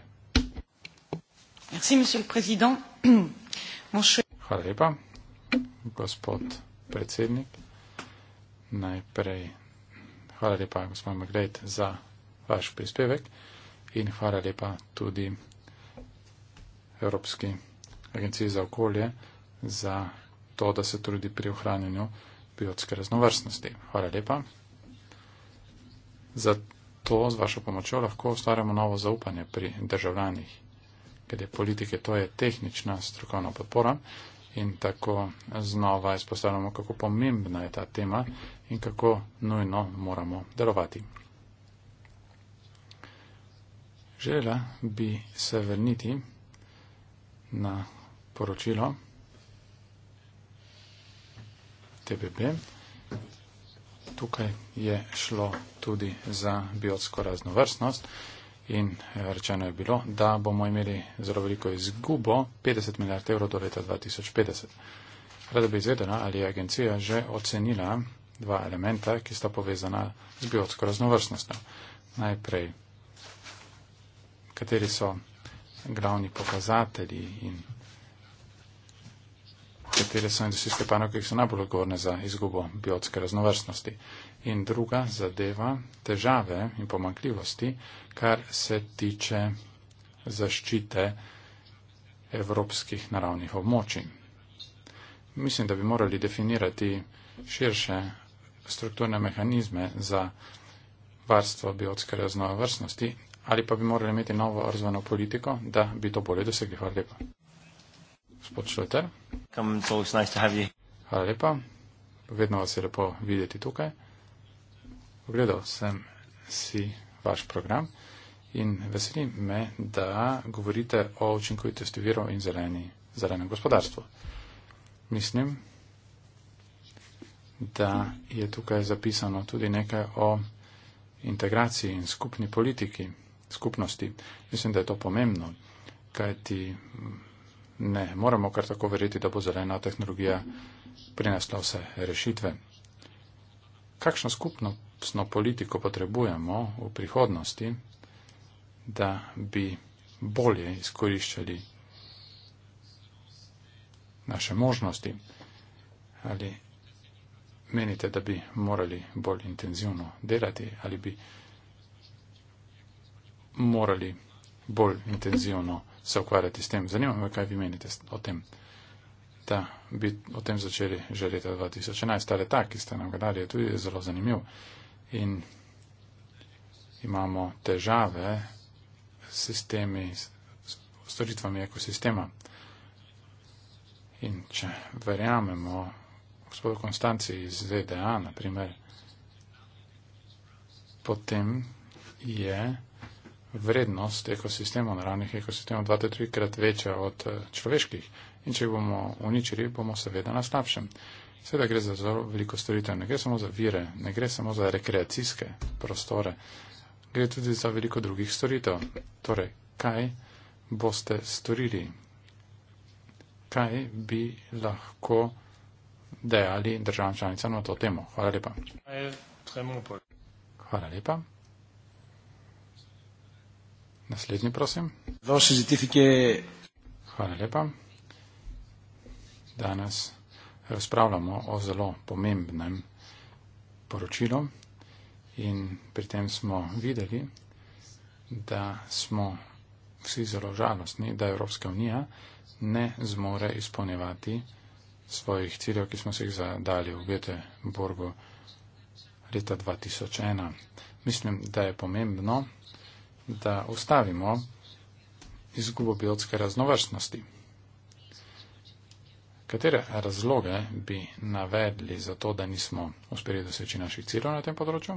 Merci, monsieur le Président. Hvala lepa, gospod predsednik. Najprej hvala lepa, gospod Magdejt, za vaš prispevek in hvala lepa tudi Evropski agenciji za okolje za to, da se trudi pri ohranjanju biotske raznovrstnosti. Hvala lepa. Zato z vašo pomočjo lahko ustvarjamo novo zaupanje pri državljanih glede politike, to je tehnična strokovna podpora in tako znova izpostavljamo, kako pomembna je ta tema in kako nujno moramo delovati. Želela bi se vrniti na poročilo TBB. Tukaj je šlo tudi za biotsko raznovrstnost in eh, rečeno je bilo, da bomo imeli zelo veliko izgubo 50 milijard evrov do leta 2050. Rada bi izvedela, ali je agencija že ocenila dva elementa, ki sta povezana z biotsko raznovrstnostjo. Najprej, kateri so glavni pokazatelji in katere so industrijske panoge, ki so najbolj odgovorne za izgubo biotske raznovrstnosti in druga zadeva težave in pomankljivosti, kar se tiče zaščite evropskih naravnih območij. Mislim, da bi morali definirati širše strukturne mehanizme za varstvo biotske raznovrstnosti ali pa bi morali imeti novo razvojno politiko, da bi to bolje dosegli. Hvala lepa. Gospod Šleter. Hvala lepa. Vedno vas je lepo videti tukaj. Pogledal sem si vaš program in veseli me, da govorite o učinkovitosti virov in zeleni, zelenem gospodarstvu. Mislim, da je tukaj zapisano tudi nekaj o integraciji in skupni politiki, skupnosti. Mislim, da je to pomembno, kajti ne moramo kar tako verjeti, da bo zelena tehnologija prinesla vse rešitve. Kakšno skupno kakšno politiko potrebujemo v prihodnosti, da bi bolje izkoriščali naše možnosti ali menite, da bi morali bolj intenzivno delati ali bi morali bolj intenzivno se ukvarjati s tem. Zanima me, kaj vi menite o tem, da bi o tem začeli že leta 2011. Ta letak, ki ste nam ga dali, je tudi zelo zanimiv in imamo težave s sistemi, s storitvami ekosistema. In če verjamemo gospodu Konstanci iz ZDA, na primer, potem je vrednost ekosistemov, naravnih ekosistemov, 2-3 krat večja od eh, človeških. In če jih bomo uničili, bomo seveda na slabšem. Seveda gre za zelo veliko storitev, ne gre samo za vire, ne gre samo za rekreacijske prostore, gre tudi za veliko drugih storitev. Torej, kaj boste storili? Kaj bi lahko dejali državam članicam na to temo? Hvala lepa. Hvala lepa. Naslednji, prosim. Hvala lepa. Danes razpravljamo o zelo pomembnem poročilu in pri tem smo videli, da smo vsi zelo žalostni, da Evropska unija ne zmore izpolnjevati svojih ciljev, ki smo si jih zadali v Göteborgu leta 2001. Mislim, da je pomembno, da ustavimo izgubo biotske raznovrstnosti. Katere razloge bi navedli za to, da nismo uspeli doseči naših ciljev na tem področju?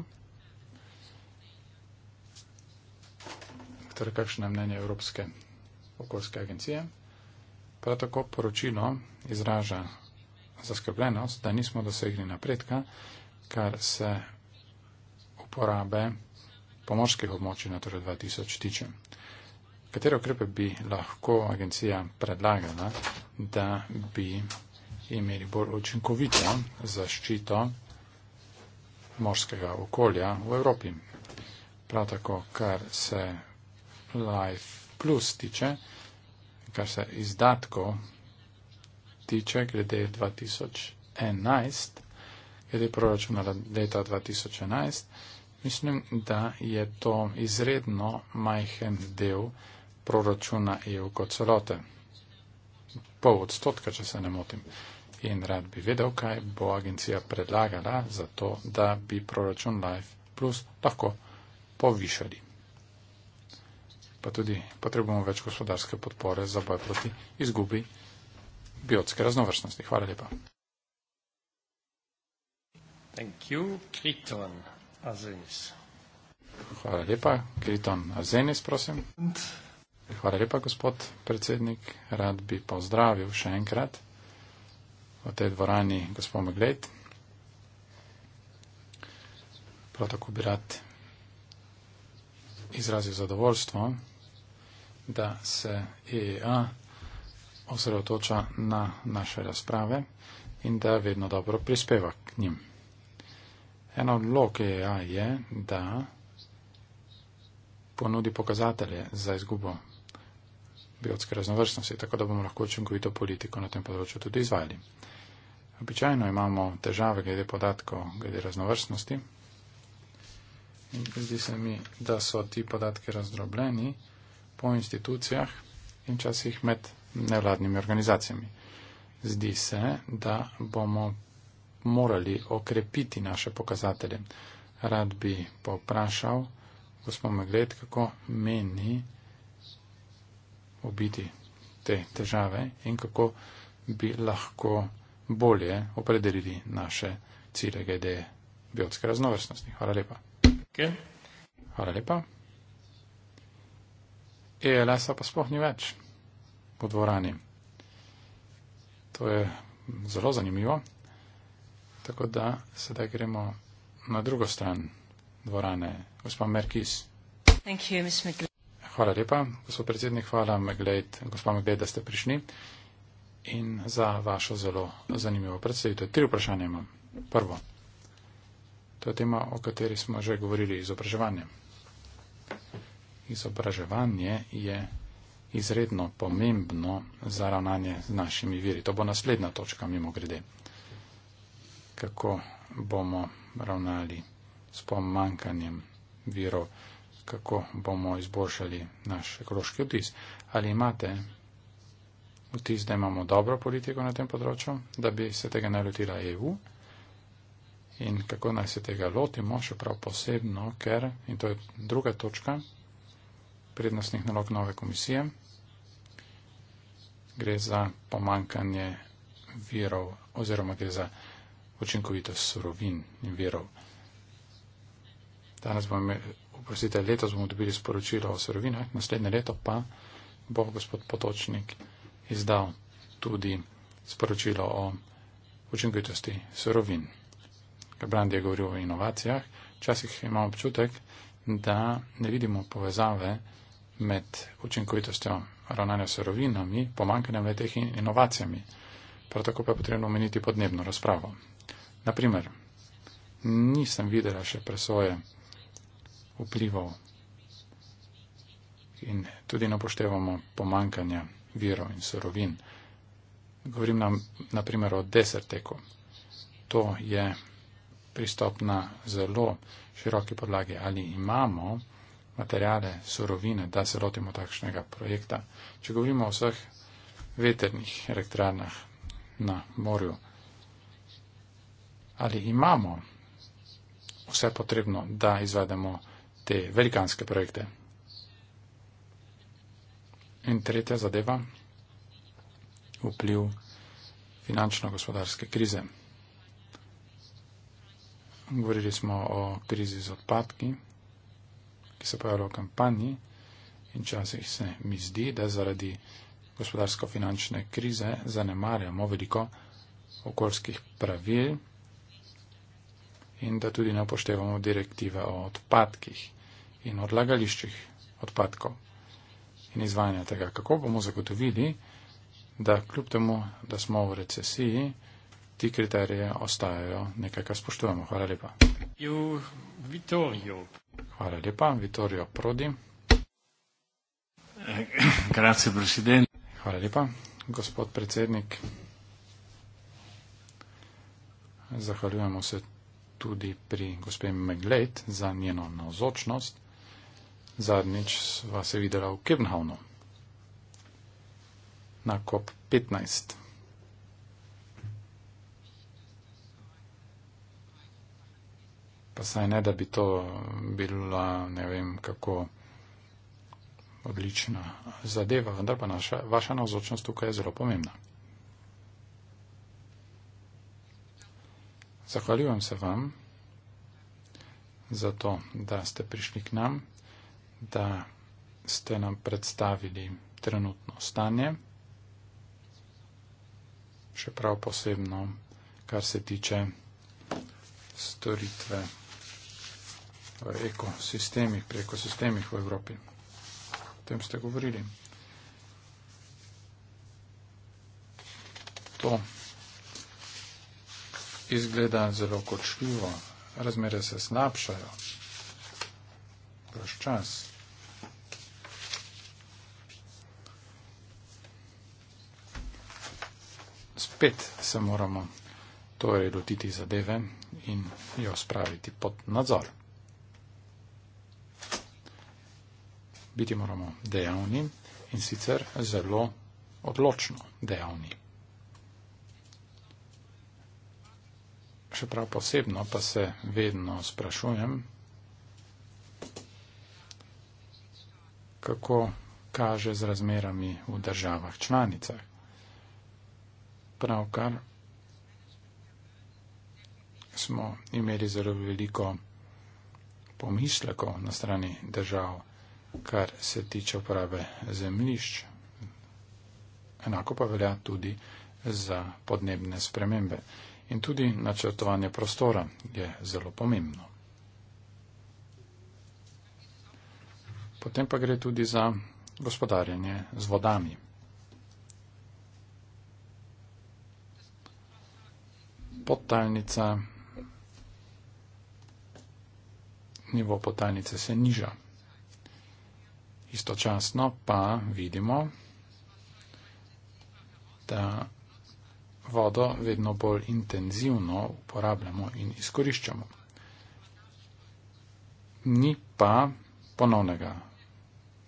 Torej, kakšno je mnenje Evropske okoljske agencije? Prav tako poročilo izraža zaskrbljenost, da nismo dosegli napredka, kar se uporabe pomorskih območij na torej 2000 tiče. Katere ukrepe bi lahko agencija predlagala, da bi imeli bolj očinkovito zaščito morskega okolja v Evropi. Prav tako, kar se Life Plus tiče, kar se izdatkov tiče glede 2011, glede proračuna leta 2011, mislim, da je to izredno majhen del proračuna EU kot celote pol odstotka, če se ne motim. In rad bi vedel, kaj bo agencija predlagala za to, da bi proračun Life Plus lahko povišali. Pa tudi potrebujemo več gospodarske podpore za boj proti izgubi biotske raznovrstnosti. Hvala lepa. Thank you, Kriton Azenis. Hvala lepa, Kriton Azenis, prosim. And... Hvala lepa, gospod predsednik. Rad bi pozdravil še enkrat v tej dvorani gospod Megled. Prav tako bi rad izrazil zadovoljstvo, da se EEA osredotoča na naše razprave in da vedno dobro prispeva k njim. Eno od log EEA je, da ponudi pokazatelje za izgubo biotske raznovrstnosti, tako da bomo lahko učinkovito politiko na tem področju tudi izvajali. Običajno imamo težave glede podatkov, glede raznovrstnosti. In zdi se mi, da so ti podatki razdrobljeni po institucijah in časih med nevladnimi organizacijami. Zdi se, da bomo morali okrepiti naše pokazatelje. Rad bi poprašal gospod Megled, kako meni obiti te težave in kako bi lahko bolje opredelili naše cilje glede biotske raznovrstnosti. Hvala lepa. Okay. Hvala lepa. ELS-a pa sploh ni več po dvorani. To je zelo zanimivo. Tako da sedaj gremo na drugo stran dvorane. Gospa Merkis. Thank you, Ms. McGill. Hvala lepa, gospod predsednik, hvala, gospod Megled, da ste prišli in za vašo zelo zanimivo predstavitev. Tri vprašanja imam. Prvo, to je tema, o kateri smo že govorili, izobraževanje. Izobraževanje je izredno pomembno za ravnanje z našimi viri. To bo naslednja točka, mimo grede. Kako bomo ravnali s pomankanjem virov? kako bomo izboljšali naš ekološki vtis. Ali imate vtis, da imamo dobro politiko na tem področju, da bi se tega nalotila EU in kako naj se tega lotimo, še prav posebno, ker, in to je druga točka prednostnih nalog nove komisije, gre za pomankanje virov oziroma gre za učinkovitost surovin in virov. Danes bomo imeli oprostite, letos bomo dobili sporočilo o sorovinah, naslednje leto pa bo gospod Potočnik izdal tudi sporočilo o učinkovitosti sorovin. Ker Brand je govoril o inovacijah, včasih imamo občutek, da ne vidimo povezave med učinkovitostjo ravnanja sorovinami, pomankanjem med teh inovacijami. Prav tako pa je potrebno omeniti podnebno razpravo. Naprimer, nisem videla še presoje vplivov in tudi ne upoštevamo pomankanja virov in sorovin. Govorim nam naprimer o deserteku. To je pristop na zelo široki podlagi. Ali imamo materijale, sorovine, da se lotimo takšnega projekta? Če govorimo o vseh veternih elektrarnah na morju, ali imamo vse potrebno, da izvedemo te velikanske projekte. In tretja zadeva, vpliv finančno-gospodarske krize. Govorili smo o krizi z odpadki, ki se pojavlja v kampanji in časih se mi zdi, da zaradi gospodarsko-finančne krize zanemarjamo veliko okoljskih pravil in da tudi ne upoštevamo direktive o odpadkih in odlagališčih odpadkov in izvajanja tega, kako bomo zagotovili, da kljub temu, da smo v recesiji, ti kriterije ostajajo nekaj, kar spoštujemo. Hvala lepa. Jo, Hvala lepa, Vittorio Prodi. *coughs* Grazie, president. Hvala lepa, gospod predsednik. Zahvaljujemo se tudi pri gospe Megleit za njeno navzočnost zadnjič vas je videla v Kebnhavnu. Na kop 15. Pa saj ne, da bi to bila, ne vem, kako odlična zadeva, vendar pa naša, vaša navzočnost tukaj je zelo pomembna. Zahvaljujem se vam za to, da ste prišli k nam da ste nam predstavili trenutno stanje, še prav posebno, kar se tiče storitve v ekosistemih, pri ekosistemih v Evropi. O tem ste govorili. To izgleda zelo kočljivo. Razmere se slabšajo. Prost čas. spet se moramo torej lotiti zadeve in jo spraviti pod nadzor. Biti moramo dejavni in sicer zelo odločno dejavni. Še prav posebno pa se vedno sprašujem, kako kaže z razmerami v državah članicah pravkar smo imeli zelo veliko pomislekov na strani držav, kar se tiče uprave zemljišč. Enako pa velja tudi za podnebne spremembe. In tudi načrtovanje prostora je zelo pomembno. Potem pa gre tudi za gospodarjenje z vodami. podtalnica, nivo podtalnice se niža. Istočasno pa vidimo, da vodo vedno bolj intenzivno uporabljamo in izkoriščamo. Ni pa ponovnega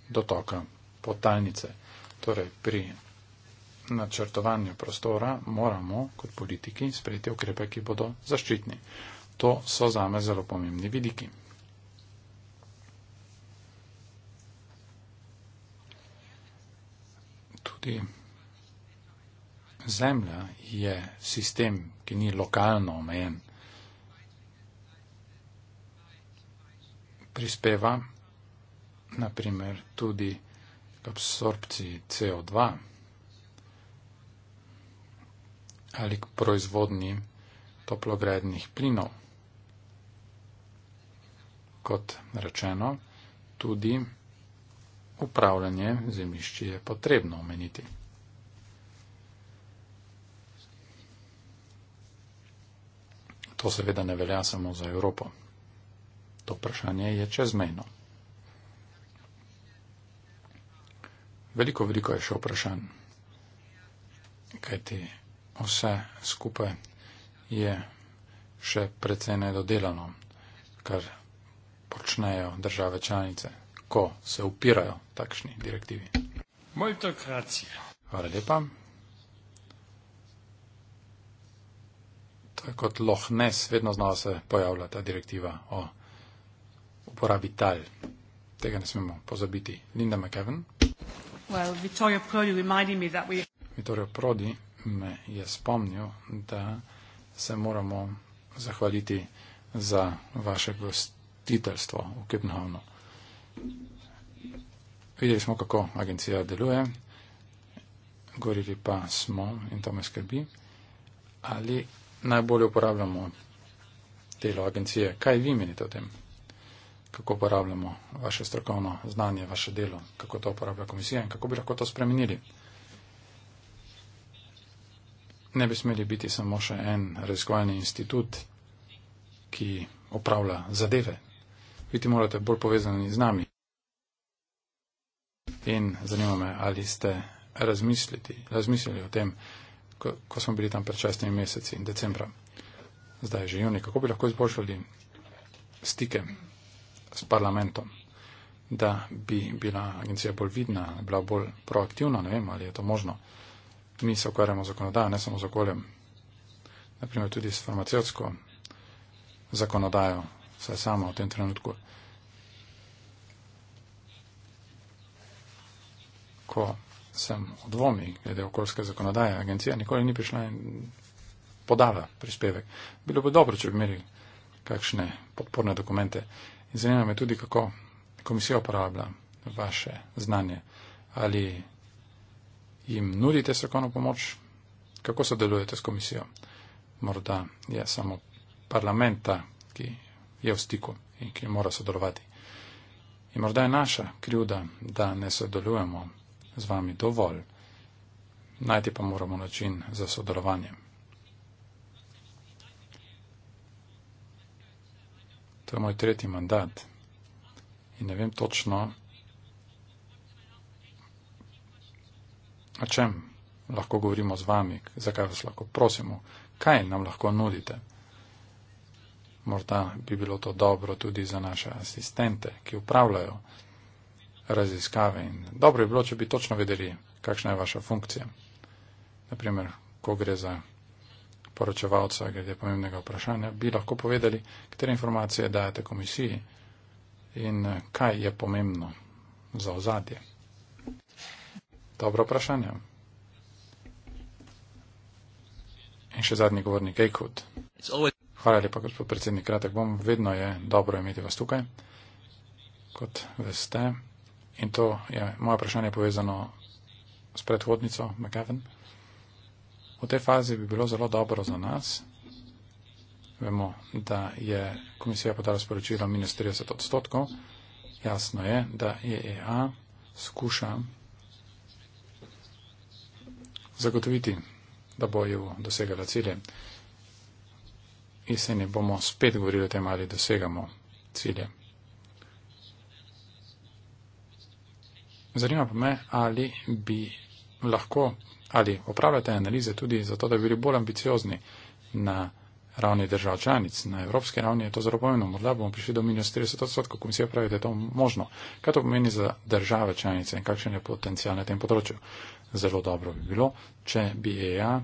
dotoka podtalnice. Torej, pri načrtovanju prostora moramo kot politiki sprejeti ukrepe, ki bodo zaščitni. To so zame zelo pomembni vidiki. Tudi zemlja je sistem, ki ni lokalno omejen. Prispeva naprimer tudi k absorpciji CO2 ali k proizvodnji toplogrednih plinov. Kot rečeno, tudi upravljanje zemljišči je potrebno omeniti. To seveda ne velja samo za Evropo. To vprašanje je čezmejno. Veliko, veliko je še vprašanj. Kaj ti je? vse skupaj je še precej nedodelano, kar počnejo države članice, ko se upirajo takšni direktivi. Molto grazie. Hvala lepa. To je kot Loch Ness, vedno znova se pojavlja ta direktiva o uporabi tal. Tega ne smemo pozabiti. Linda McKevin. Well, Vittorio Prodi reminded me that we... Vittorio Prodi me je spomnil, da se moramo zahvaliti za vaše gostiteljstvo v Kipnhavnu. Videli smo, kako agencija deluje, govorili pa smo in to me skrbi, ali najbolje uporabljamo delo agencije. Kaj vi menite o tem? Kako uporabljamo vaše strokovno znanje, vaše delo, kako to uporablja komisija in kako bi lahko to spremenili? ne bi smeli biti samo še en raziskovalni institut, ki opravlja zadeve. Biti morate bolj povezani z nami. In zanima me, ali ste razmislili o tem, ko, ko smo bili tam pred šestimi meseci in decembra, zdaj že juni, kako bi lahko izboljšali stike s parlamentom, da bi bila agencija bolj vidna, bila bolj proaktivna, ne vem, ali je to možno mi se ukvarjamo z zakonodajo, ne samo z okoljem, naprimer tudi s farmacijsko zakonodajo, saj samo v tem trenutku. Ko sem v dvomi glede okoljske zakonodaje, agencija nikoli ni prišla in podala prispevek. Bilo bi dobro, če bi imeli kakšne podporne dokumente. In zanima me tudi, kako komisija uporablja vaše znanje. Ali jim nudite strokovno pomoč, kako sodelujete s komisijo. Morda je samo parlamenta, ki je v stiku in ki mora sodelovati. In morda je naša krivda, da ne sodelujemo z vami dovolj. Najti pa moramo način za sodelovanje. To je moj tretji mandat in ne vem točno, o čem lahko govorimo z vami, zakaj vas lahko prosimo, kaj nam lahko nudite. Morda bi bilo to dobro tudi za naše asistente, ki upravljajo raziskave in dobro bi bilo, če bi točno vedeli, kakšna je vaša funkcija. Naprimer, ko gre za poročevalca, glede pomembnega vprašanja, bi lahko povedali, katere informacije dajete komisiji in kaj je pomembno za ozadje. Dobro vprašanje. In še zadnji govornik, Ejkut. Hvala lepa, gospod predsednik, kratek bom. Vedno je dobro imeti vas tukaj, kot veste. In to je moje vprašanje povezano s predhodnico McEwen. V tej fazi bi bilo zelo dobro za nas. Vemo, da je komisija podala sporočilo minus 30 odstotkov. Jasno je, da EEA skuša zagotoviti, da bo ju dosegala cilje. Jeseni bomo spet govorili o tem, ali dosegamo cilje. Zanima pa me, ali bi lahko, ali opravljate analize tudi zato, da bi bili bolj ambiciozni na ravni držav članic. Na evropski ravni je to zelo pomembno. Morda bomo prišli do minus 30 odstotkov. Komisija pravi, da je to možno. Kaj to pomeni za države članice in kakšen je potencial na tem področju? zelo dobro bi bilo, če bi EA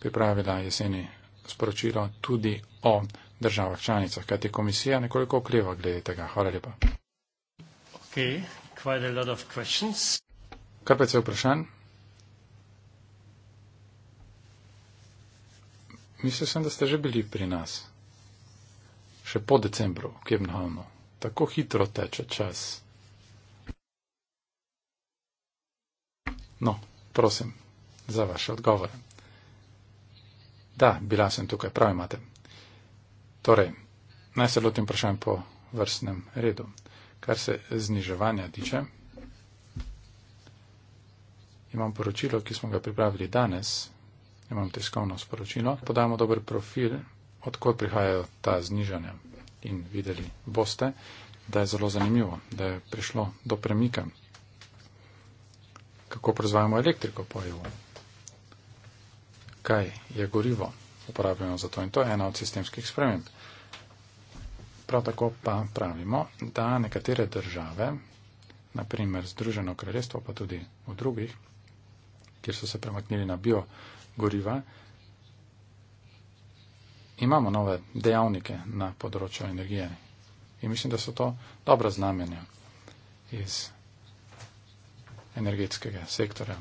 pripravila jeseni sporočilo tudi o državah članicah, kajti komisija nekoliko okreva glede tega. Hvala lepa. Okay, quite a lot of questions. Kar pa se vprašanj? Mislil sem, da ste že bili pri nas. Še po decembru, kjer nahalno. Tako hitro teče čas. No, prosim za vaše odgovore. Da, bila sem tukaj, prav imate. Torej, naj se lotim vprašanj po vrstnem redu. Kar se zniževanja tiče, imam poročilo, ki smo ga pripravili danes, imam tiskovno sporočilo, podajamo dober profil, odkot prihajajo ta znižanja. In videli boste, da je zelo zanimivo, da je prišlo do premika kako proizvajamo elektriko po EU. Kaj je gorivo, uporabljamo za to in to je ena od sistemskih sprememb. Prav tako pa pravimo, da nekatere države, naprimer Združeno kraljestvo, pa tudi v drugih, kjer so se premaknili na biogoriva, imamo nove dejavnike na področju energije. In mislim, da so to dobra znamenja iz energetskega sektorja.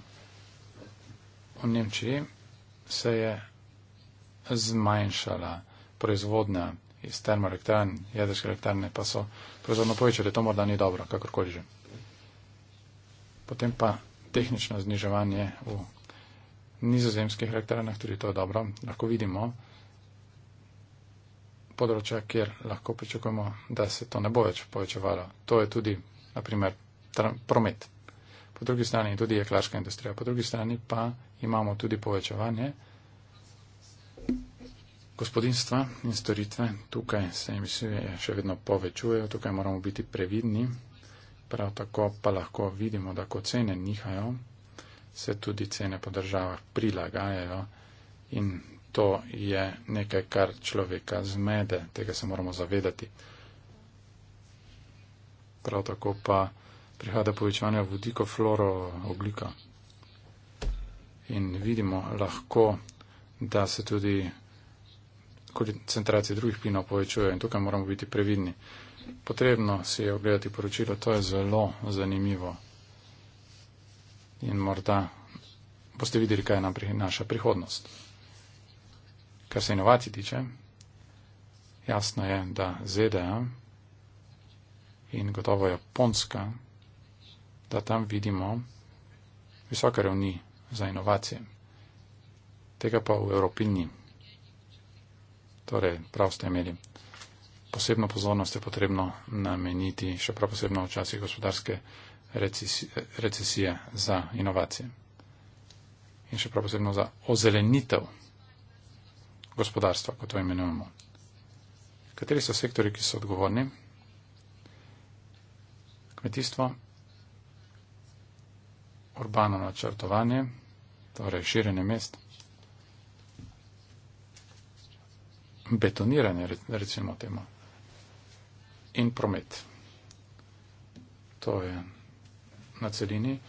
V Nemčiji se je zmanjšala proizvodnja iz termoelektran, jedrske elektrane pa so proizvodno povečali, to morda ni dobro, kakorkoli že. Potem pa tehnično zniževanje v nizozemskih elektranah, tudi to je dobro, lahko vidimo področja, kjer lahko pričakujemo, da se to ne bo več povečevalo. To je tudi, na primer, promet po drugi strani tudi jeklaška industrija, po drugi strani pa imamo tudi povečevanje gospodinstva in storitve. Tukaj se emisije še vedno povečujejo, tukaj moramo biti previdni, prav tako pa lahko vidimo, da ko cene nihajo, se tudi cene po državah prilagajajo in to je nekaj, kar človeka zmede, tega se moramo zavedati. Prav tako pa prihaja povečanje vodikofloro oglika. In vidimo lahko, da se tudi koncentracije drugih plinov povečujejo in tukaj moramo biti previdni. Potrebno si je ogledati poročilo, to je zelo zanimivo. In morda boste videli, kaj je nam naša prihodnost. Kar se inovacij tiče, jasno je, da ZDA in gotovo Japonska da tam vidimo visoke ravni za inovacije. Tega pa v Evropi ni. Torej, prav ste imeli. Posebno pozornost je potrebno nameniti, še prav posebno v časih gospodarske recesije za inovacije. In še prav posebno za ozelenitev gospodarstva, kot to imenujemo. Kateri so sektori, ki so odgovorni? Kmetijstvo, urbano načrtovanje, torej širjenje mest, betoniranje, recimo temu, in promet. To je na celini,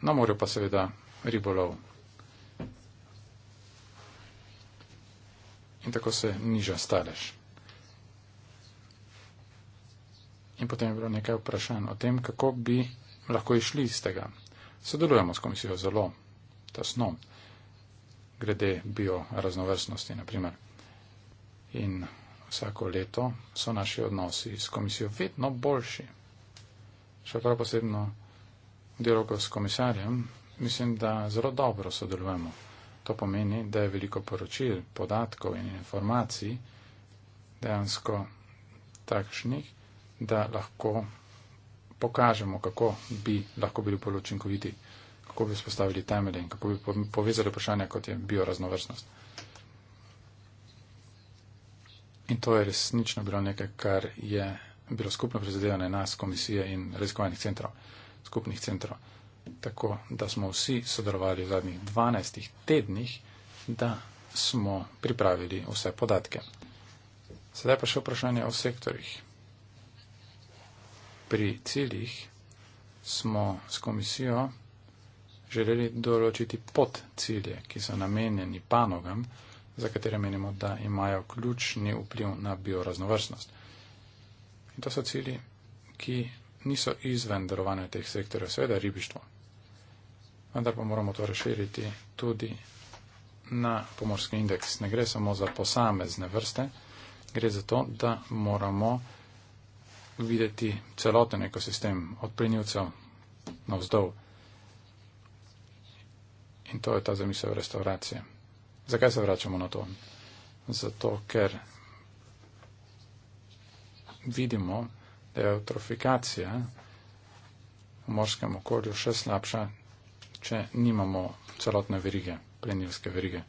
na morju pa seveda ribolov. In tako se niža stalež. In potem je bilo nekaj vprašanj o tem, kako bi lahko išli iz tega. Sodelujemo s komisijo zelo tesno, glede bioraznovrstnosti naprimer. In vsako leto so naši odnosi s komisijo vedno boljši. Še prav posebno dialogo s komisarjem, mislim, da zelo dobro sodelujemo. To pomeni, da je veliko poročil, podatkov in informacij dejansko takšnih, da lahko pokažemo, kako bi lahko bili bolj učinkoviti, kako bi spostavili temelje in kako bi povezali vprašanja, kot je bioraznovrstnost. In to je resnično bilo nekaj, kar je bilo skupno prizadevanje nas, komisije in raziskovalnih centrov, skupnih centrov. Tako da smo vsi sodelovali v zadnjih 12 tednih, da smo pripravili vse podatke. Sedaj pa še vprašanje o sektorjih pri ciljih smo s komisijo želeli določiti pod cilje, ki so namenjeni panogam, za katere menimo, da imajo ključni vpliv na bioraznovrstnost. In to so cilji, ki niso izven darovanja teh sektorjev, seveda ribištvo. Vendar pa moramo to razširiti tudi na pomorski indeks. Ne gre samo za posamezne vrste, gre za to, da moramo videti celoten ekosistem od plenilcev na vzdolj. In to je ta zamisel restauracije. Zakaj se vračamo na to? Zato, ker vidimo, da je eutrofikacija v morskem okolju še slabša, če nimamo celotne verige, plenilske verige.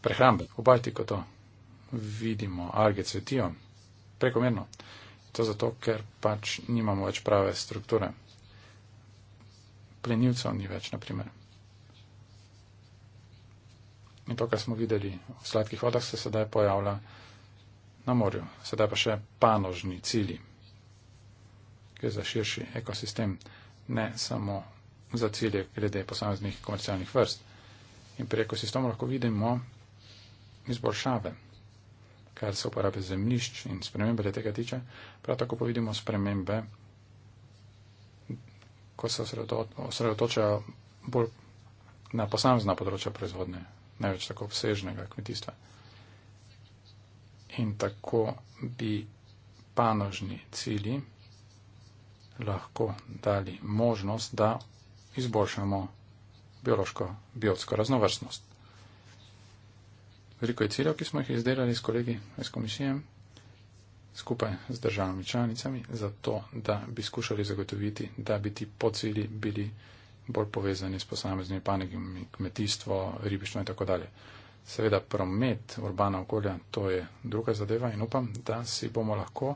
Prehrambe, obaljti kot to, vidimo, alge cvetijo prekomerno. To zato, ker pač nimamo več prave strukture. Plenilcev ni več, na primer. In to, kar smo videli v sladkih vodah, se sedaj pojavlja na morju. Sedaj pa še panožni cili, ki je za širši ekosistem, ne samo za cilje glede posameznih komercialnih vrst. In pri ekosistemu lahko vidimo izboljšave kar se uporabi zemljišč in spremembe le tega tiče. Prav tako pa vidimo spremembe, ko se osredotočajo bolj na posamezna področja proizvodnje, največ tako obsežnega kmetijstva. In tako bi panožni cili lahko dali možnost, da izboljšamo biološko, biotsko raznovrstnost. Veliko je ciljev, ki smo jih izdelali s kolegi iz komisije, skupaj z državami članicami, zato da bi skušali zagotoviti, da bi ti podcili bili bolj povezani s posameznimi panegami, kmetijstvo, ribištvo in tako dalje. Seveda promet, urbana okolja, to je druga zadeva in upam, da si bomo lahko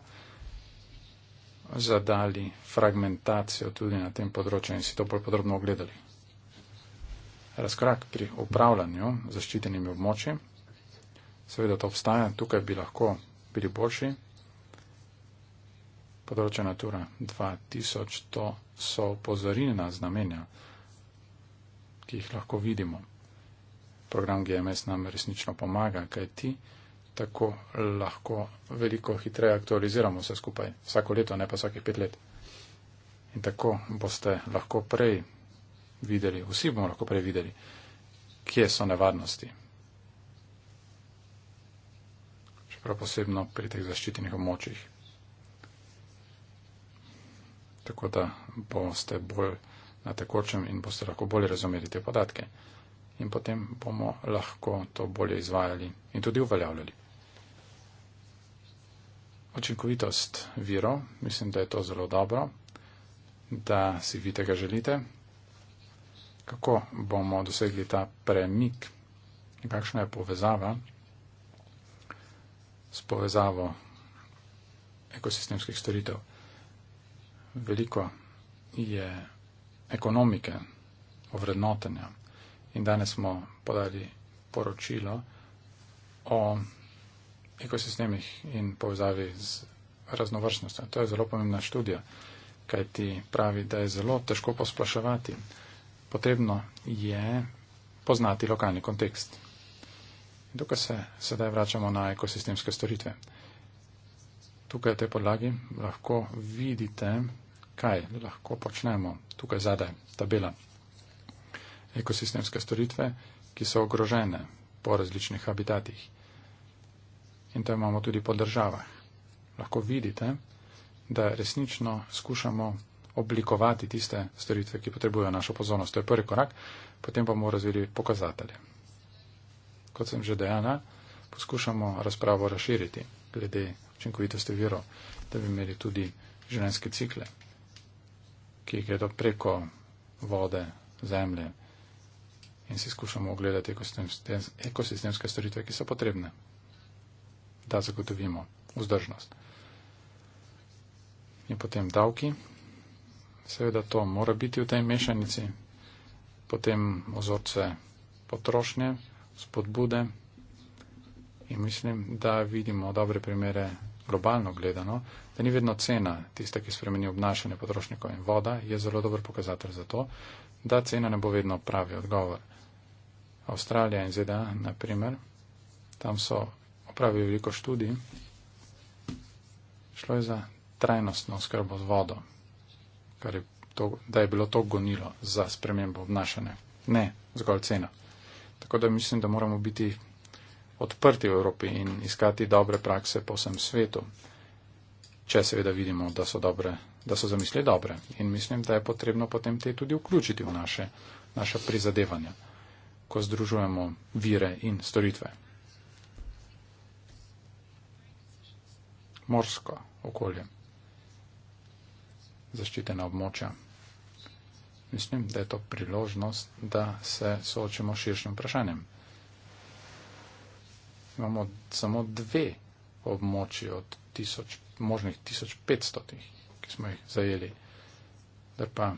zadali fragmentacijo tudi na tem področju in si to bolj podrobno ogledali. Razkrak pri upravljanju zaščitenimi območji seveda to obstaja, tukaj bi lahko bili boljši. Področje Natura 2000, to so opozorilna znamenja, ki jih lahko vidimo. Program GMS nam resnično pomaga, kaj ti tako lahko veliko hitreje aktualiziramo vse skupaj, vsako leto, ne pa vsake pet let. In tako boste lahko prej videli, vsi bomo lahko prej videli, kje so nevarnosti, prav posebno pri teh zaščitenih območjih. Tako da boste bolj na tekočem in boste lahko bolj razumeli te podatke. In potem bomo lahko to bolje izvajali in tudi uveljavljali. Očinkovitost virov, mislim, da je to zelo dobro, da si vi tega želite. Kako bomo dosegli ta premik in kakšna je povezava s povezavo ekosistemskih storitev. Veliko je ekonomike, ovrednotenja in danes smo podali poročilo o ekosistemih in povezavi z raznovrstnostjo. To je zelo pomembna študija, kaj ti pravi, da je zelo težko posplaševati. Potrebno je poznati lokalni kontekst. Tukaj se sedaj vračamo na ekosistemske storitve. Tukaj v tej podlagi lahko vidite, kaj lahko počnemo. Tukaj zadaj tabela. Ekosistemske storitve, ki so ogrožene po različnih habitatih. In to imamo tudi po državah. Lahko vidite, da resnično skušamo oblikovati tiste storitve, ki potrebujejo našo pozornost. To je prvi korak, potem bomo razvili pokazatelje kot sem že dejala, poskušamo razpravo razširiti glede učinkovitosti virov, da bi imeli tudi življenjske cikle, ki gredo preko vode, zemlje in si skušamo ogledati ekosistemske storitve, ki so potrebne, da zagotovimo vzdržnost. In potem davki. Seveda to mora biti v tej mešanici. Potem ozorce potrošnje, spodbude in mislim, da vidimo dobre primere globalno gledano, da ni vedno cena tista, ki spremeni obnašanje potrošnikov in voda, je zelo dober pokazatelj za to, da cena ne bo vedno pravi odgovor. Avstralija in ZDA, na primer, tam so opravili veliko študij, šlo je za trajnostno skrbo z vodo, kar je to, da je bilo to gonilo za spremembo obnašanja, ne zgolj cena. Tako da mislim, da moramo biti odprti v Evropi in iskati dobre prakse po vsem svetu, če seveda vidimo, da so, dobre, da so zamisli dobre. In mislim, da je potrebno potem te tudi vključiti v naše, naše prizadevanja, ko združujemo vire in storitve. Morsko okolje. Zaščitena območja. Mislim, da je to priložnost, da se soočimo s širšim vprašanjem. Imamo samo dve območji od tisoč, možnih 1500, ki smo jih zajeli. Pa,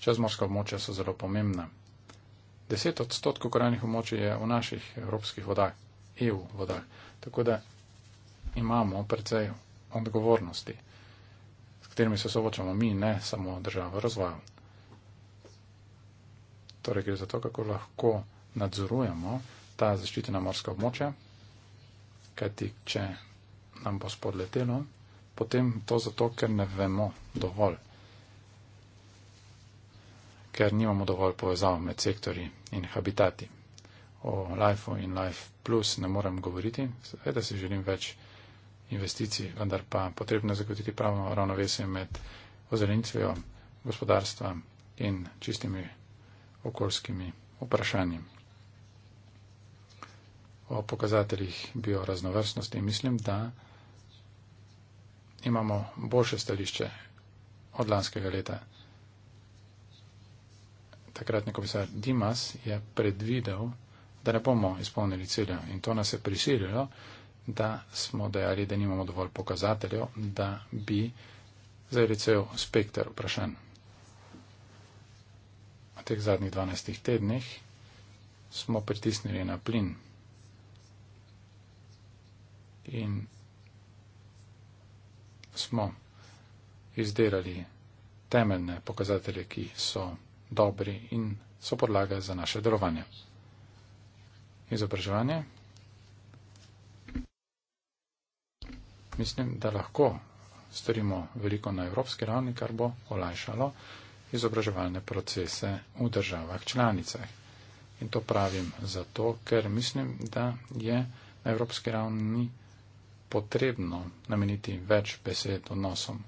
čezmorska območja so zelo pomembna. Deset odstotkov koraljnih območij je v naših evropskih vodah, EU vodah. Tako da imamo precej odgovornosti katerimi se soočamo mi, ne samo država razvoja. Torej gre za to, kako lahko nadzorujemo ta zaščitena morska območja, kajti če nam bo spodletelo, potem to zato, ker ne vemo dovolj, ker nimamo dovolj povezav med sektori in habitati. O Life in Life Plus ne morem govoriti, seveda si želim več investicij, vendar pa potrebno je zagotiti pravno ravnovesje med ozelenitvijo gospodarstva in čistimi okoljskimi vprašanji. O pokazateljih bioraznovrstnosti mislim, da imamo boljše stališče od lanskega leta. Takratni komisar Dimas je predvidel, da ne bomo izpolnili cilja in to nas je prisililo, da smo dejali, da nimamo dovolj pokazateljev, da bi zajeli cel spektr vprašanj. V teh zadnjih 12 tednih smo pritisnili na plin in smo izdelali temeljne pokazatelje, ki so dobri in so podlaga za naše delovanje. Izobraževanje, mislim, da lahko storimo veliko na evropski ravni, kar bo olajšalo izobraževalne procese v državah članicah. In to pravim zato, ker mislim, da je na evropski ravni potrebno nameniti več besed odnosom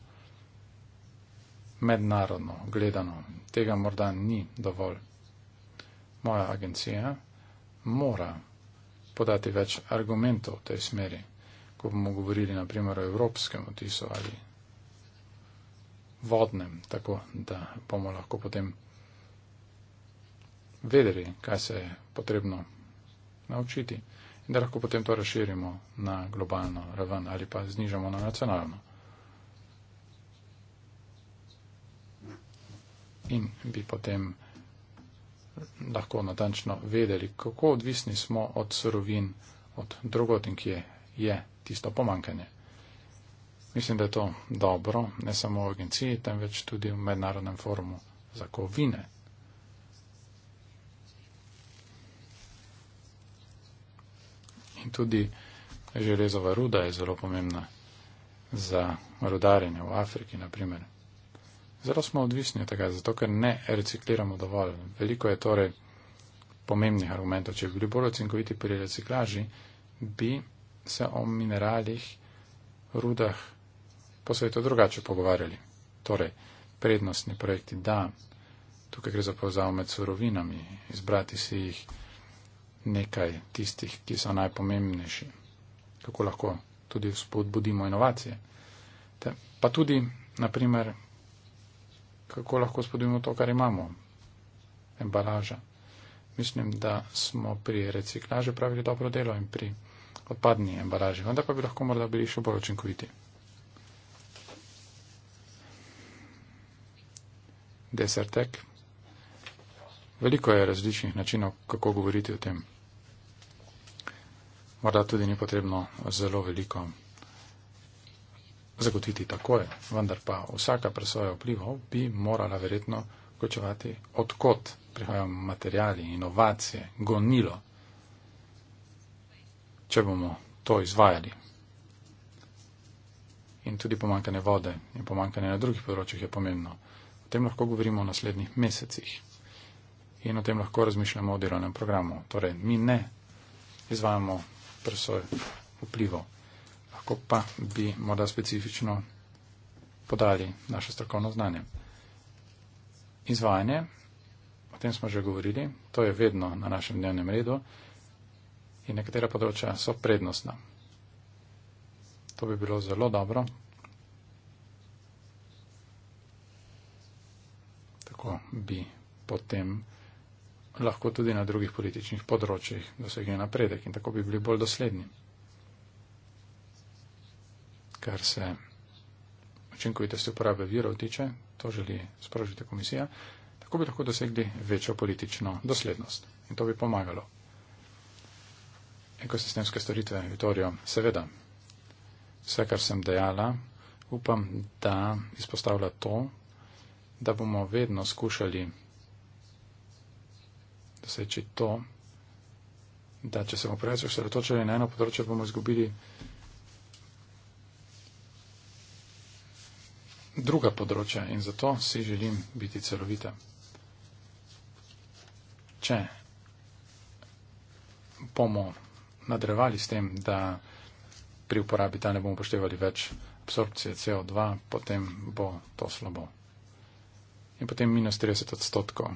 mednarodno gledano. Tega morda ni dovolj. Moja agencija mora podati več argumentov v tej smeri ko bomo govorili naprimer o evropskem vtisu ali vodnem, tako da bomo lahko potem vedeli, kaj se je potrebno naučiti in da lahko potem to razširimo na globalno raven ali pa znižamo na nacionalno. In bi potem lahko natančno vedeli, kako odvisni smo od surovin, od drugot in kje je tisto pomankanje. Mislim, da je to dobro, ne samo v agenciji, temveč tudi v mednarodnem forumu za kovine. In tudi železova ruda je zelo pomembna za rudarjenje v Afriki, naprimer. Zelo smo odvisni od tega, zato ker ne recikliramo dovolj. Veliko je torej pomembnih argumentov. Če bi bili bolj ocinkoviti pri reciklaži, bi se o mineralih, rudah, po svetu drugače pogovarjali. Torej, prednostni projekti, da, tukaj gre za povezavo med surovinami, izbrati si jih nekaj tistih, ki so najpomembnejši, kako lahko tudi spodbudimo inovacije. Te, pa tudi, naprimer, kako lahko spodbudimo to, kar imamo, embalaža. Mislim, da smo pri reciklaži pravili dobro delo in pri odpadni embalaži, vendar pa bi lahko morda bili še bolj učinkoviti. Desertek. Veliko je različnih načinov, kako govoriti o tem. Morda tudi ni potrebno zelo veliko zagotoviti takoj, vendar pa vsaka presoja vplivov bi morala verjetno vključevati, odkot prihajajo materijali, inovacije, gonilo če bomo to izvajali. In tudi pomankanje vode in pomankanje na drugih področjih je pomembno. O tem lahko govorimo v naslednjih mesecih in o tem lahko razmišljamo o delovnem programu. Torej, mi ne izvajamo presoje vplivov, lahko pa bi morda specifično podali naše strokovno znanje. Izvajanje, o tem smo že govorili, to je vedno na našem dnevnem redu in nekatera področja so prednostna. To bi bilo zelo dobro. Tako bi potem lahko tudi na drugih političnih področjih dosegli napredek in tako bi bili bolj dosledni. Kar se učinkovitosti uporabe virov tiče, to želi sprožiti komisija, tako bi lahko dosegli večjo politično doslednost in to bi pomagalo ekosistemske storitve Vitorijo. Seveda, vse, kar sem dejala, upam, da izpostavlja to, da bomo vedno skušali doseči to, da če se bomo preveč osredotočili na eno področje, bomo izgubili druga področja in zato si želim biti celovita. Če bomo nadrevali s tem, da pri uporabi tal ne bomo poštevali več absorpcije CO2, potem bo to slabo. In potem minus 30 odstotkov.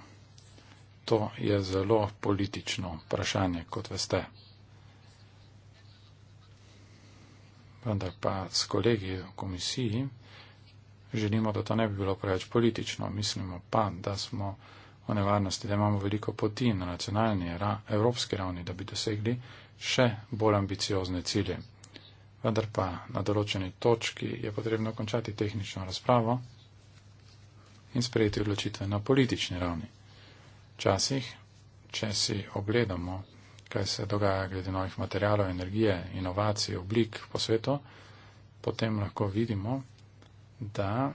To je zelo politično vprašanje, kot veste. Vendar pa s kolegi v komisiji želimo, da to ne bi bilo preveč politično. Mislimo pa, da smo o nevarnosti, da imamo veliko poti na nacionalni, ra, evropski ravni, da bi dosegli še bolj ambiciozne cilje. Vendar pa na določeni točki je potrebno končati tehnično razpravo in sprejeti odločitve na politični ravni. Včasih, če si ogledamo, kaj se dogaja glede novih materialov, energije, inovacij, oblik po svetu, potem lahko vidimo, da,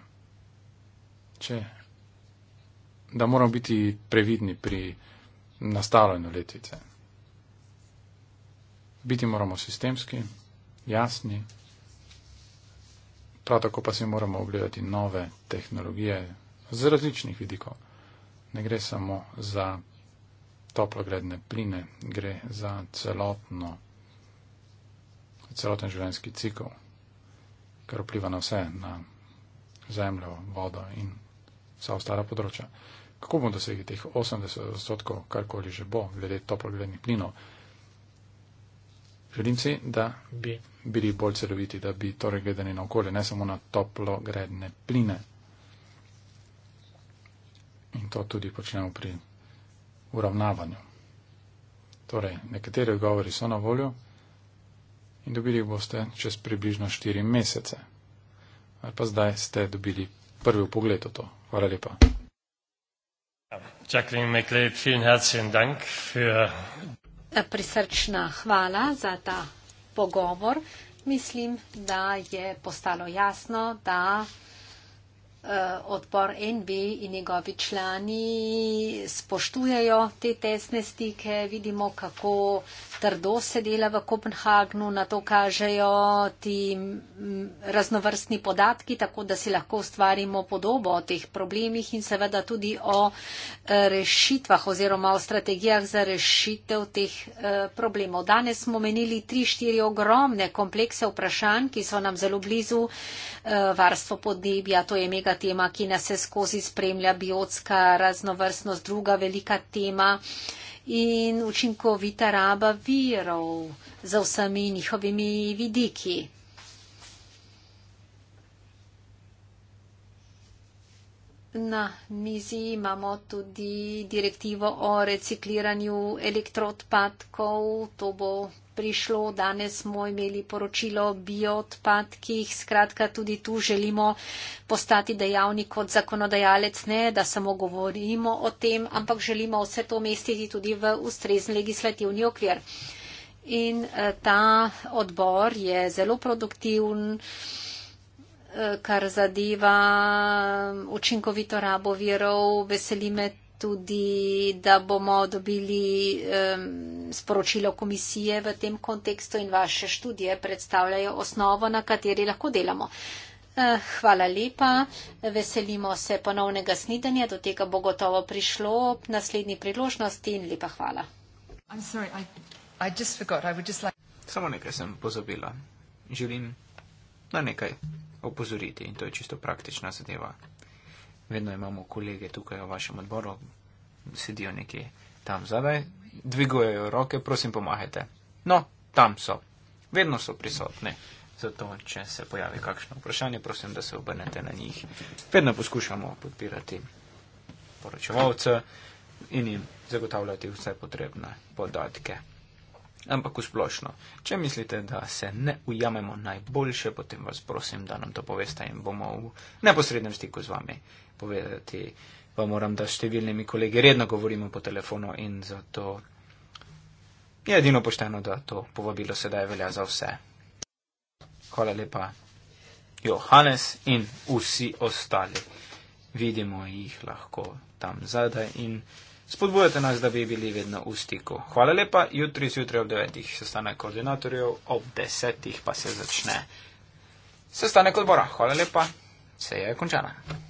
če, da moramo biti previdni pri nastalojno letvice biti moramo sistemski, jasni, prav tako pa si moramo ogledati nove tehnologije z različnih vidikov. Ne gre samo za toplogredne pline, gre za celotno, celoten življenjski cikl, kar vpliva na vse, na zemljo, vodo in vsa ostala področja. Kako bomo dosegli teh 80 odstotkov, karkoli že bo, glede toplogrednih plinov? Želim si, da bi bili bolj celoviti, da bi torej gledali na okolje, ne samo na toplo gredne pline. In to tudi počnemo pri uravnavanju. Torej, nekateri odgovori so na voljo in dobili jih boste čez približno 4 mesece. Ali pa zdaj ste dobili prvi pogled v to. Hvala lepa. Ja, Jacqueline McLeod, vielen herzlichen Dank für Prisrčna hvala za ta pogovor. Mislim, da je postalo jasno, da Eh, odpor NB in njegovi člani spoštujejo te tesne stike, vidimo, kako trdo se dela v Kopenhagnu, na to kažejo ti raznovrstni podatki, tako da si lahko ustvarimo podobo o teh problemih in seveda tudi o eh, rešitvah oziroma o strategijah za rešitev teh eh, problemov. Danes smo menili tri, štiri ogromne komplekse vprašanj, ki so nam zelo blizu varstvo podnebja, to je mega velika tema, ki nas se skozi spremlja, biotska raznovrstnost, druga velika tema in učinkovita raba virov za vsemi njihovimi vidiki. Na mizi imamo tudi direktivo o recikliranju elektroodpadkov. To bo prišlo, danes smo imeli poročilo o bioodpadkih, skratka tudi tu želimo postati dejavni kot zakonodajalec, ne da samo govorimo o tem, ampak želimo vse to mestiti tudi v ustrezni legislativni okvir. In eh, ta odbor je zelo produktivn, eh, kar zadeva eh, učinkovito rabo virov, veseli me tudi, da bomo dobili um, sporočilo komisije v tem kontekstu in vaše študije predstavljajo osnovo, na kateri lahko delamo. Eh, hvala lepa, veselimo se ponovnega snidenja, do tega bo gotovo prišlo ob naslednji priložnosti in lepa hvala. Samo nekaj sem pozabila. Želim na nekaj opozoriti in to je čisto praktična zadeva vedno imamo kolege tukaj v vašem odboru, sedijo nekje tam zadaj, dvigujejo roke, prosim, pomahajte. No, tam so, vedno so prisotni. Zato, če se pojavi kakšno vprašanje, prosim, da se obrnete na njih. Vedno poskušamo podpirati poročevalce in jim zagotavljati vse potrebne podatke ampak v splošno. Če mislite, da se ne ujamemo najboljše, potem vas prosim, da nam to poveste in bomo v neposrednem stiku z vami povedati. Pa moram, da s številnimi kolegi redno govorimo po telefonu in zato je edino pošteno, da to povabilo sedaj velja za vse. Hvala lepa, Johannes in vsi ostali. Vidimo jih lahko tam zadaj in. Spodbujate nas, da bi bili vedno v stiku. Hvala lepa, jutri zjutraj ob 9. sestanek koordinatorjev, ob 10. pa se začne sestanek odbora. Hvala lepa, se je končana.